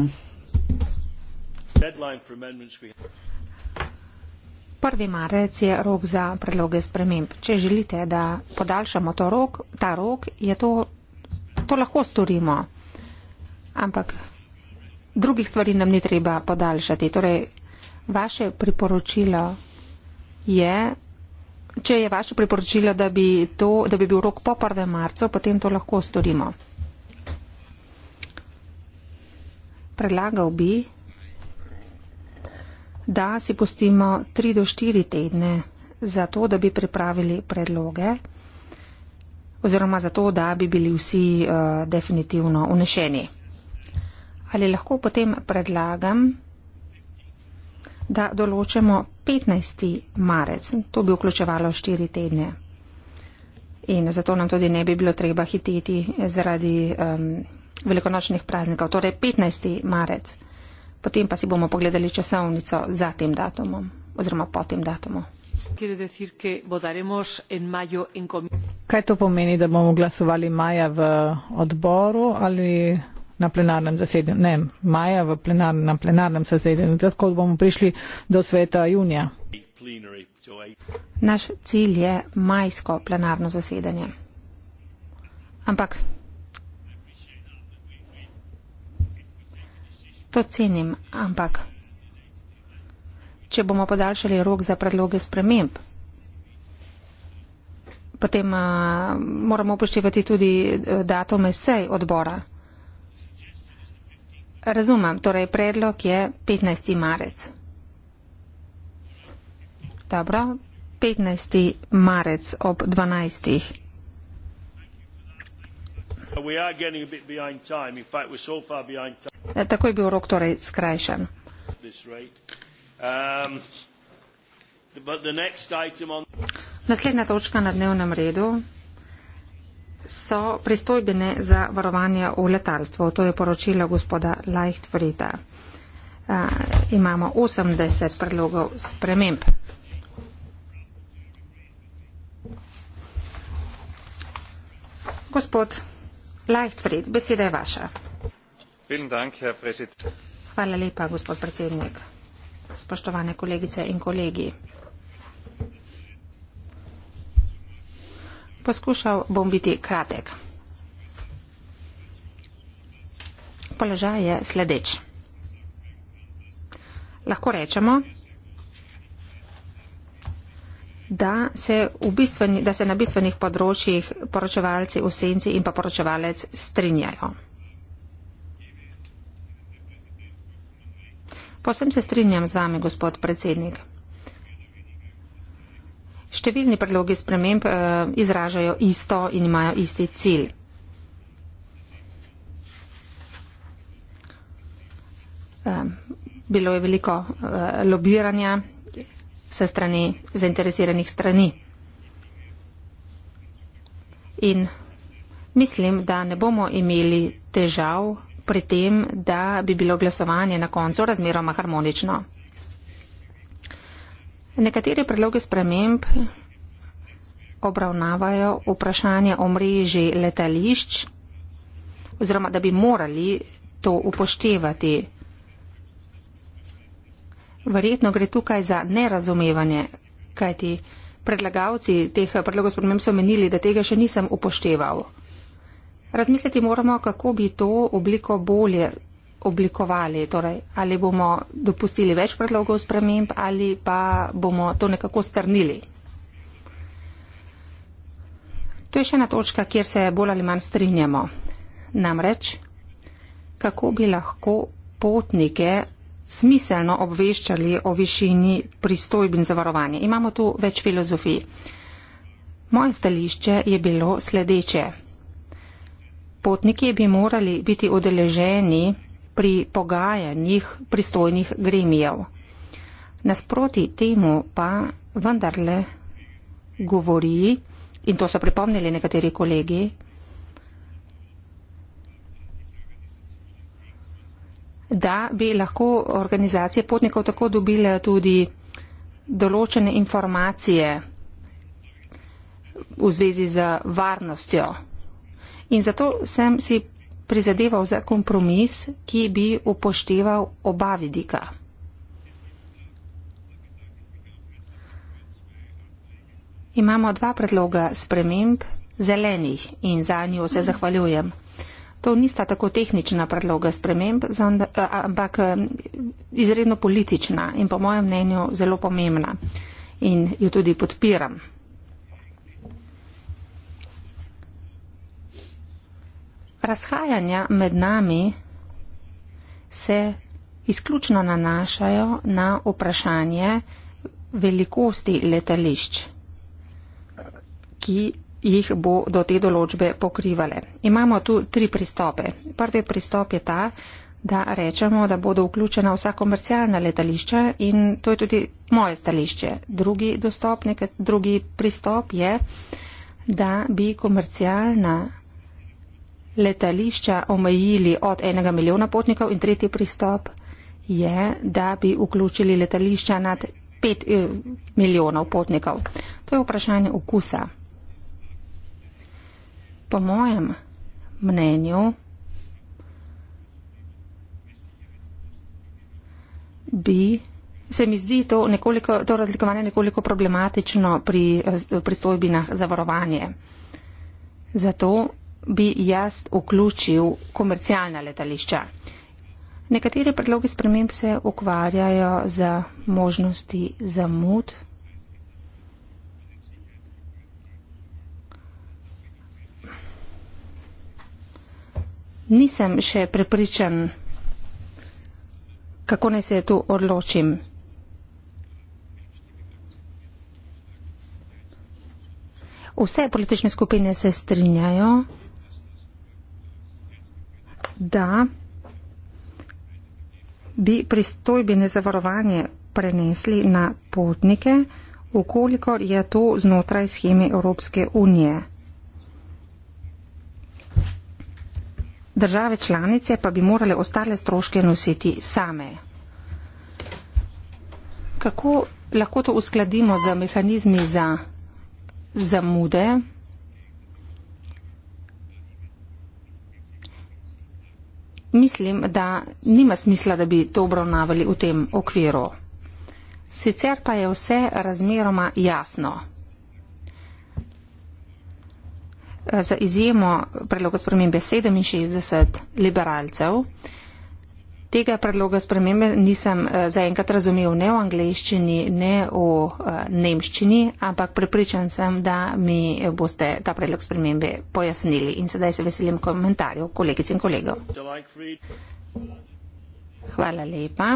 Prvi marec je rok za predloge sprememb. Če želite, da podaljšamo rok, ta rok, je to, to lahko storimo. Ampak drugih stvari nam ni treba podaljšati. Torej, vaše priporočilo je, če je vaše priporočilo, da bi, to, da bi bil rok po 1. marcu, potem to lahko storimo. Predlagal bi, da si postimo 3 do 4 tedne za to, da bi pripravili predloge oziroma za to, da bi bili vsi uh, definitivno unešeni ali lahko potem predlagam, da določimo 15. marec. To bi vključevalo štiri tedne. In zato nam tudi ne bi bilo treba hiteti zaradi um, velikonočnih praznikov. Torej 15. marec. Potem pa si bomo pogledali časovnico za tem datumom oziroma po tem datumu. Kaj to pomeni, da bomo glasovali maja v odboru ali na plenarnem zasedanju, ne, maja v plenar, na plenarnem zasedanju, tako da bomo prišli do sveta junija. Naš cilj je majsko plenarno zasedanje. Ampak to cenim, ampak če bomo podaljšali rok za predloge sprememb, potem a, eh, moramo upoštevati tudi eh, datume sej odbora. Razumem, torej predlog je 15. marec. Dobro, 15. marec ob 12. Eh, tako je bil rok torej skrajšan. Um, Naslednja točka na dnevnem redu so pristojbine za varovanje v letalstvu. To je poročilo gospoda Leichtfrieda. Uh, imamo 80 predlogov sprememb. Gospod Leichtfried, beseda je vaša. Dank, Hvala lepa, gospod predsednik. Spoštovane kolegice in kolegi. Poskušal bom biti kratek. Položaj je sledeč. Lahko rečemo, da se, bistveni, da se na bistvenih področjih poročevalci v senci in pa poročevalec strinjajo. Posem se strinjam z vami, gospod predsednik. Številni predlogi sprememb eh, izražajo isto in imajo isti cilj. Ehm, bilo je veliko eh, lobiranja se strani zainteresiranih strani. In mislim, da ne bomo imeli težav pri tem, da bi bilo glasovanje na koncu razmeroma harmonično. Nekateri predloge sprememb obravnavajo vprašanje o mreži letališč oziroma da bi morali to upoštevati. Verjetno gre tukaj za nerazumevanje, kajti predlagavci teh predlogov sprememb so menili, da tega še nisem upošteval. Razmisliti moramo, kako bi to obliko bolje oblikovali, torej ali bomo dopustili več predlogov sprememb ali pa bomo to nekako strnili. To je še ena točka, kjer se bolj ali manj strinjamo. Namreč, kako bi lahko potnike smiselno obveščali o višini pristojbin zavarovanja. Imamo tu več filozofij. Moje stališče je bilo sledeče. Potniki bi morali biti odeleženi pri pogajanjih pristojnih gremijev. Nasproti temu pa vendarle govori, in to so pripomnili nekateri kolegi, da bi lahko organizacije potnikov tako dobile tudi določene informacije v zvezi z varnostjo. In zato sem si prizadeval za kompromis, ki bi upošteval oba vidika. Imamo dva predloga sprememb zelenih in za njo se zahvaljujem. To nista tako tehnična predloga sprememb, eh, ampak eh, izredno politična in po mojem mnenju zelo pomembna in jo tudi podpiram. razhajanja med nami se izključno nanašajo na vprašanje velikosti letališč, ki jih bo do te določbe pokrivale. Imamo tu tri pristope. Prvi pristop je ta, da rečemo, da bodo vključena vsa komercialna letališča in to je tudi moje stališče. Drugi, dostop, nekaj, drugi pristop je, da bi komercialna letališča omejili od enega milijona potnikov in tretji pristop je, da bi vključili letališča nad pet eh, milijonov potnikov. To je vprašanje okusa. Po mojem mnenju bi se mi zdi to, nekoliko, to razlikovanje nekoliko problematično pri eh, pristojbinah za varovanje. Zato bi jaz vključil komercialna letališča. Nekateri predlogi sprememb se ukvarjajo z možnosti zamud. Nisem še prepričan, kako naj se tu odločim. Vse politične skupine se strinjajo, da bi pristojbene zavarovanje prenesli na potnike, ukolikor je to znotraj scheme Evropske unije. Države članice pa bi morale ostale stroške nositi same. Kako lahko to uskladimo z mehanizmi za zamude? mislim, da nima smisla, da bi to obravnavali v tem okviru. Sicer pa je vse razmeroma jasno. Za izjemo predloga spremembe 67 liberalcev tega predloga spremembe nisem eh, zaenkrat razumel ne v angleščini, ne v eh, nemščini, ampak prepričan sem, da mi boste ta predlog spremembe pojasnili. In sedaj se veselim komentarjev kolegic in kolegov. Hvala lepa.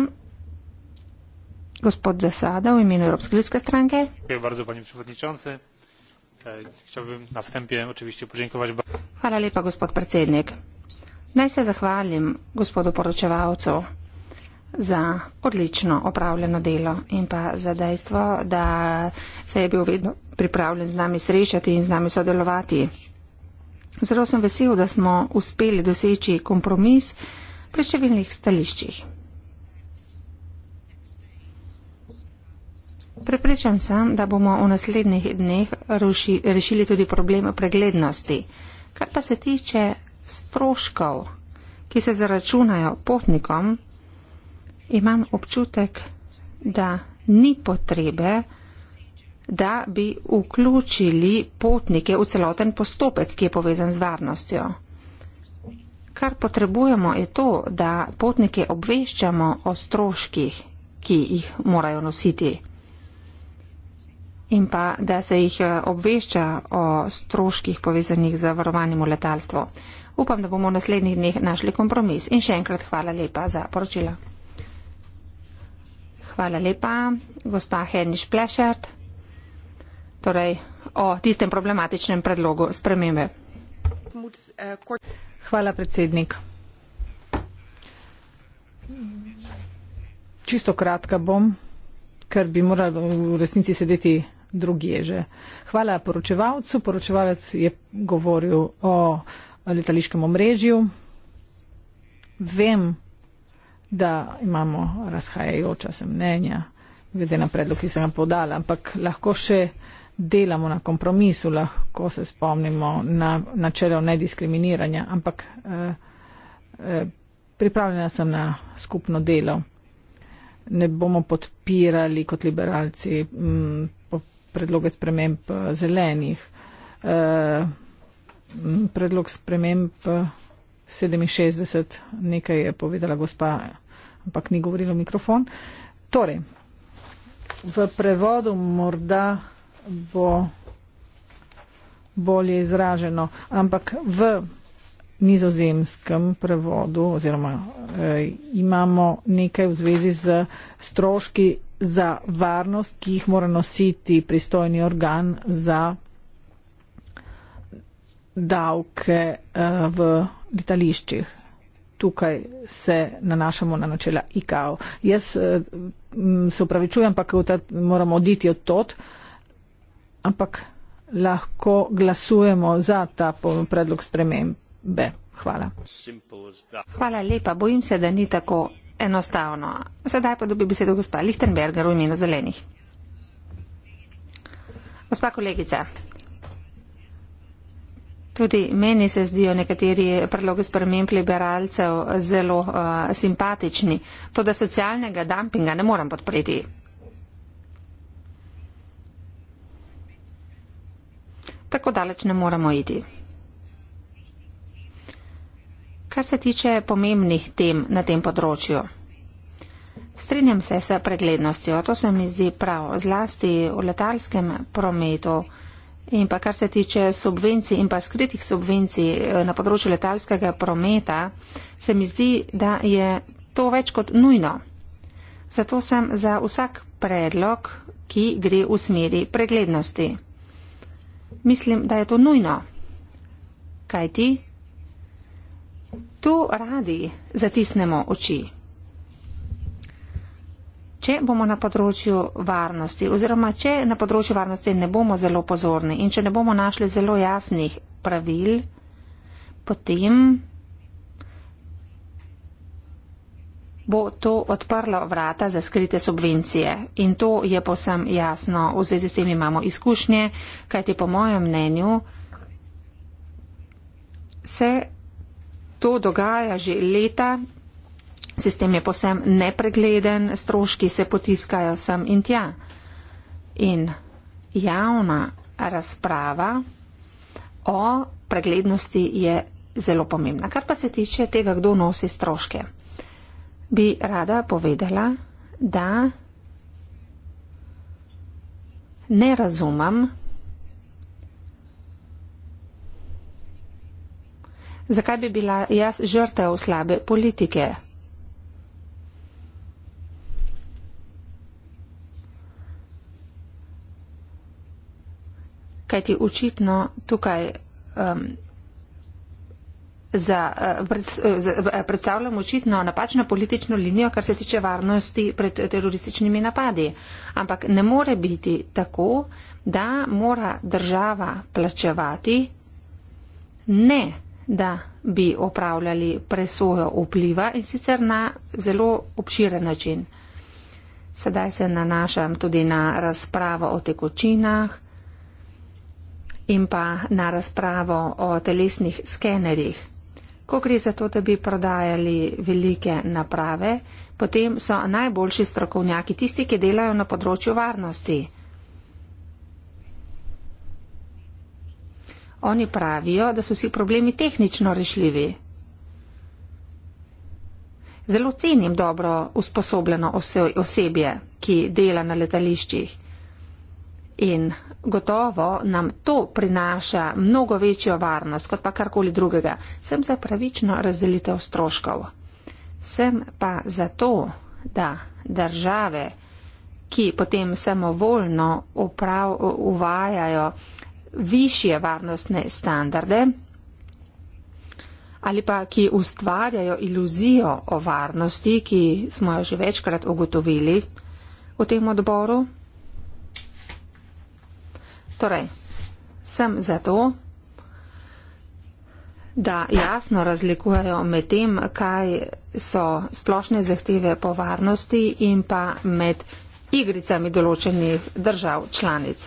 Gospod Zasada v imenu Evropske ljudske stranke. E, Hvala lepa, gospod predsednik. Naj se zahvalim gospodu poročevalcu za odlično opravljeno delo in pa za dejstvo, da se je bil vedno pripravljen z nami srečati in z nami sodelovati. Zelo sem vesel, da smo uspeli doseči kompromis pri številnih stališčih. Prepričan sem, da bomo v naslednjih dneh ruši, rešili tudi problem preglednosti. Kar pa se tiče stroškov, ki se zaračunajo potnikom, imam občutek, da ni potrebe, da bi vključili potnike v celoten postopek, ki je povezan z varnostjo. Kar potrebujemo je to, da potnike obveščamo o stroških, ki jih morajo nositi. In pa, da se jih eh, obvešča o stroških povezanih z varovanjem v letalstvo. Upam, da bomo v naslednjih dneh našli kompromis. In še enkrat hvala lepa za poročila. Hvala lepa, gospa Henniš Plešert, torej o tistem problematičnem predlogu spremembe. Hvala, predsednik. Čisto kratka bom, ker bi morala v resnici sedeti drugi že. Hvala poročevalcu. Poročevalec je govoril o letališkem omrežju. Vem, da imamo razhajajoča se mnenja, glede na predlog, ki sem ga podala, ampak lahko še delamo na kompromisu, lahko se spomnimo na načelo nediskriminiranja, ampak eh, eh, pripravljena sem na skupno delo. Ne bomo podpirali kot liberalci m, mm, predloge sprememb eh, zelenih. Eh, predlog sprememb 67, nekaj je povedala gospa, ampak ni govorila v mikrofon. Torej, v prevodu morda bo bolje izraženo, ampak v nizozemskem prevodu oziroma eh, imamo nekaj v zvezi z stroški za varnost, ki jih mora nositi pristojni organ za davke eh, v letališčih. Tukaj se nanašamo na načela IKAO. Jaz eh, se upravičujem, ampak moramo oditi od tot, ampak lahko glasujemo za ta predlog spremembe. Hvala. Hvala lepa. Bojim se, da ni tako enostavno. Sedaj pa dobi besedo gospa Lichtenberger v imenu zelenih. Gospa kolegica, Tudi meni se zdijo nekateri predlogi sprememb liberalcev zelo uh, simpatični. To, da socialnega dumpinga ne morem podpreti. Tako daleč ne moremo iti. Kar se tiče pomembnih tem na tem področju. Strinjam se s preglednostjo, to se mi zdi prav, zlasti v letalskem prometu. In pa kar se tiče subvencij in pa skritih subvencij eh, na področju letalskega prometa, se mi zdi, da je to več kot nujno. Zato sem za vsak predlog, ki gre v smeri preglednosti. Mislim, da je to nujno. Kaj ti? Tu radi zatisnemo oči če bomo na področju varnosti oziroma če na področju varnosti ne bomo zelo pozorni in če ne bomo našli zelo jasnih pravil, potem bo to odprlo vrata za skrite subvencije. In to je posem jasno. V zvezi s tem imamo izkušnje, kajti po mojem mnenju se to dogaja že leta Sistem je posem nepregleden, stroški se potiskajo sem in tja. In javna razprava o preglednosti je zelo pomembna. Kar pa se tiče tega, kdo nosi stroške, bi rada povedala, da ne razumem, zakaj bi bila jaz žrtev slabe politike. kaj ti očitno tukaj um, za, eh, pred, eh, za, eh, predstavljam očitno napačno politično linijo, kar se tiče varnosti pred terorističnimi napadi. Ampak ne more biti tako, da mora država plačevati ne, da bi opravljali presojo vpliva in sicer na zelo obširen način. Sedaj se nanašam tudi na razpravo o tekočinah, in pa na razpravo o telesnih skenerjih. Ko gre za to, da bi prodajali velike naprave, potem so najboljši strokovnjaki tisti, ki delajo na področju varnosti. Oni pravijo, da so vsi problemi tehnično rešljivi. Zelo cenim dobro usposobljeno osebje, ki dela na letališčih in gotovo nam to prinaša mnogo večjo varnost kot pa karkoli drugega. Sem za pravično razdelitev stroškov. Sem pa zato, da države, ki potem samovoljno uprav, uvajajo višje varnostne standarde ali pa ki ustvarjajo iluzijo o varnosti, ki smo jo že večkrat ugotovili v tem odboru, Torej, sem zato, da jasno razlikujejo med tem, kaj so splošne zahteve po varnosti in pa med igricami določenih držav članic.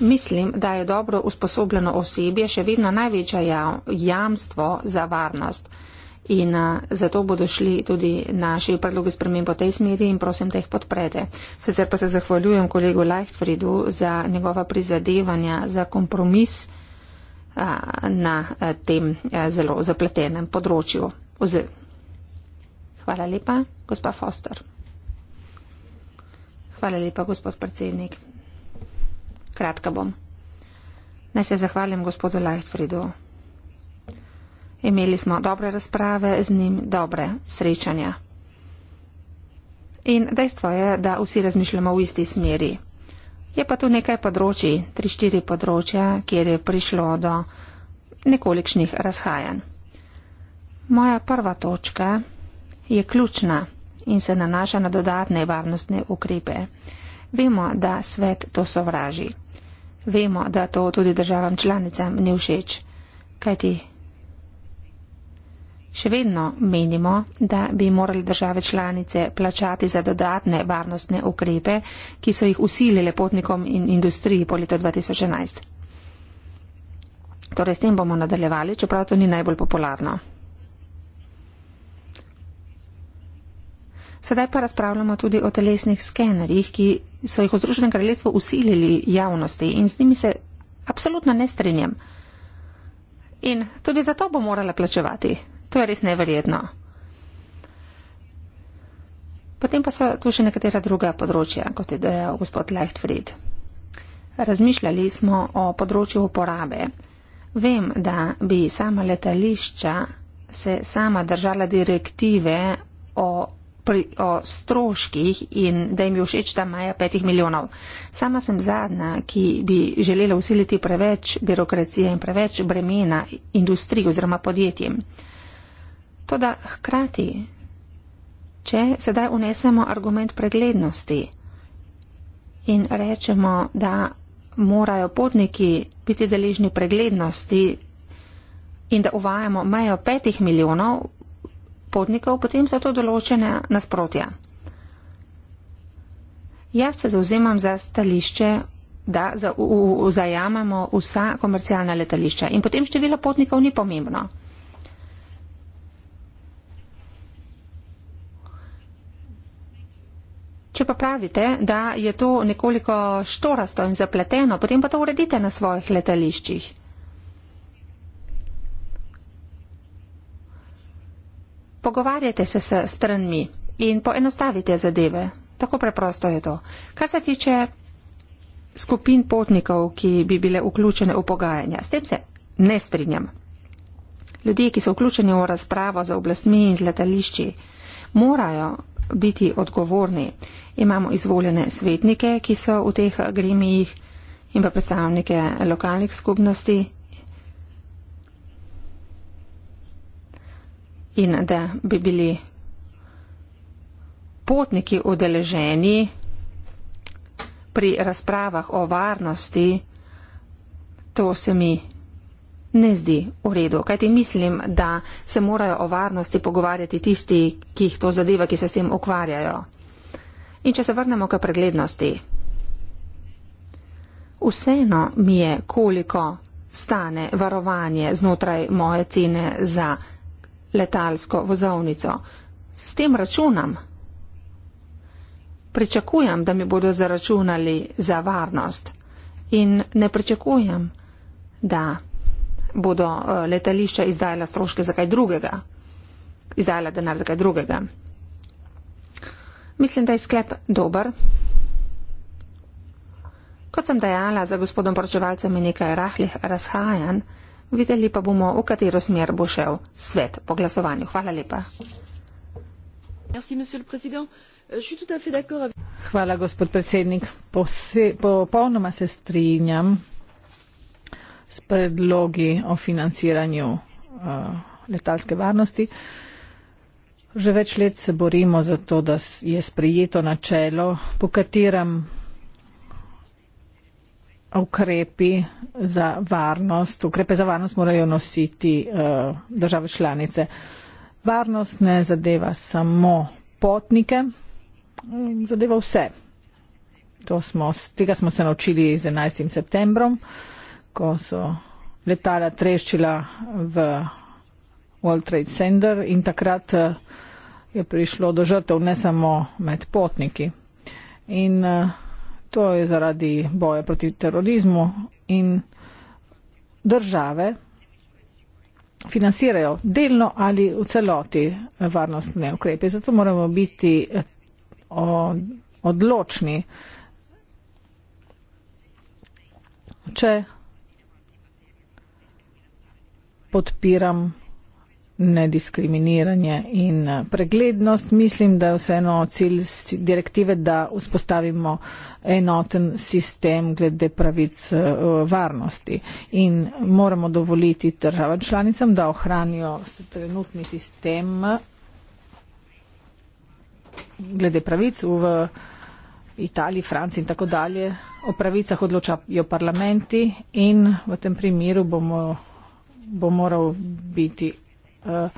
Mislim, da je dobro usposobljeno osebje še vedno največje jamstvo za varnost in eh, zato bodo šli tudi naši predlogi spremem po tej smeri in prosim, da jih podprete. Sicer pa se zahvaljujem kolegu Leichtfriedu za njegova prizadevanja za kompromis eh, na eh, tem zelo zapletenem področju. Hvala lepa, gospa Foster. Hvala lepa, gospod predsednik. Kratka bom. Naj se zahvalim gospodu Leichtfriedu. Imeli smo dobre razprave z njim, dobre srečanja. In dejstvo je, da vsi razmišljamo v isti smeri. Je pa tu nekaj področji, tri, štiri področja, kjer je prišlo do nekolikšnih razhajanj. Moja prva točka je ključna in se nanaša na dodatne varnostne ukrepe. Vemo, da svet to sovraži. Vemo, da to tudi državam članicam ni všeč, kajti Še vedno menimo, da bi morali države članice plačati za dodatne varnostne ukrepe, ki so jih usilile potnikom in industriji po letu 2011. Torej, s tem bomo nadaljevali, čeprav to ni najbolj popularno. Sedaj pa razpravljamo tudi o telesnih skenerjih, ki so jih v Združenem kraljestvu usilili javnosti in z njimi se absolutno ne strinjam. In tudi zato bo morala plačevati. To je res neverjetno. Potem pa so tu še nekatera druga področja, kot je dejal gospod Lechtfried. Razmišljali smo o področju uporabe. Vem, da bi sama letališča se sama držala direktive o, pri, o stroških in da jim je všeč ta maja petih milijonov. Sama sem zadnja, ki bi želela usiliti preveč birokracije in preveč bremena industriji oziroma podjetjem. Toda hkrati, če sedaj unesemo argument preglednosti in rečemo, da morajo potniki biti deležni preglednosti in da uvajamo mejo petih milijonov potnikov, potem so to določene nasprotja. Jaz se zauzemam za stališče, da zajamemo vsa komercialna letališča in potem število potnikov ni pomembno. če pa pravite, da je to nekoliko štorasto in zapleteno, potem pa to uredite na svojih letališčih. Pogovarjajte se s stranmi in poenostavite zadeve. Tako preprosto je to. Kar se tiče skupin potnikov, ki bi bile vključene v pogajanja, s tem se ne strinjam. Ljudje, ki so vključeni v razpravo za oblastmi in z letališči, morajo biti odgovorni imamo izvoljene svetnike, ki so v teh gremijih in pa predstavnike lokalnih skupnosti. In da bi bili potniki odeleženi pri razpravah o varnosti, to se mi ne zdi v redu. Kajti mislim, da se morajo o varnosti pogovarjati tisti, ki jih to zadeva, ki se s tem ukvarjajo. In če se vrnemo k preglednosti. Vseeno mi je, koliko stane varovanje znotraj moje cene za letalsko vozovnico. S tem računam. Pričakujem, da mi bodo zaračunali za varnost in ne pričakujem, da bodo eh, letališča izdajala stroške za kaj drugega. Izdajala denar za kaj drugega. Mislim, da je sklep dober. Kot sem dejala, za gospodom poročevalcem je nekaj rahlih razhajanj. Videli pa bomo, v katero smer bo šel svet po glasovanju. Hvala lepa. Euh, Hvala, gospod predsednik. Popolnoma se strinjam s predlogi o financiranju uh, letalske varnosti. Uh, Že več let se borimo za to, da je sprejeto načelo, po katerem ukrepi za varnost, ukrepe za varnost morajo nositi uh, države članice. Varnost ne zadeva samo potnike, mm, zadeva vse. Smo, tega smo se naučili z 11. septembrom, ko so letala treščila v World Trade Center in takrat eh, je prišlo do žrtev ne samo med potniki. In eh, to je zaradi boja proti terorizmu in države financirajo delno ali v celoti varnostne ukrepe. Zato moramo biti eh, odločni. Če podpiram nediskriminiranje in eh, preglednost. Mislim, da je vseeno cilj direktive, da vzpostavimo enoten sistem glede pravic eh, varnosti in moramo dovoliti državam članicam, da ohranijo trenutni sistem glede pravic v Italiji, Franciji in tako dalje. O pravicah odločajo parlamenti in v tem primeru bomo, bo moral biti Eh,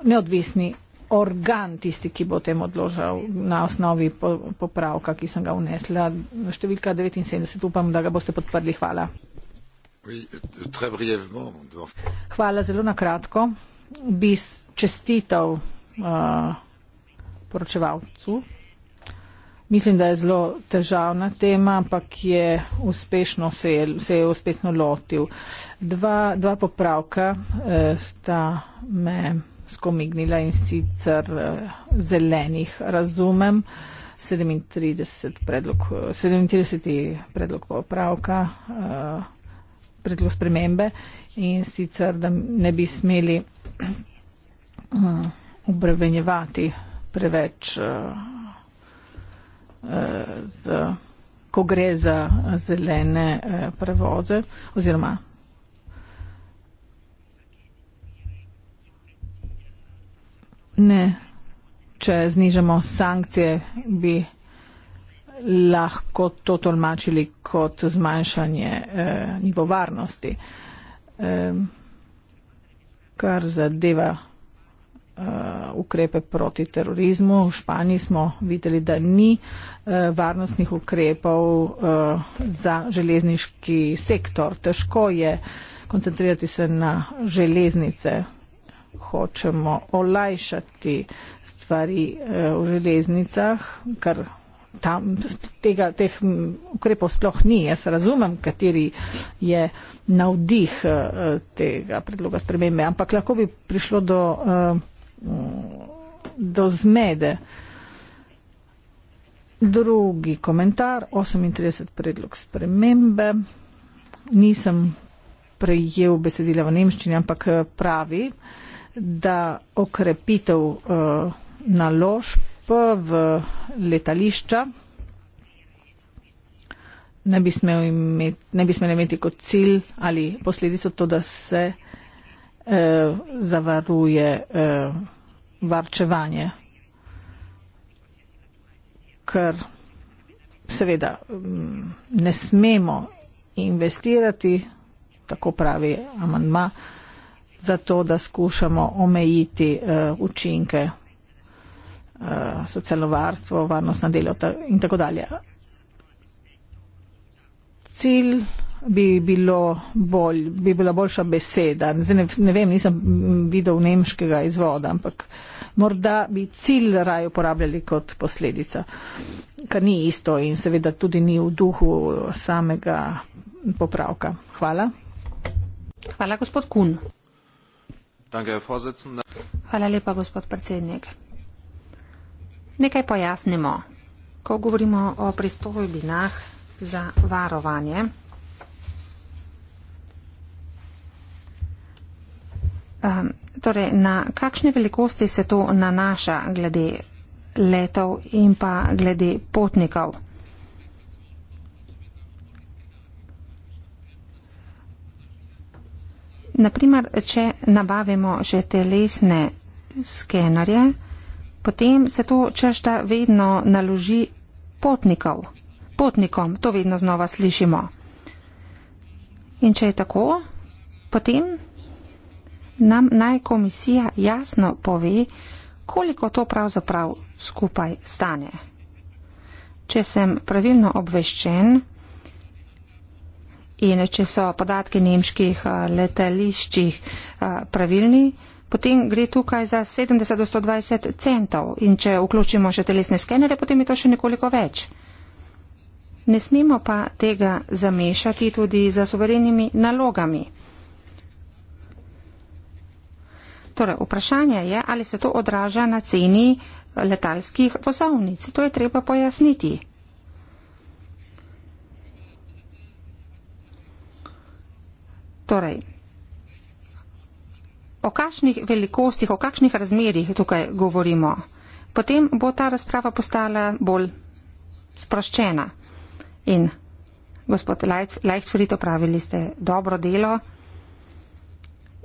neodvisni organ, tisti, ki bo tem odložal na osnovi popravka, ki sem ga vnesla. Številka 79, upam, da ga boste podprli. Hvala. Hvala zelo na kratko. Bi čestitev uh, poročevalcu. Mislim, da je zelo težavna tema, ampak je uspešno se je, se je uspešno lotil. Dva, dva popravka eh, sta me skomignila in sicer eh, zelenih razumem. 37. predlog, 37. Eh, predlog popravka, eh, predlog spremembe in sicer, da ne bi smeli eh, obrvenjevati preveč. Eh, z, ko gre za zelene eh, prevoze oziroma. Ne, če znižamo sankcije, bi lahko to tolmačili kot zmanjšanje eh, nivo varnosti. Eh, kar zadeva Uh, ukrepe proti terorizmu. V Španiji smo videli, da ni uh, varnostnih ukrepov uh, za železniški sektor. Težko je koncentrirati se na železnice. Hočemo olajšati stvari v železnicah, kar tam tega, teh ukrepov sploh ni. Jaz razumem, kateri je navdih tega predloga spremembe, ampak lahko bi prišlo do do zmede. Drugi komentar, 38 predlog spremembe. Nisem prejel besedila v nemščini, ampak eh, pravi, da okrepitev uh, naložb v letališča ne bi smeli imeti, smel imeti kot cilj ali posledico to, da se E, zawaruje e, varčevanje. Ker seveda mm, ne smemo investirati, tako pravi amantma, zato da skušamo omejiti uh, učinke uh, socialno varstvo, varnost na delo in tako dalje. Cilj bi, bilo bolj, bi bila boljša beseda. Zdaj ne, ne vem, nisem videl nemškega izvoda, ampak morda bi cilj raje uporabljali kot posledica, kar ni isto in seveda tudi ni v duhu samega popravka. Hvala. Hvala, gospod Kun. Hvala lepa, gospod predsednik. Nekaj pojasnimo. Ko govorimo o pristojbinah za varovanje, Um, torej, na kakšne velikosti se to nanaša glede letov in pa glede potnikov? Naprimer, če nabavimo že telesne skenerje, potem se to češta vedno naloži potnikov. Potnikom to vedno znova slišimo. In če je tako, potem nam naj komisija jasno pove, koliko to pravzaprav skupaj stane. Če sem pravilno obveščen in če so podatki nemških eh, letališčih eh, pravilni, potem gre tukaj za 70 do 120 centov in če vključimo še telesne skenere, potem je to še nekoliko več. Ne smemo pa tega zamešati tudi za suverenimi nalogami. Torej, vprašanje je, ali se to odraža na ceni eh, letalskih vozovnic. To je treba pojasniti. Torej, o kakšnih velikostih, o kakšnih razmerjih tukaj govorimo, potem bo ta razprava postala bolj sproščena. In, gospod Leichtfried, opravili ste dobro delo.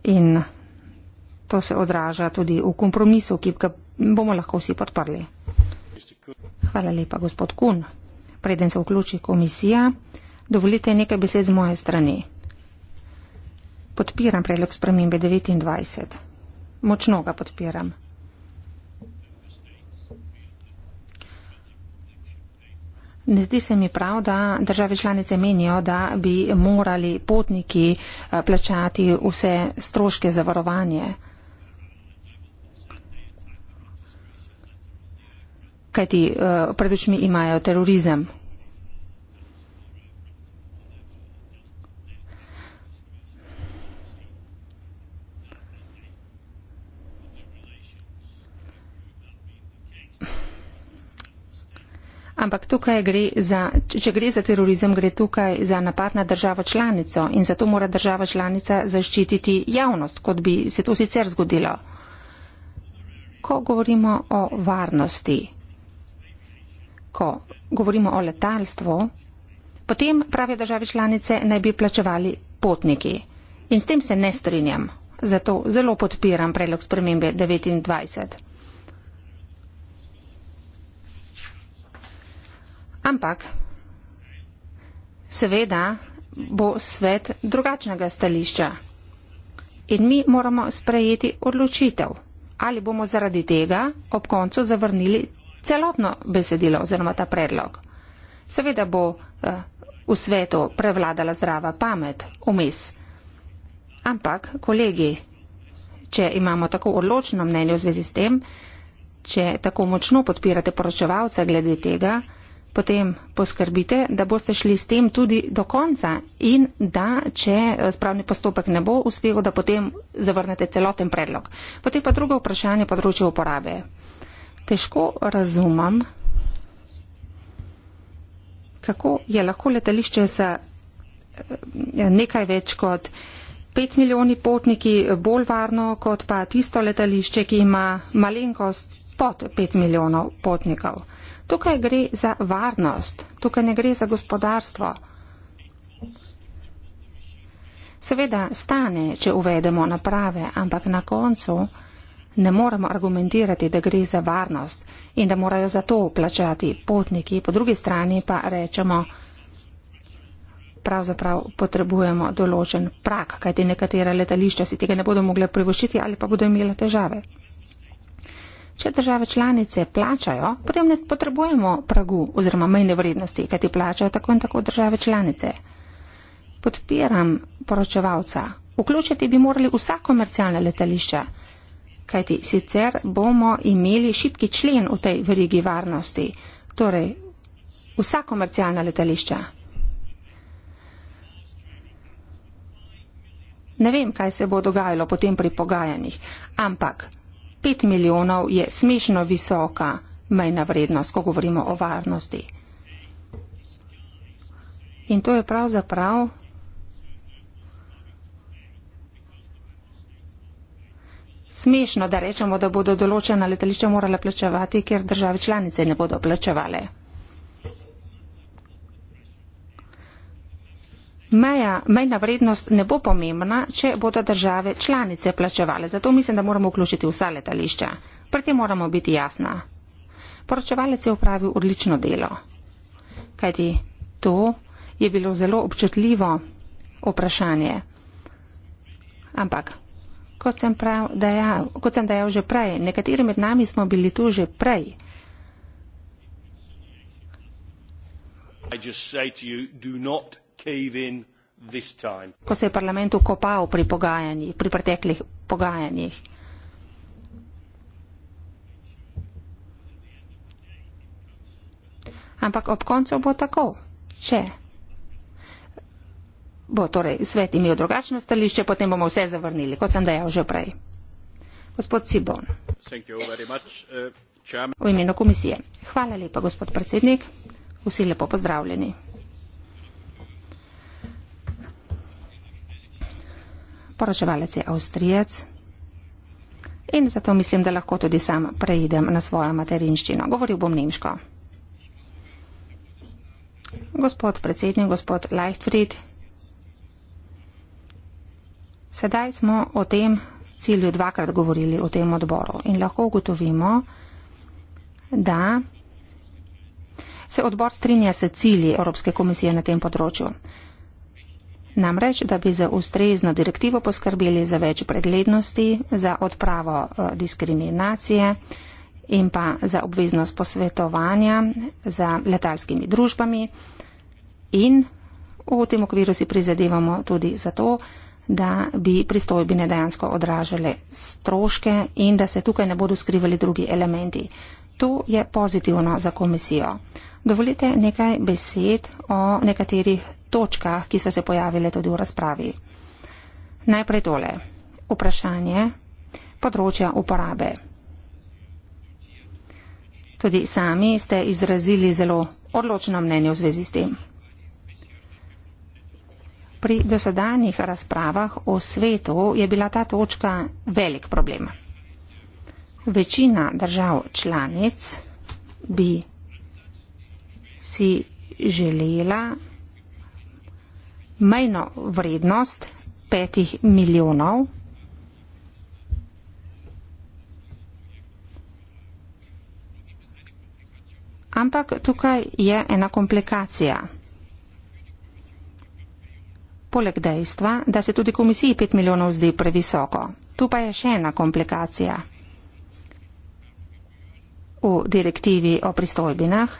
In To se odraža tudi v kompromisu, ki ga bomo lahko vsi podprli. Hvala lepa, gospod Kun. Preden se vključi komisija, dovolite nekaj besed z moje strani. Podpiram predlog spremembe 29. Močno ga podpiram. Ne zdi se mi prav, da države članice menijo, da bi morali potniki eh, plačati vse stroške zavarovanja. kajti uh, pred očmi imajo terorizem. Ampak tukaj gre za, če gre za terorizem, gre tukaj za napad na državo članico in zato mora država članica zaščititi javnost, kot bi se to sicer zgodilo. Ko govorimo o varnosti, ko govorimo o letalstvu, potem pravi države članice naj bi plačevali potniki. In s tem se ne strinjam. Zato zelo podpiram predlog spremembe 29. Ampak, seveda, bo svet drugačnega stališča. In mi moramo sprejeti odločitev, ali bomo zaradi tega ob koncu zavrnili celotno besedilo oziroma ta predlog. Seveda bo eh, v svetu prevladala zdrava pamet, umis. Ampak, kolegi, če imamo tako odločno mnenje v zvezi s tem, če tako močno podpirate poročevalca glede tega, potem poskrbite, da boste šli s tem tudi do konca in da, če eh, spravni postopek ne bo uspel, da potem zavrnete celoten predlog. Potem pa drugo vprašanje področje uporabe težko razumem, kako je lahko letališče z eh, nekaj več kot 5 milijoni potniki bolj varno, kot pa tisto letališče, ki ima malenkost pod 5 milijonov potnikov. Tukaj gre za varnost, tukaj ne gre za gospodarstvo. Seveda stane, če uvedemo naprave, ampak na koncu ne moremo argumentirati, da gre za varnost in da morajo za to plačati potniki, po drugi strani pa rečemo, pravzaprav potrebujemo določen prak, kajti nekatera letališča si tega ne bodo mogle privoščiti ali pa bodo imela težave. Če države članice plačajo, potem ne potrebujemo pragu oziroma mejne vrednosti, kajti plačajo tako in tako države članice. Podpiram poročevalca. Vključiti bi morali vsa komercialna letališča kajti sicer bomo imeli šipki člen v tej verigi varnosti, torej vsa komercialna letališča. Ne vem, kaj se bo dogajalo potem pri pogajanjih, ampak 5 milijonov je smešno visoka mejna vrednost, ko govorimo o varnosti. In to je pravzaprav. Prav smešno, da rečemo, da bodo določena letališča morala plačevati, ker države članice ne bodo plačevale. Meja, mejna vrednost ne bo pomembna, če bodo države članice plačevale. Zato mislim, da moramo vključiti vsa letališča. Pri tem moramo biti jasna. Poročevalec je upravil odlično delo. Kajti to je bilo zelo občutljivo vprašanje. Ampak kot sem, prav, dejav, kot sem dejal že prej, nekateri med nami smo bili tu že prej. Ko se je parlament ukopal pri, pri preteklih pogajanjih. Ampak ob koncu bo tako, če bo torej svet imel drugačno stališče, potem bomo vse zavrnili, kot sem dejal že prej. Gospod Sibon. Uh, v imenu komisije. Hvala lepa, gospod predsednik. Vsi lepo pozdravljeni. Poročevalec je Avstrijec in zato mislim, da lahko tudi sam preidem na svojo materinščino. Govoril bom nemško. Gospod predsednik, gospod Leichtfried. Sedaj smo o tem cilju dvakrat govorili, o tem odboru in lahko ugotovimo, da se odbor strinja s cilji Evropske komisije na tem področju. Namreč, da bi za ustrezno direktivo poskrbeli za več preglednosti, za odpravo eh, diskriminacije in pa za obveznost posvetovanja za letalskimi družbami in v tem okviru si prizadevamo tudi za to, da bi pristojbine dejansko odražale stroške in da se tukaj ne bodo skrivali drugi elementi. To je pozitivno za komisijo. Dovolite nekaj besed o nekaterih točkah, ki so se pojavile tudi v razpravi. Najprej tole. Vprašanje področja uporabe. Tudi sami ste izrazili zelo odločno mnenje v zvezi s tem. Pri dosedanjih razpravah o svetu je bila ta točka velik problem. Večina držav članic bi si želela majno vrednost petih milijonov Ampak tukaj je ena komplikacija poleg dejstva, da se tudi komisiji 5 milijonov zdi previsoko. Tu pa je še ena komplikacija. V direktivi o pristojbinah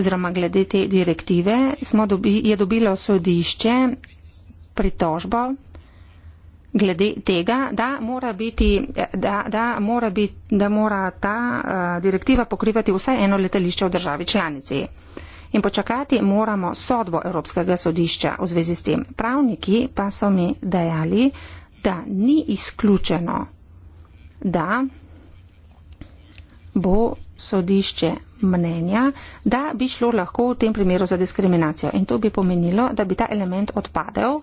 oziroma glede te direktive smo dobi, je dobilo sodišče pritožbo glede tega, da mora, biti, da, da mora, biti, da mora ta uh, direktiva pokrivati vsaj eno letališče v državi članici in počakati moramo sodbo Evropskega sodišča v zvezi s tem. Pravniki pa so mi dejali, da ni izključeno, da bo sodišče mnenja, da bi šlo lahko v tem primeru za diskriminacijo. In to bi pomenilo, da bi ta element odpadel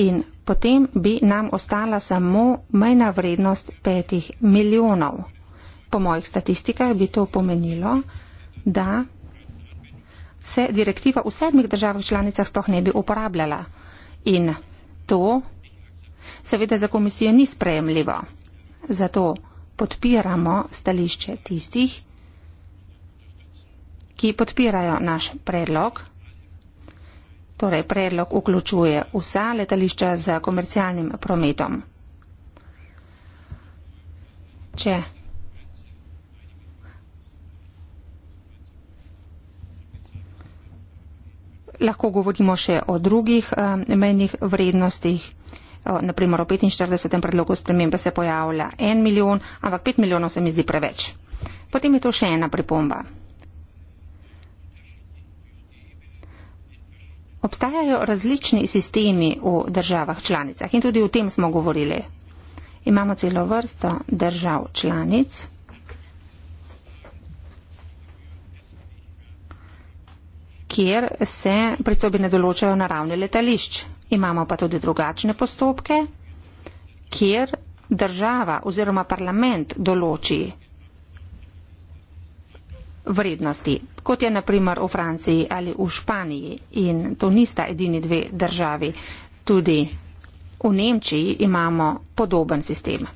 in potem bi nam ostala samo mejna vrednost petih milijonov. Po mojih statistikah bi to pomenilo, da se direktiva v sedmih državah članicah sploh ne bi uporabljala. In to seveda za komisijo ni sprejemljivo. Zato podpiramo stališče tistih, ki podpirajo naš predlog. Torej, predlog vključuje vsa letališča z komercialnim prometom. Če lahko govorimo še o drugih uh, eh, menjih vrednostih. Naprimer, o 45. predlogu spremembe se pojavlja 1 milijon, ampak 5 milijonov se mi zdi preveč. Potem je to še ena pripomba. Obstajajo različni sistemi v državah članicah in tudi o tem smo govorili. Imamo celo vrsto držav članic. kjer se pristojbine določajo na ravni letališč. Imamo pa tudi drugačne postopke, kjer država oziroma parlament določi vrednosti, kot je naprimer v Franciji ali v Španiji. In to nista edini dve državi. Tudi v Nemčiji imamo podoben sistem.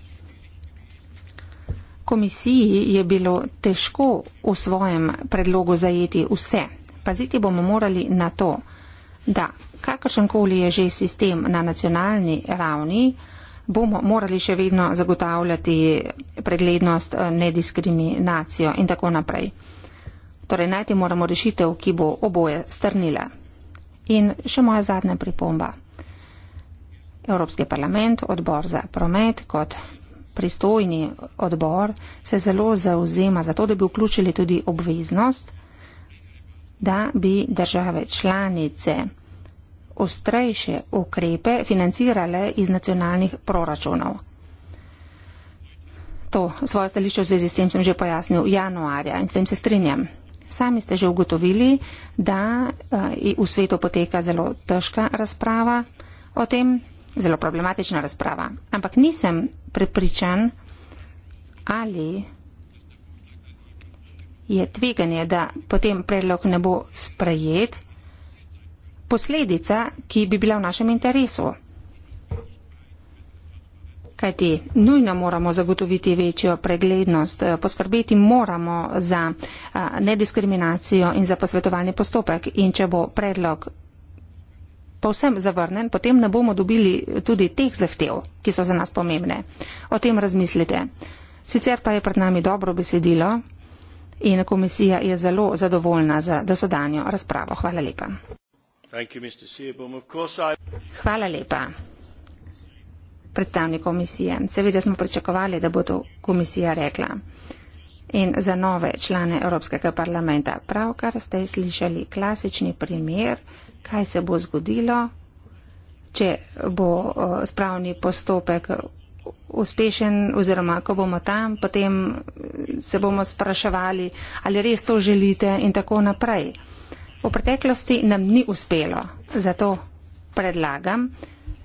Komisiji je bilo težko v svojem predlogu zajeti vse paziti bomo morali na to, da kakršenkoli je že sistem na nacionalni ravni, bomo morali še vedno zagotavljati preglednost, eh, nediskriminacijo in tako naprej. Torej, najti moramo rešitev, ki bo oboje strnila. In še moja zadnja pripomba. Evropski parlament, odbor za promet kot pristojni odbor se zelo zauzema za to, da bi vključili tudi obveznost da bi države članice ostrejše ukrepe financirale iz nacionalnih proračunov. To svoje stališče v zvezi s tem sem že pojasnil januarja in s tem se strinjam. Sami ste že ugotovili, da eh, v svetu poteka zelo težka razprava o tem, zelo problematična razprava. Ampak nisem prepričan, ali je tveganje, da potem predlog ne bo sprejet, posledica, ki bi bila v našem interesu. Kajti nujno moramo zagotoviti večjo preglednost, poskrbeti moramo za nediskriminacijo in za posvetovalni postopek. In če bo predlog povsem zavrnen, potem ne bomo dobili tudi teh zahtev, ki so za nas pomembne. O tem razmislite. Sicer pa je pred nami dobro besedilo in komisija je zelo zadovoljna za dosedanjo razpravo. Hvala lepa. Hvala lepa predstavnik komisije. Seveda smo pričakovali, da bo to komisija rekla. In za nove člane Evropskega parlamenta pravkar ste slišali klasični primer, kaj se bo zgodilo, če bo eh, spravni postopek uspešen oziroma ko bomo tam, potem se bomo spraševali, ali res to želite in tako naprej. V preteklosti nam ni uspelo, zato predlagam,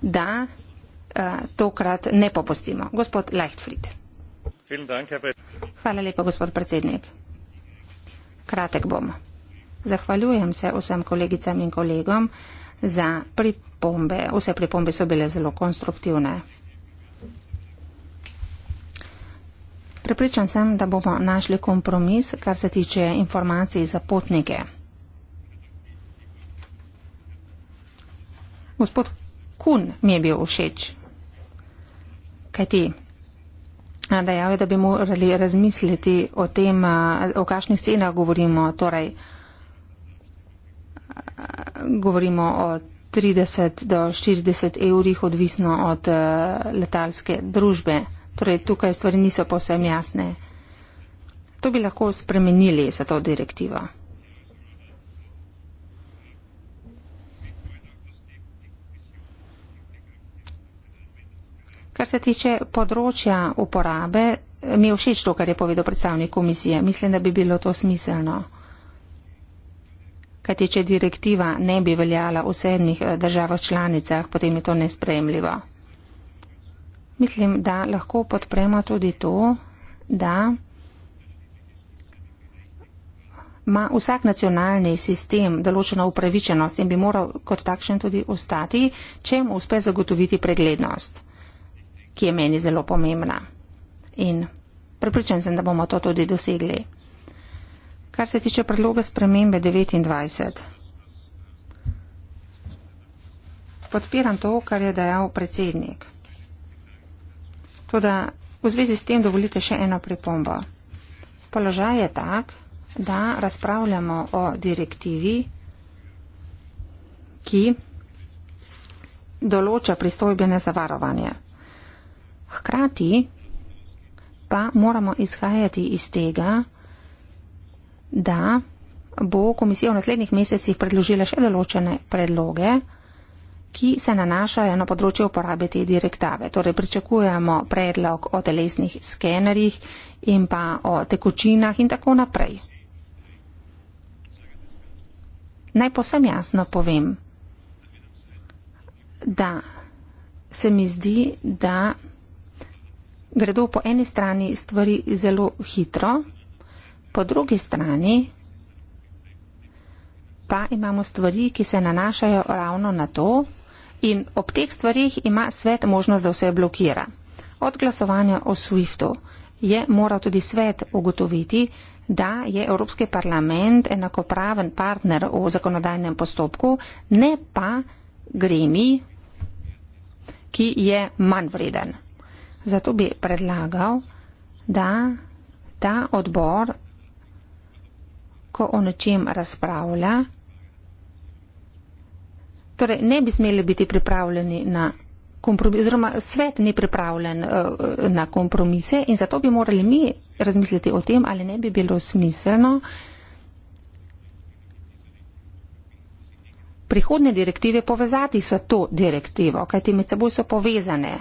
da uh, tokrat ne popustimo. Gospod Leichtfried. Hvala lepa, gospod predsednik. Kratek bom. Zahvaljujem se vsem kolegicam in kolegom za pripombe. Vse pripombe so bile zelo konstruktivne. Prepričan sem, da bomo našli kompromis, kar se tiče informacij za potnike. Gospod Kun mi je bil všeč, kaj ti? Dejal je, da bi morali razmisliti o tem, o kakšnih cenah govorimo. Torej, govorimo o 30 do 40 evrih, odvisno od letalske družbe. Torej, tukaj stvari niso povsem jasne. To bi lahko spremenili za to direktivo. Kar se tiče področja uporabe, mi je všeč to, kar je povedal predstavnik komisije. Mislim, da bi bilo to smiselno. Kaj tiče direktiva ne bi veljala v sedmih eh, državah članicah, potem je to nespremljivo. Mislim, da lahko podpremo tudi to, da ima vsak nacionalni sistem določeno upravičenost in bi moral kot takšen tudi ostati, če mu uspe zagotoviti preglednost, ki je meni zelo pomembna. In prepričan sem, da bomo to tudi dosegli. Kar se tiče predloga spremembe 29. Podpiram to, kar je dejal predsednik. Toda v zvezi s tem dovolite še eno pripombo. Položaj je tak, da razpravljamo o direktivi, ki določa pristojbene zavarovanje. Hkrati pa moramo izhajati iz tega, da bo komisija v naslednjih mesecih predložila še določene predloge, ki se nanašajo na področje uporabe te direktave. Torej pričakujemo predlog o telesnih skenerjih in pa o tekočinah in tako naprej. Naj posem jasno povem, da se mi zdi, da gredo po eni strani stvari zelo hitro, po drugi strani pa imamo stvari, ki se nanašajo ravno na to, In ob teh stvarih ima svet možnost, da vse blokira. Od glasovanja o SWIFT-u je moral tudi svet ugotoviti, da je Evropski parlament enakopraven partner v zakonodajnem postopku, ne pa gremi, ki je manj vreden. Zato bi predlagal, da ta odbor, ko o nečem razpravlja, torej ne bi smeli biti pripravljeni na kompromise, oziroma svet ni pripravljen eh, na kompromise in zato bi morali mi razmisliti o tem, ali ne bi bilo smiselno prihodne direktive povezati s to direktivo, kajti med seboj so povezane.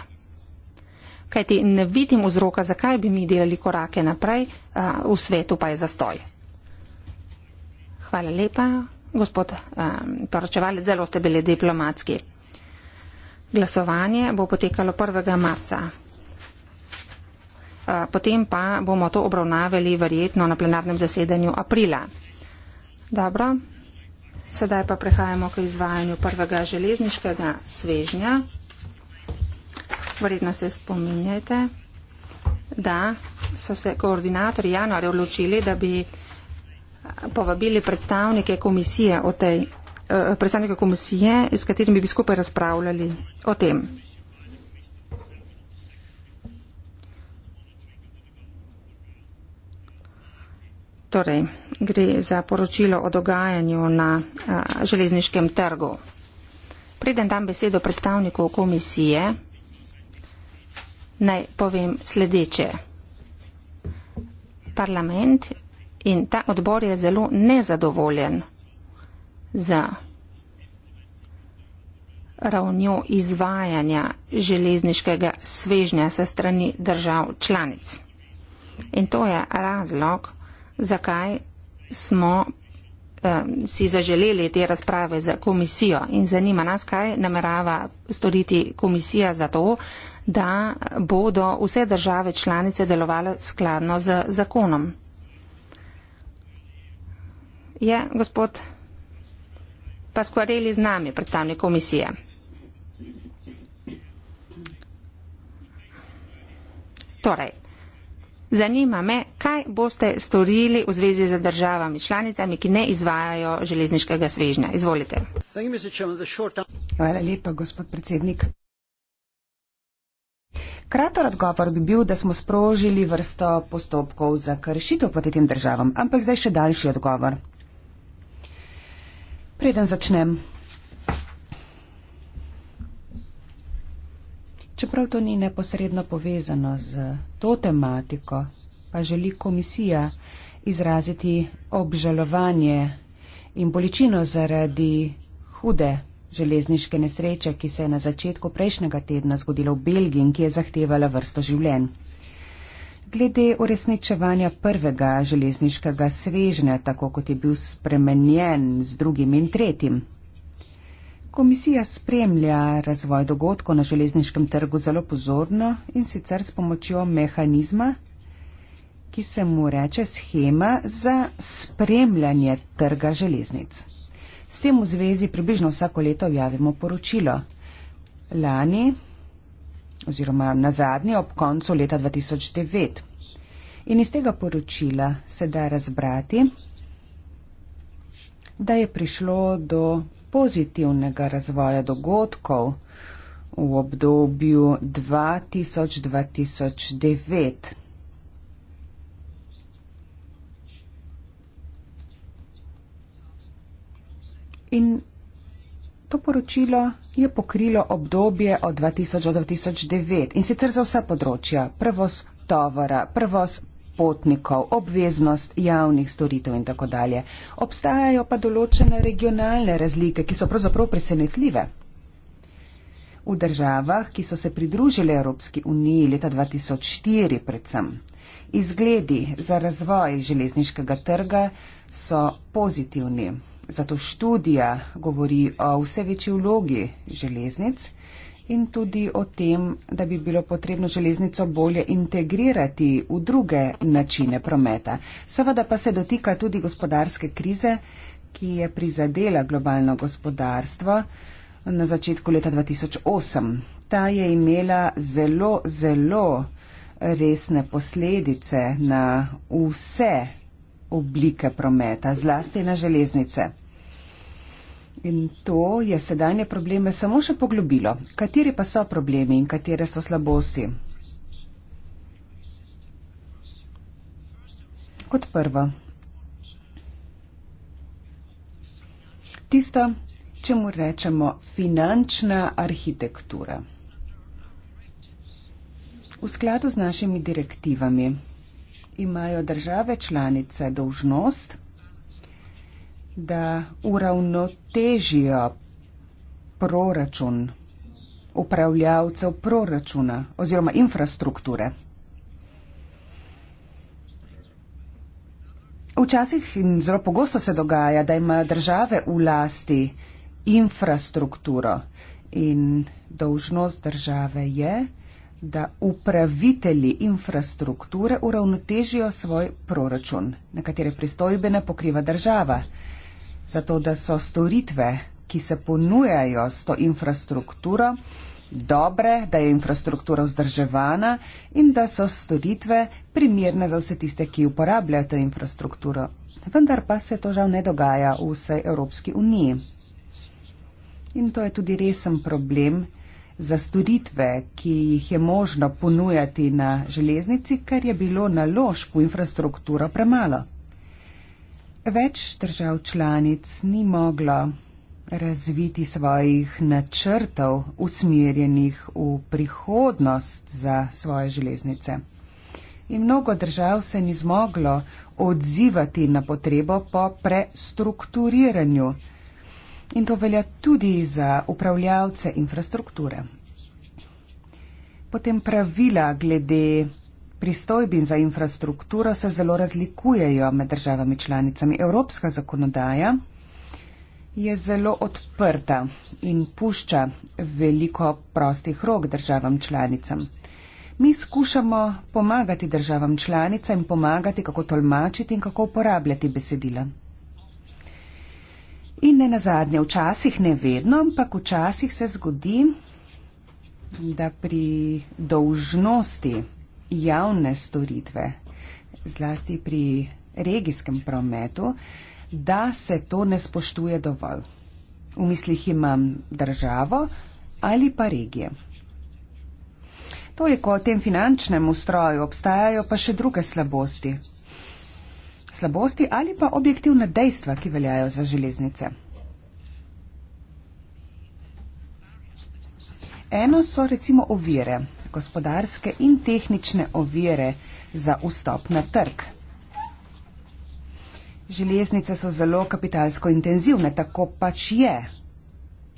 Kajti ne vidim vzroka, zakaj bi mi delali korake naprej, eh, v svetu pa je zastoj. Hvala lepa gospod um, poročevalec, zelo ste bili diplomatski. Glasovanje bo potekalo 1. marca. Uh, potem pa bomo to obravnavali verjetno na plenarnem zasedanju aprila. Dobro. Sedaj pa prehajamo k izvajanju prvega železniškega svežnja. Verjetno se spominjate, da so se koordinatorji januarja odločili, da bi povabili predstavnike komisije o tej eh, predstavnike komisije, s katerimi bi skupaj razpravljali o tem. Torej, gre za poročilo o dogajanju na eh, železniškem trgu. Preden dam besedo predstavnikov komisije, naj povem sledeče. Parlament In ta odbor je zelo nezadovoljen za ravnjo izvajanja železniškega svežnja se strani držav članic. In to je razlog, zakaj smo eh, si zaželeli te razprave z komisijo. In zanima nas, kaj namerava storiti komisija za to, da bodo vse države članice delovale skladno z zakonom je gospod Paskvareli z nami, predstavnik komisije. Torej, zanima me, kaj boste storili v zvezi z državami članicami, ki ne izvajajo železniškega svežnja. Izvolite. Hvala lepa, gospod predsednik. Kratar odgovor bi bil, da smo sprožili vrsto postopkov za kršitev proti tem državam, ampak zdaj še daljši odgovor. Preden začnem. Čeprav to ni neposredno povezano z to tematiko, pa želi komisija izraziti obžalovanje in bolečino zaradi hude železniške nesreče, ki se je na začetku prejšnjega tedna zgodila v Belgiji in ki je zahtevala vrsto življenj glede uresničevanja prvega železniškega svežnja, tako kot je bil spremenjen z drugim in tretjim. Komisija spremlja razvoj dogodkov na železniškem trgu zelo pozorno in sicer s pomočjo mehanizma, ki se mu reče schema za spremljanje trga železnic. S tem v zvezi približno vsako leto objavimo poročilo. Lani oziroma na zadnji ob koncu leta 2009. In iz tega poročila se da razbrati, da je prišlo do pozitivnega razvoja dogodkov v obdobju 2000-2009. In To poročilo je pokrilo obdobje od 2000 do 2009 in sicer za vsa področja, prevoz tovora, prevoz potnikov, obveznost javnih storitev in tako dalje. Obstajajo pa določene regionalne razlike, ki so pravzaprav presenetljive. V državah, ki so se pridružile Evropski uniji leta 2004 predvsem, izgledi za razvoj železniškega trga so pozitivni. Zato študija govori o vse večji vlogi železnic in tudi o tem, da bi bilo potrebno železnico bolje integrirati v druge načine prometa. Seveda pa se dotika tudi gospodarske krize, ki je prizadela globalno gospodarstvo na začetku leta 2008. Ta je imela zelo, zelo resne posledice na vse oblike prometa, zlasti na železnice. In to je sedanje probleme samo še poglobilo. Kateri pa so problemi in katere so slabosti? Kot prvo, tisto, čemu rečemo finančna arhitektura. V skladu z našimi direktivami imajo države članice dožnost, da uravnotežijo proračun upravljavcev proračuna oziroma infrastrukture. Včasih in zelo pogosto se dogaja, da imajo države v lasti infrastrukturo in dolžnost države je, da upravitelji infrastrukture uravnotežijo svoj proračun, na katere pristojbe ne pokriva država, zato da so storitve, ki se ponujajo s to infrastrukturo, dobre, da je infrastruktura vzdrževana in da so storitve primirne za vse tiste, ki uporabljajo to infrastrukturo. Vendar pa se to žal ne dogaja v vsej Evropski uniji. In to je tudi resen problem za storitve, ki jih je možno ponujati na železnici, ker je bilo naložb v infrastrukturo premalo. Več držav članic ni moglo razviti svojih načrtov usmerjenih v prihodnost za svoje železnice. In mnogo držav se ni zmoglo odzivati na potrebo po prestrukturiranju in to velja tudi za upravljavce infrastrukture. Potem pravila glede pristojbin za infrastrukturo se zelo razlikujejo med državami članicami. Evropska zakonodaja je zelo odprta in pušča veliko prostih rok državam članicam. Mi skušamo pomagati državam članicam in pomagati, kako tolmačiti in kako uporabljati besedila. In ne nazadnje, včasih, ne vedno, ampak včasih se zgodi, da pri dolžnosti javne storitve, zlasti pri regijskem prometu, da se to ne spoštuje dovolj. V mislih imam državo ali pa regije. Toliko o tem finančnem ustroju, obstajajo pa še druge slabosti, slabosti ali pa objektivne dejstva, ki veljajo za železnice. Eno so recimo ovire, gospodarske in tehnične ovire za vstop na trg. Železnice so zelo kapitalsko intenzivne, tako pač je.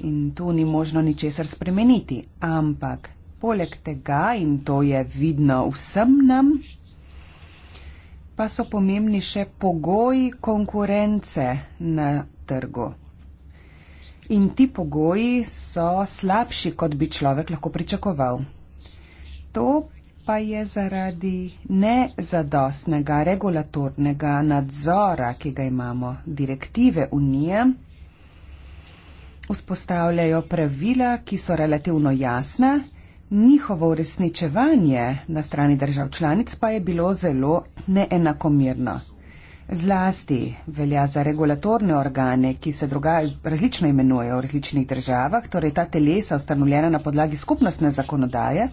In tu ni možno ničesar spremeniti. Ampak poleg tega, in to je vidno vsem nam, pa so pomembni še pogoji konkurence na trgu. In ti pogoji so slabši, kot bi človek lahko pričakoval. To pa je zaradi nezadostnega regulatornega nadzora, ki ga imamo, direktive Unije. Vzpostavljajo pravila, ki so relativno jasna Njihovo uresničevanje na strani držav članic pa je bilo zelo neenakomirno. Zlasti velja za regulatorne organe, ki se drugače različno imenujejo v različnih državah, torej ta telesa ustanovljena na podlagi skupnostne zakonodaje,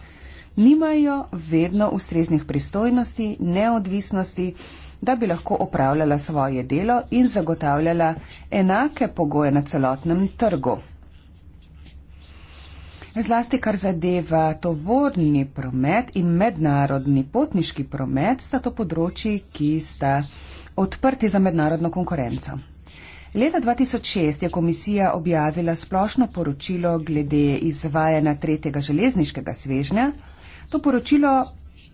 nimajo vedno ustreznih pristojnosti, neodvisnosti, da bi lahko opravljala svoje delo in zagotavljala enake pogoje na celotnem trgu. Zlasti kar zadeva tovorni promet in mednarodni potniški promet, sta to področji, ki sta odprti za mednarodno konkurenco. Leta 2006 je komisija objavila splošno poročilo glede izvajanja tretjega železniškega svežnja. To poročilo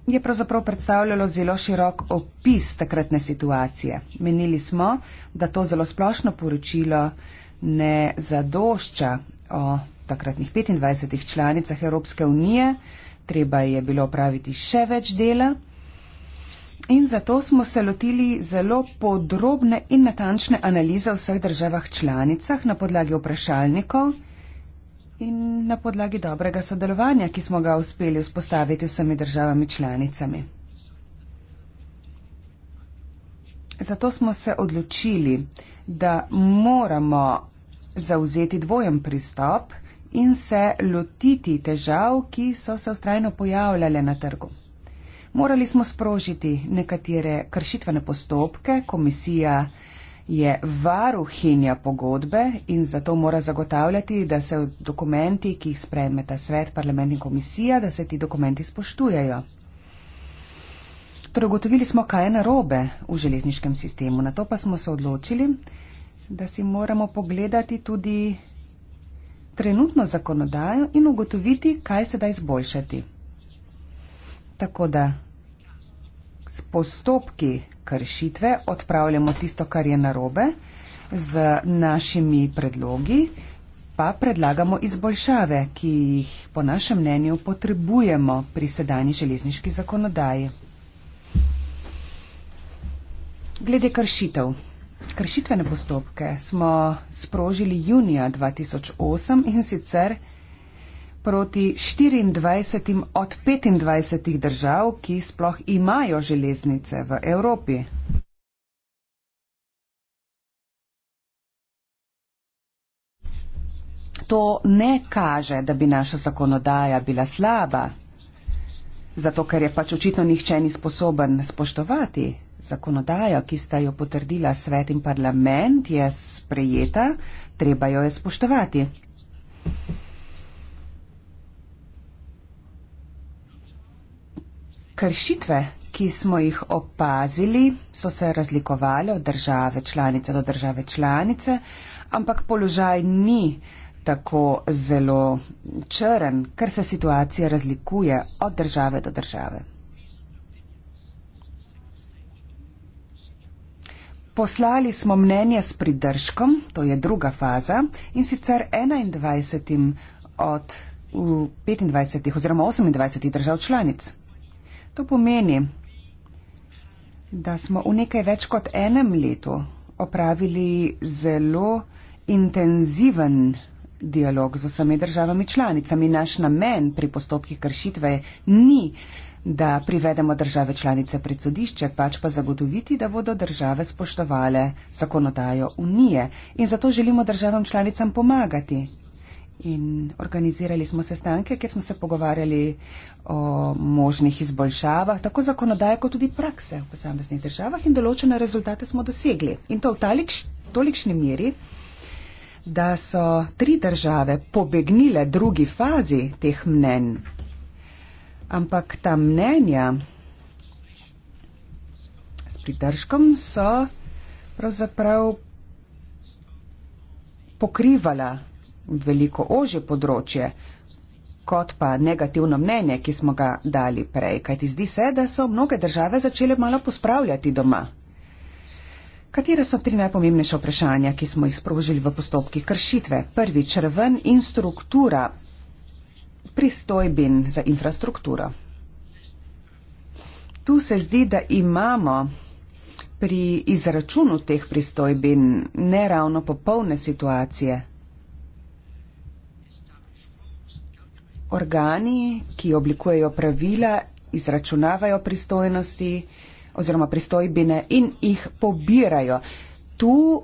je pravzaprav predstavljalo zelo širok opis takratne situacije. Menili smo, da to zelo splošno poročilo ne zadošča o takratnih 25 članicah Evropske unije, treba je bilo opraviti še več dela. In zato smo se lotili zelo podrobne in natančne analize v vseh državah članicah na podlagi vprašalnikov in na podlagi dobrega sodelovanja, ki smo ga uspeli vzpostaviti vsemi državami članicami. Zato smo se odločili, da moramo zauzeti dvojen pristop, in se lotiti težav, ki so se ustrajno pojavljale na trgu. Morali smo sprožiti nekatere kršitvene postopke, komisija je varuhinja pogodbe in zato mora zagotavljati, da se dokumenti, ki jih sprejme ta svet, parlament in komisija, da se ti dokumenti spoštujajo. Torej, ugotovili smo, kaj je narobe v železniškem sistemu, na to pa smo se odločili, da si moramo pogledati tudi trenutno zakonodajo in ugotoviti, kaj se da izboljšati. Tako da s postopki kršitve odpravljamo tisto, kar je narobe, z našimi predlogi pa predlagamo izboljšave, ki jih po našem mnenju potrebujemo pri sedanji železniški zakonodaji. Glede kršitev. Kršitvene postopke smo sprožili junija 2008 in sicer proti 24 od 25 držav, ki sploh imajo železnice v Evropi. To ne kaže, da bi naša zakonodaja bila slaba, zato ker je pač očitno nihče ni sposoben spoštovati. Zakonodajo, ki sta jo potrdila svet in parlament, je sprejeta, treba jo je spoštovati. Kršitve, ki smo jih opazili, so se razlikovale od države članice do države članice, ampak položaj ni tako zelo črn, ker se situacija razlikuje od države do države. Poslali smo mnenje s pridržkom, to je druga faza, in sicer 21 od 25 oziroma 28 držav članic. To pomeni, da smo v nekaj več kot enem letu opravili zelo intenziven dialog z vsemi državami članicami. Naš namen pri postopkih kršitve ni, da privedemo države članice pred sodišče, pač pa zagotoviti, da bodo države spoštovale zakonodajo unije. In zato želimo državam članicam pomagati. In organizirali smo sestanke, kjer smo se pogovarjali o možnih izboljšavah, tako zakonodaje, kot tudi prakse v posameznih državah in določene rezultate smo dosegli. In to v talikšni meri, da so tri države pobegnile drugi fazi teh mnen. Ampak ta mnenja s pridržkom so pravzaprav pokrivala veliko ože področje kot pa negativno mnenje, ki smo ga dali prej. Kajti zdi se, da so mnoge države začele malo pospravljati doma. Katera so tri najpomembnejša vprašanja, ki smo jih sprožili v postopki kršitve? Prvi črven in struktura pristojbin za infrastrukturo. Tu se zdi, da imamo pri izračunu teh pristojbin neravno popolne situacije. Organi, ki oblikujejo pravila, izračunavajo pristojnosti, oziroma pristojbine in jih pobirajo. Tu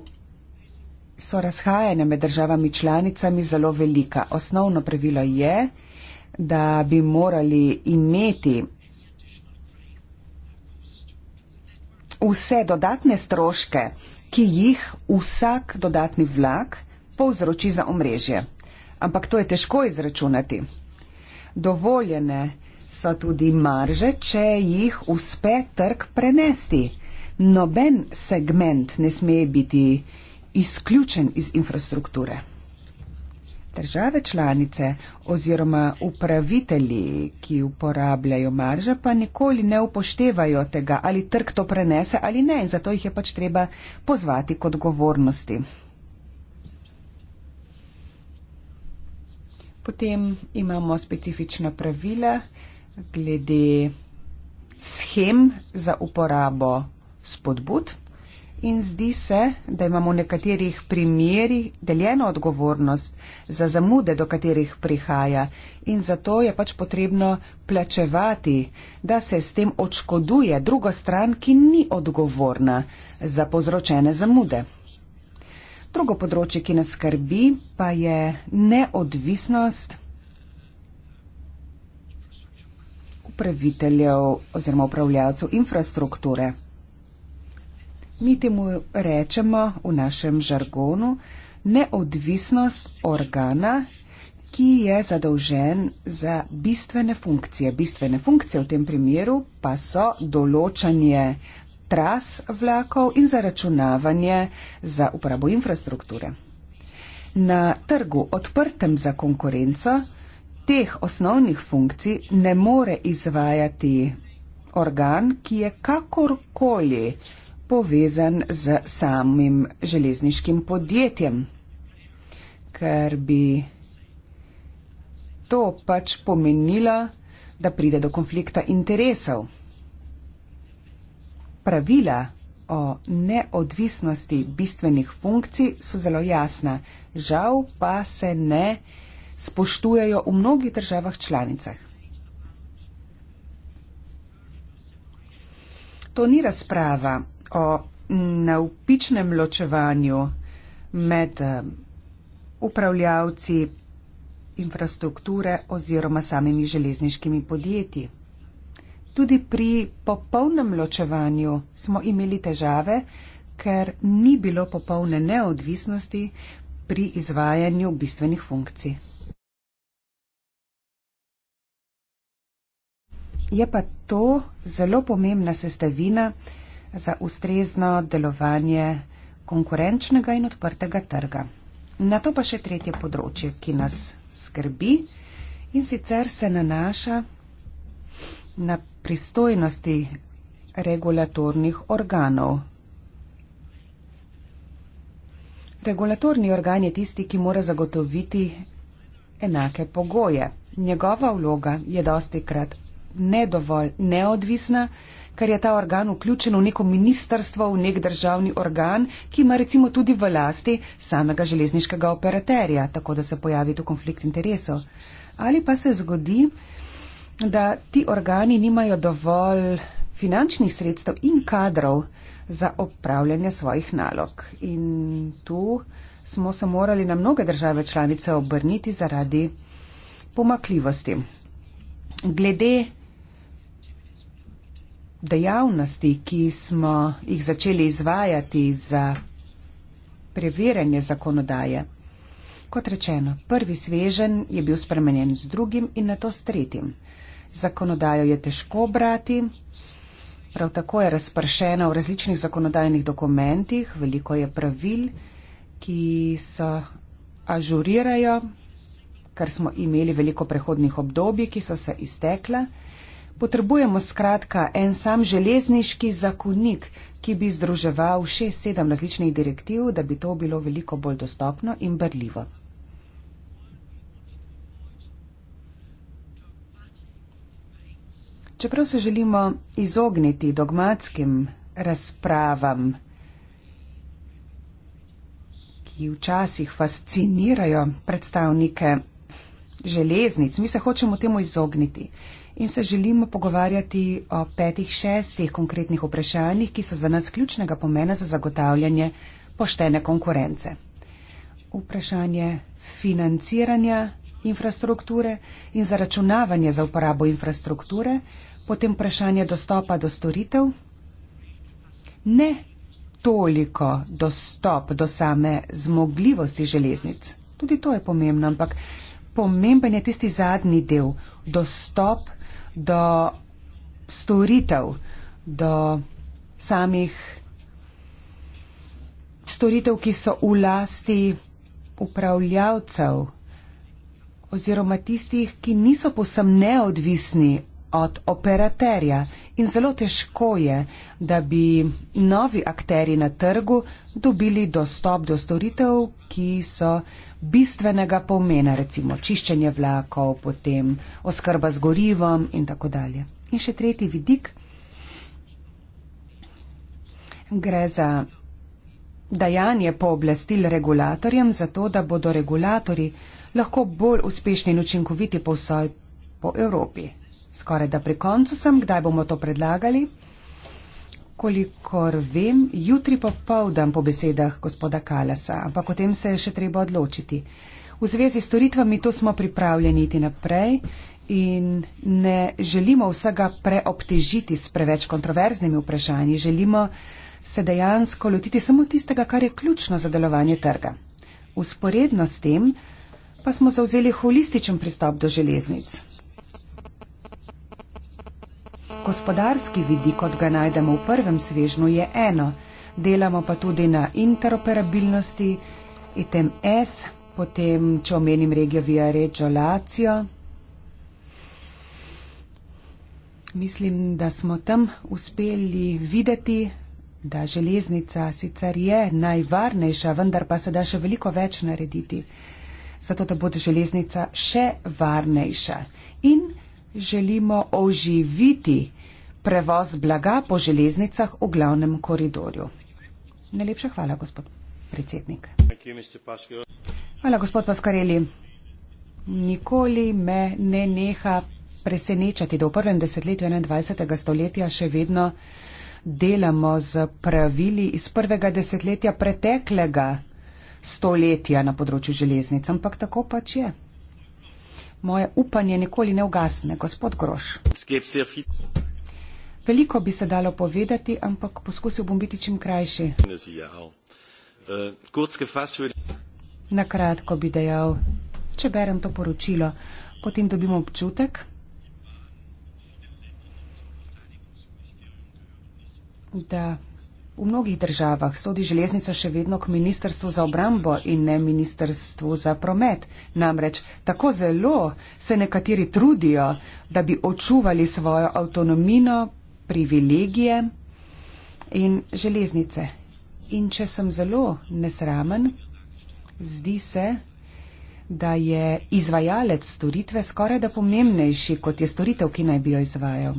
so razhajanja med državami članicami zelo velika. Osnovno pravilo je, da bi morali imeti vse dodatne stroške, ki jih vsak dodatni vlak povzroči za omrežje. Ampak to je težko izračunati. Dovoljene so tudi marže, če jih uspe trg prenesti. Noben segment ne sme biti izključen iz infrastrukture. Države članice oziroma upravitelji, ki uporabljajo marže, pa nikoli ne upoštevajo tega, ali trg to prenese ali ne in zato jih je pač treba pozvati kot govornosti. Potem imamo specifična pravila, glede schem za uporabo spodbud. In zdi se, da imamo v nekaterih primerjih deljeno odgovornost za zamude, do katerih prihaja. In zato je pač potrebno plačevati, da se s tem očkoduje drugo stran, ki ni odgovorna za povzročene zamude. Drugo področje, ki nas skrbi, pa je neodvisnost upraviteljev oziroma upravljalcev infrastrukture. Mi temu rečemo v našem žargonu neodvisnost organa, ki je zadolžen za bistvene funkcije. Bistvene funkcije v tem primeru pa so določanje tras vlakov in zaračunavanje za uporabo infrastrukture. Na trgu odprtem za konkurenco teh osnovnih funkcij ne more izvajati organ, ki je kakorkoli povezan z samim železniškim podjetjem, ker bi to pač pomenilo, da pride do konflikta interesov. Pravila o neodvisnosti bistvenih funkcij so zelo jasna, žal pa se ne spoštujejo v mnogih državah članicah. To ni razprava o neupičnem ločevanju med eh, upravljavci infrastrukture oziroma samimi železniškimi podjetji. Tudi pri popolnem ločevanju smo imeli težave, ker ni bilo popolne neodvisnosti pri izvajanju bistvenih funkcij. Je pa to zelo pomembna sestavina za ustrezno delovanje konkurenčnega in odprtega trga. Na to pa še tretje področje, ki nas skrbi in sicer se nanaša na pristojnosti regulatornih organov. Regulatorni organ je tisti, ki mora zagotoviti enake pogoje. Njegova vloga je dosti krat ne dovolj neodvisna, ker je ta organ vključen v neko ministrstvo, v nek državni organ, ki ima recimo tudi v lasti samega železniškega operaterja, tako da se pojavi tu konflikt interesov. Ali pa se zgodi, da ti organi nimajo dovolj finančnih sredstev in kadrov za opravljanje svojih nalog. In tu smo se morali na mnoge države članice obrniti zaradi pomakljivosti. Glede dejavnosti, ki smo jih začeli izvajati za preverjanje zakonodaje. Kot rečeno, prvi svežen je bil spremenjen z drugim in na to s tretjim. Zakonodajo je težko brati, prav tako je razpršena v različnih zakonodajnih dokumentih, veliko je pravil, ki se ažurirajo, ker smo imeli veliko prehodnih obdobij, ki so se iztekla. Potrebujemo skratka en sam železniški zakonik, ki bi združeval še sedem različnih direktiv, da bi to bilo veliko bolj dostopno in brljivo. Čeprav se želimo izogniti dogmatskim razpravam, ki včasih fascinirajo predstavnike železnic, mi se hočemo temu izogniti in se želimo pogovarjati o petih, šestih konkretnih vprašanjih, ki so za nas ključnega pomena za zagotavljanje poštene konkurence. Vprašanje financiranja infrastrukture in zaračunavanje za uporabo infrastrukture, potem vprašanje dostopa do storitev, ne toliko dostop do same zmogljivosti železnic, tudi to je pomembno, ampak pomemben je tisti zadnji del, dostop do storitev, do samih storitev, ki so v lasti upravljavcev oziroma tistih, ki niso posem neodvisni od operaterja in zelo težko je, da bi novi akteri na trgu dobili dostop do storitev, ki so bistvenega pomena, recimo čiščenje vlakov, potem oskrba z gorivom in tako dalje. In še tretji vidik gre za dajanje pooblastil regulatorjem, zato da bodo regulatori lahko bolj uspešni in učinkoviti povsod po Evropi. Skoraj da pri koncu sem, kdaj bomo to predlagali kolikor vem, jutri popovdan po besedah gospoda Kalasa, ampak o tem se je še treba odločiti. V zvezi s storitvami to smo pripravljeni iti naprej in ne želimo vsega preobtežiti s preveč kontroverznimi vprašanji, želimo se dejansko lotiti samo tistega, kar je ključno za delovanje trga. Usporedno s tem pa smo zauzeli holističen pristop do železnic. Gospodarski vidik, kot ga najdemo v prvem svežnju, je eno, delamo pa tudi na interoperabilnosti, item S, potem, če omenim regijo Via Reggio Lazio. Mislim, da smo tam uspeli videti, da železnica sicer je najvarnejša, vendar pa se da še veliko več narediti, zato da bo železnica še varnejša. In želimo oživiti prevoz blaga po železnicah v glavnem koridorju. Najlepša hvala, gospod predsednik. Hvala, gospod Paskareli. Nikoli me ne neha presenečati, da v prvem desetletju 21. stoletja še vedno delamo z pravili iz prvega desetletja preteklega stoletja na področju železnic, ampak tako pač je. Moje upanje nikoli ne ugasne, gospod Groš. Veliko bi se dalo povedati, ampak poskusil bom biti čim krajši. Eh, Na kratko bi dejal, če berem to poročilo, potem dobimo občutek, da V mnogih državah sodi železnica še vedno k Ministrstvu za obrambo in ne Ministrstvu za promet. Namreč tako zelo se nekateri trudijo, da bi očuvali svojo avtonomino, privilegije in železnice. In če sem zelo nesramen, zdi se, da je izvajalec storitve skoraj da pomembnejši, kot je storitev, ki naj bi jo izvajal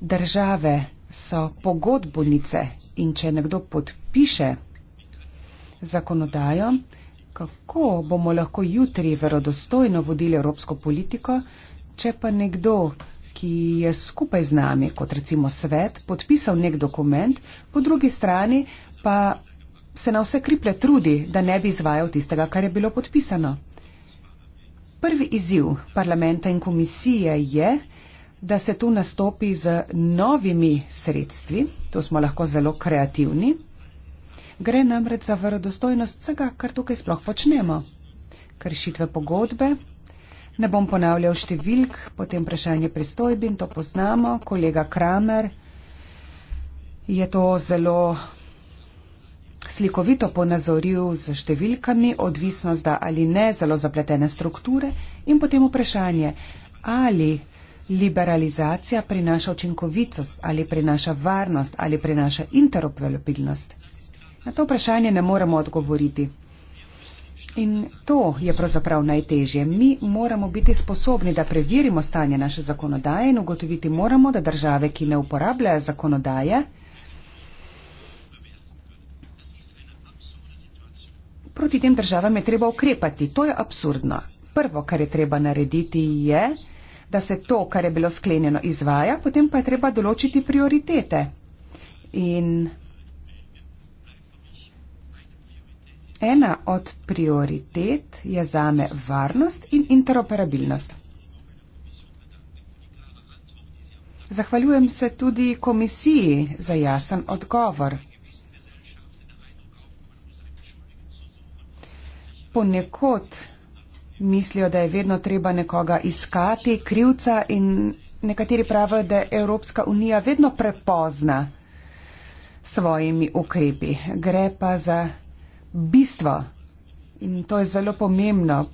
države so pogodbonice in če nekdo podpiše zakonodajo, kako bomo lahko jutri verodostojno vodili evropsko politiko, če pa nekdo, ki je skupaj z nami, kot recimo svet, podpisal nek dokument, po drugi strani pa se na vse kriple trudi, da ne bi izvajal tistega, kar je bilo podpisano. Prvi izziv parlamenta in komisije je, da se tu nastopi z novimi sredstvi, tu smo lahko zelo kreativni. Gre namreč za verodostojnost vsega, kar tukaj sploh počnemo. Kršitve pogodbe, ne bom ponavljal številk, potem vprašanje pristojbin, to poznamo, kolega Kramer je to zelo slikovito ponazoril z številkami, odvisnost da ali ne, zelo zapletene strukture in potem vprašanje, ali liberalizacija prinaša učinkovitost ali prinaša varnost ali prinaša interoperabilnost? Na to vprašanje ne moremo odgovoriti. In to je pravzaprav najtežje. Mi moramo biti sposobni, da preverimo stanje naše zakonodaje in ugotoviti moramo, da države, ki ne uporabljajo zakonodaje, proti tem državam je treba ukrepati. To je absurdno. Prvo, kar je treba narediti, je, da se to, kar je bilo sklenjeno, izvaja, potem pa je treba določiti prioritete. In ena od prioritet je zame varnost in interoperabilnost. Zahvaljujem se tudi komisiji za jasen odgovor. Ponekod mislijo, da je vedno treba nekoga iskati, krivca in nekateri pravijo, da je Evropska unija vedno prepozna svojimi ukrepi. Gre pa za bistvo in to je zelo pomembno,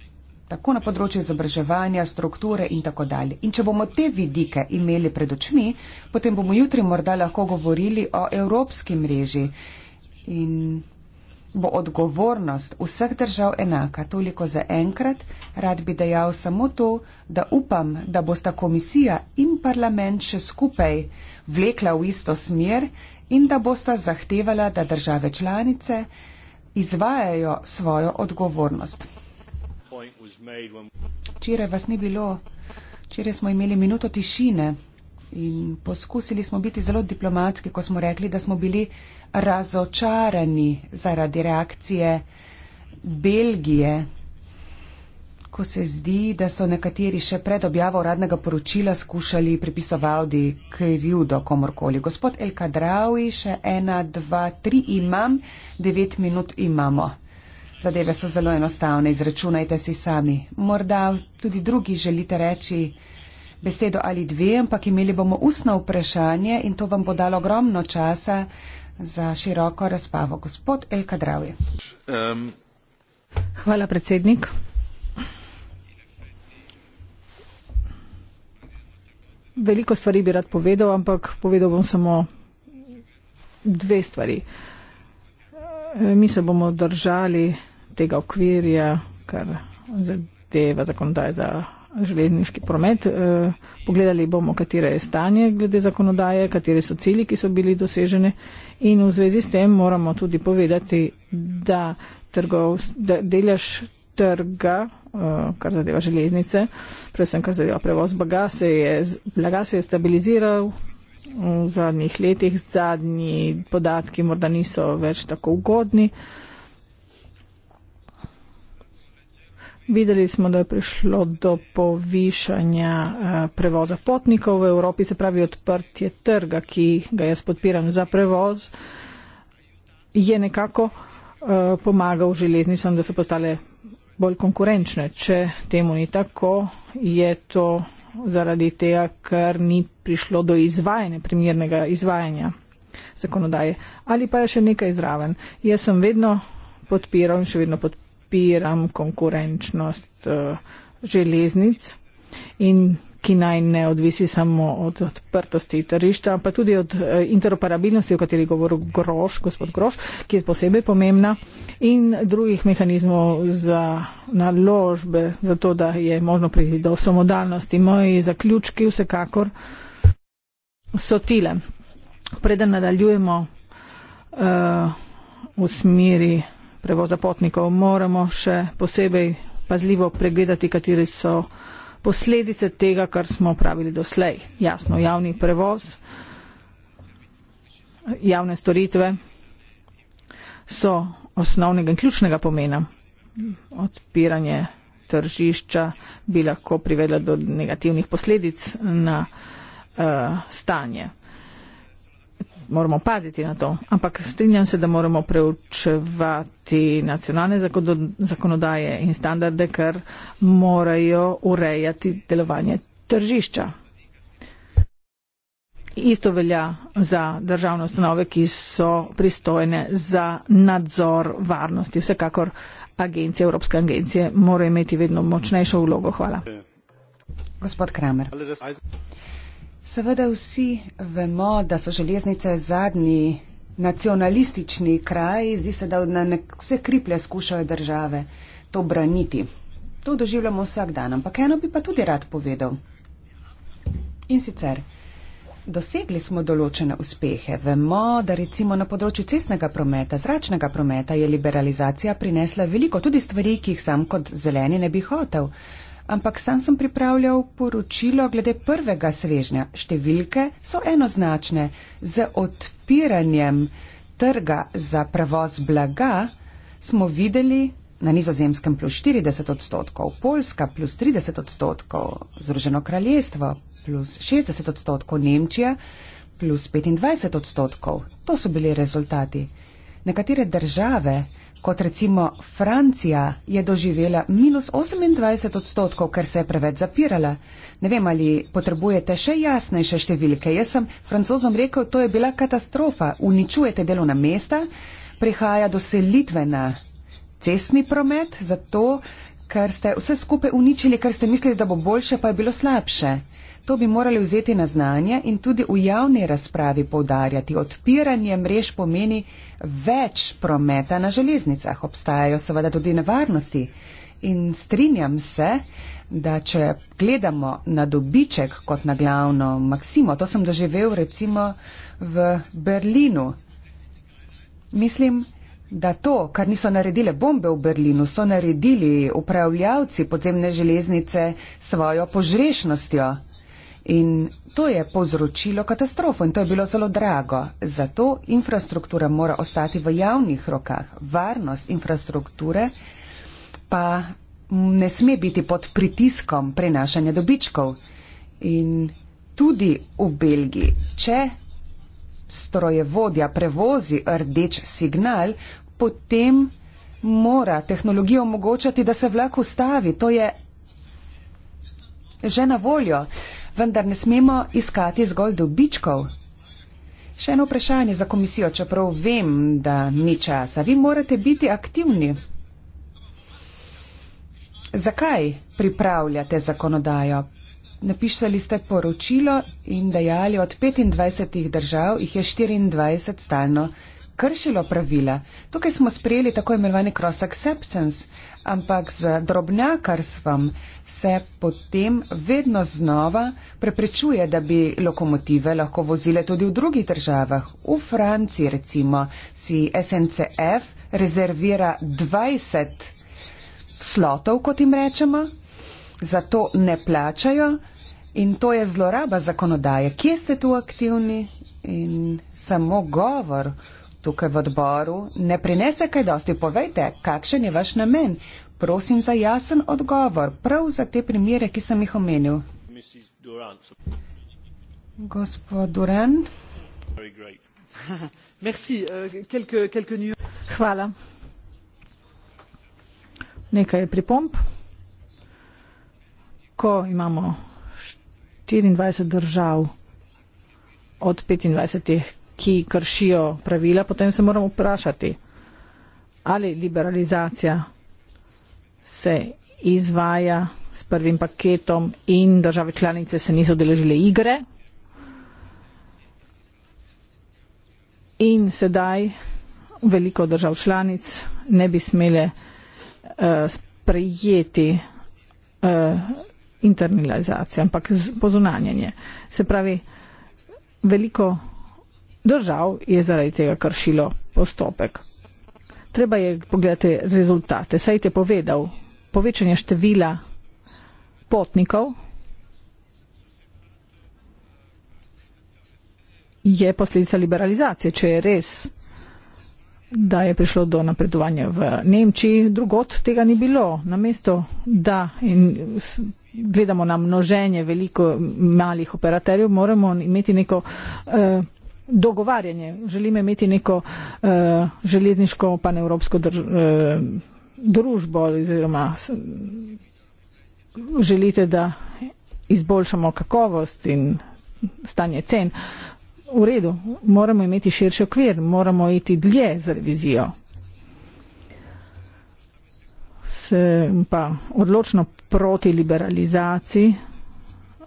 tako na področju izobraževanja, strukture in tako dalje. In če bomo te vidike imeli pred očmi, potem bomo jutri morda lahko govorili o evropski mreži. In bo odgovornost vseh držav enaka. Toliko za enkrat rad bi dejal samo to, da upam, da bosta komisija in parlament še skupaj vlekla v isto smer in da bosta zahtevala, da države članice izvajajo svojo odgovornost. Včeraj vas ni bilo, včeraj smo imeli minuto tišine in poskusili smo biti zelo diplomatski, ko smo rekli, da smo bili razočarani zaradi reakcije Belgije, ko se zdi, da so nekateri še pred objavo uradnega poročila skušali pripisovati krivdo komorkoli. Gospod El Kadravi, še ena, dva, tri imam, devet minut imamo. Zadeve so zelo enostavne, izračunajte si sami. Morda tudi drugi želite reči besedo ali dve, ampak imeli bomo ustno vprašanje in to vam bo dalo ogromno časa, za široko razpavo. Gospod Elka Dravje. Um. Hvala, predsednik. Veliko stvari bi rad povedal, ampak povedal bom samo dve stvari. Mi se bomo držali tega okvirja, kar zadeva zakonodaj za železniški promet. Eh, pogledali bomo, katere je stanje glede zakonodaje, katere so cilji, ki so bili dosežene in v zvezi s tem moramo tudi povedati, da, trgov, da delež trga, eh, kar zadeva železnice, predvsem kar zadeva prevoz blaga, se je, blaga se je stabiliziral v zadnjih letih, zadnji podatki morda niso več tako ugodni. Uh, Videli smo, da je prišlo do povišanja eh, prevoza potnikov v Evropi, se pravi odprtje trga, ki ga jaz podpiram za prevoz, je nekako eh, pomagal železnicam, da so postale bolj konkurenčne. Če temu ni tako, je to zaradi tega, ker ni prišlo do izvajanja, primernega izvajanja zakonodaje. Ali pa je še nekaj zraven. Jaz sem vedno podpiral in še vedno podpiral podpiram konkurenčnost eh, železnic in ki naj ne odvisi samo od odprtosti tržišča, pa tudi od eh, interoperabilnosti, o kateri govori Groš, gospod Groš, ki je posebej pomembna in drugih mehanizmov za naložbe, za to, da je možno priti do samodalnosti. Moji zaključki vsekakor so tile. Preden nadaljujemo uh, v smeri prevoza potnikov. Moramo še posebej pazljivo pregledati, kateri so posledice tega, kar smo pravili doslej. Jasno, javni prevoz, javne storitve so osnovnega in ključnega pomena. Odpiranje tržišča bi lahko privedlo do negativnih posledic na uh, stanje moramo paziti na to. Ampak strinjam se, da moramo preučevati nacionalne zakonodaje in standarde, ker morajo urejati delovanje tržišča. Isto velja za državne ustanove, ki so pristojne za nadzor varnosti. Vsekakor agencije, Evropske agencije, morajo imeti vedno močnejšo vlogo. Hvala. Gospod Kramer. Seveda vsi vemo, da so železnice zadnji nacionalistični kraj, zdi se, da na vse kriplje skušajo države to braniti. To doživljamo vsak dan, ampak eno bi pa tudi rad povedal. In sicer, dosegli smo določene uspehe. Vemo, da recimo na področju cestnega prometa, zračnega prometa je liberalizacija prinesla veliko tudi stvari, ki jih sam kot zeleni ne bi hotel ampak sam sem pripravljal poročilo glede prvega svežnja. Številke so enoznačne. Z odpiranjem trga za prevoz blaga smo videli na nizozemskem plus 40 odstotkov, Poljska plus 30 odstotkov, Združeno kraljestvo plus 60 odstotkov, Nemčija plus 25 odstotkov. To so bili rezultati nekatere države, kot recimo Francija, je doživela minus 28 odstotkov, ker se je preveč zapirala. Ne vem, ali potrebujete še jasnejše številke. Jaz sem francozom rekel, to je bila katastrofa. Uničujete delovna mesta, prihaja do selitve na cestni promet, zato ker ste vse skupaj uničili, ker ste mislili, da bo boljše, pa je bilo slabše. To bi morali vzeti na znanje in tudi v javni razpravi povdarjati. Odpiranje mrež pomeni več prometa na železnicah. Obstajajo seveda tudi nevarnosti. In strinjam se, da če gledamo na dobiček kot na glavno maksimo, to sem doživel recimo v Berlinu. Mislim, da to, kar niso naredile bombe v Berlinu, so naredili upravljavci podzemne železnice svojo požrešnostjo. In to je povzročilo katastrofo in to je bilo zelo drago. Zato infrastruktura mora ostati v javnih rokah. Varnost infrastrukture pa ne sme biti pod pritiskom prenašanja dobičkov. In tudi v Belgiji, če strojevodja prevozi rdeč signal, potem mora tehnologija omogočati, da se vlak ustavi. To je že na voljo vendar ne smemo iskati zgolj dobičkov. Še eno vprašanje za komisijo, čeprav vem, da ni časa. Vi morate biti aktivni. Zakaj pripravljate zakonodajo? Napisali ste poročilo in dejali, od 25 držav jih je 24 stalno kršilo pravila. Tukaj smo sprejeli tako imenovani cross acceptance, ampak z drobnjakarstvom se potem vedno znova preprečuje, da bi lokomotive lahko vozile tudi v drugih državah. V Franciji recimo si SNCF rezervira 20 slotov, kot jim rečemo, zato ne plačajo. In to je zloraba zakonodaje. Kje ste tu aktivni? In samo govor tukaj v odboru, ne prinese kaj dosti. Povejte, kakšen je vaš namen? Prosim za jasen odgovor, prav za te primere, ki sem jih omenil. Gospod Duran. <laughs> Euh, Hvala. Nekaj pripomp. Ko imamo 24 držav od 25, ki kršijo pravila, potem se moramo vprašati, ali liberalizacija se izvaja s prvim paketom in države članice se niso deležile igre in sedaj veliko držav članic ne bi smele uh, sprejeti uh, eh, internalizacijo, ampak pozunanjenje. Se pravi, veliko držav je zaradi tega kršilo postopek. Treba je pogledati rezultate. Sajt je povedal, povečanje števila potnikov je posledica liberalizacije, če je res da je prišlo do napredovanja v Nemčiji, drugot tega ni bilo. Namesto, da gledamo na množenje veliko malih operaterjev, moramo imeti neko uh, dogovarjanje. Želimo imeti neko uh, železniško panevropsko drž, uh, družbo oziroma želite, da izboljšamo kakovost in stanje cen. V redu, moramo imeti širši okvir, moramo iti dlje z revizijo. Se pa odločno proti liberalizaciji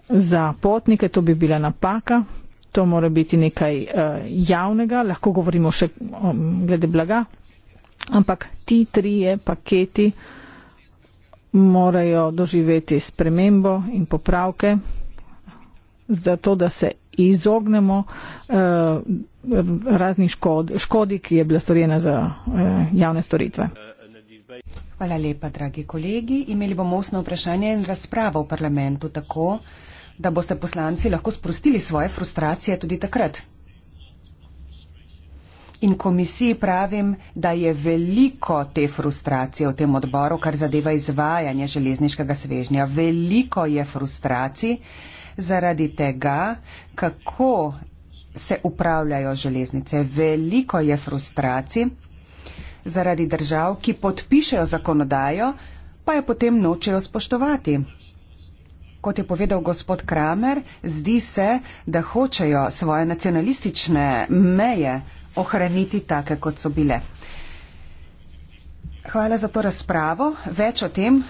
za potnike, to bi bila napaka, to mora biti nekaj eh, javnega, lahko govorimo še um, glede blaga, ampak ti trije paketi morajo doživeti spremembo in popravke, zato da se izognemo eh, razni škod, škodi, ki je bila storjena za eh, javne storitve. Hvala lepa, dragi kolegi. Imeli bomo osno vprašanje in razpravo v parlamentu tako, da boste poslanci lahko sprostili svoje frustracije tudi takrat. In komisiji pravim, da je veliko te frustracije v tem odboru, kar zadeva izvajanje železniškega svežnja. Veliko je frustracij zaradi tega, kako se upravljajo železnice. Veliko je frustracij zaradi držav, ki podpišejo zakonodajo, pa jo potem nočejo spoštovati kot je povedal gospod Kramer, zdi se, da hočejo svoje nacionalistične meje ohraniti take, kot so bile. Hvala za to razpravo. Več o tem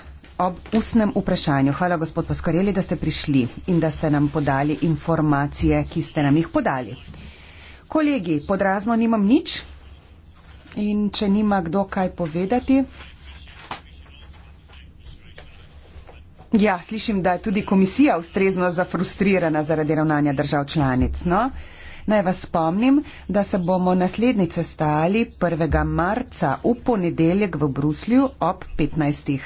ob usnem vprašanju. Hvala, gospod Poskoreli, da ste prišli in da ste nam podali informacije, ki ste nam jih podali. Kolegi, podrazno nimam nič in če nima kdo kaj povedati. Ja, slišim, da je tudi komisija ustrezno zafrustrirana zaradi ravnanja držav članic. No? Naj vas spomnim, da se bomo naslednjič sestali 1. marca v ponedeljek v Bruslju ob 15.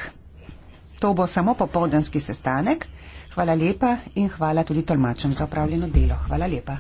To bo samo popovdanski sestanek. Hvala lepa in hvala tudi tolmačem za upravljeno delo. Hvala lepa.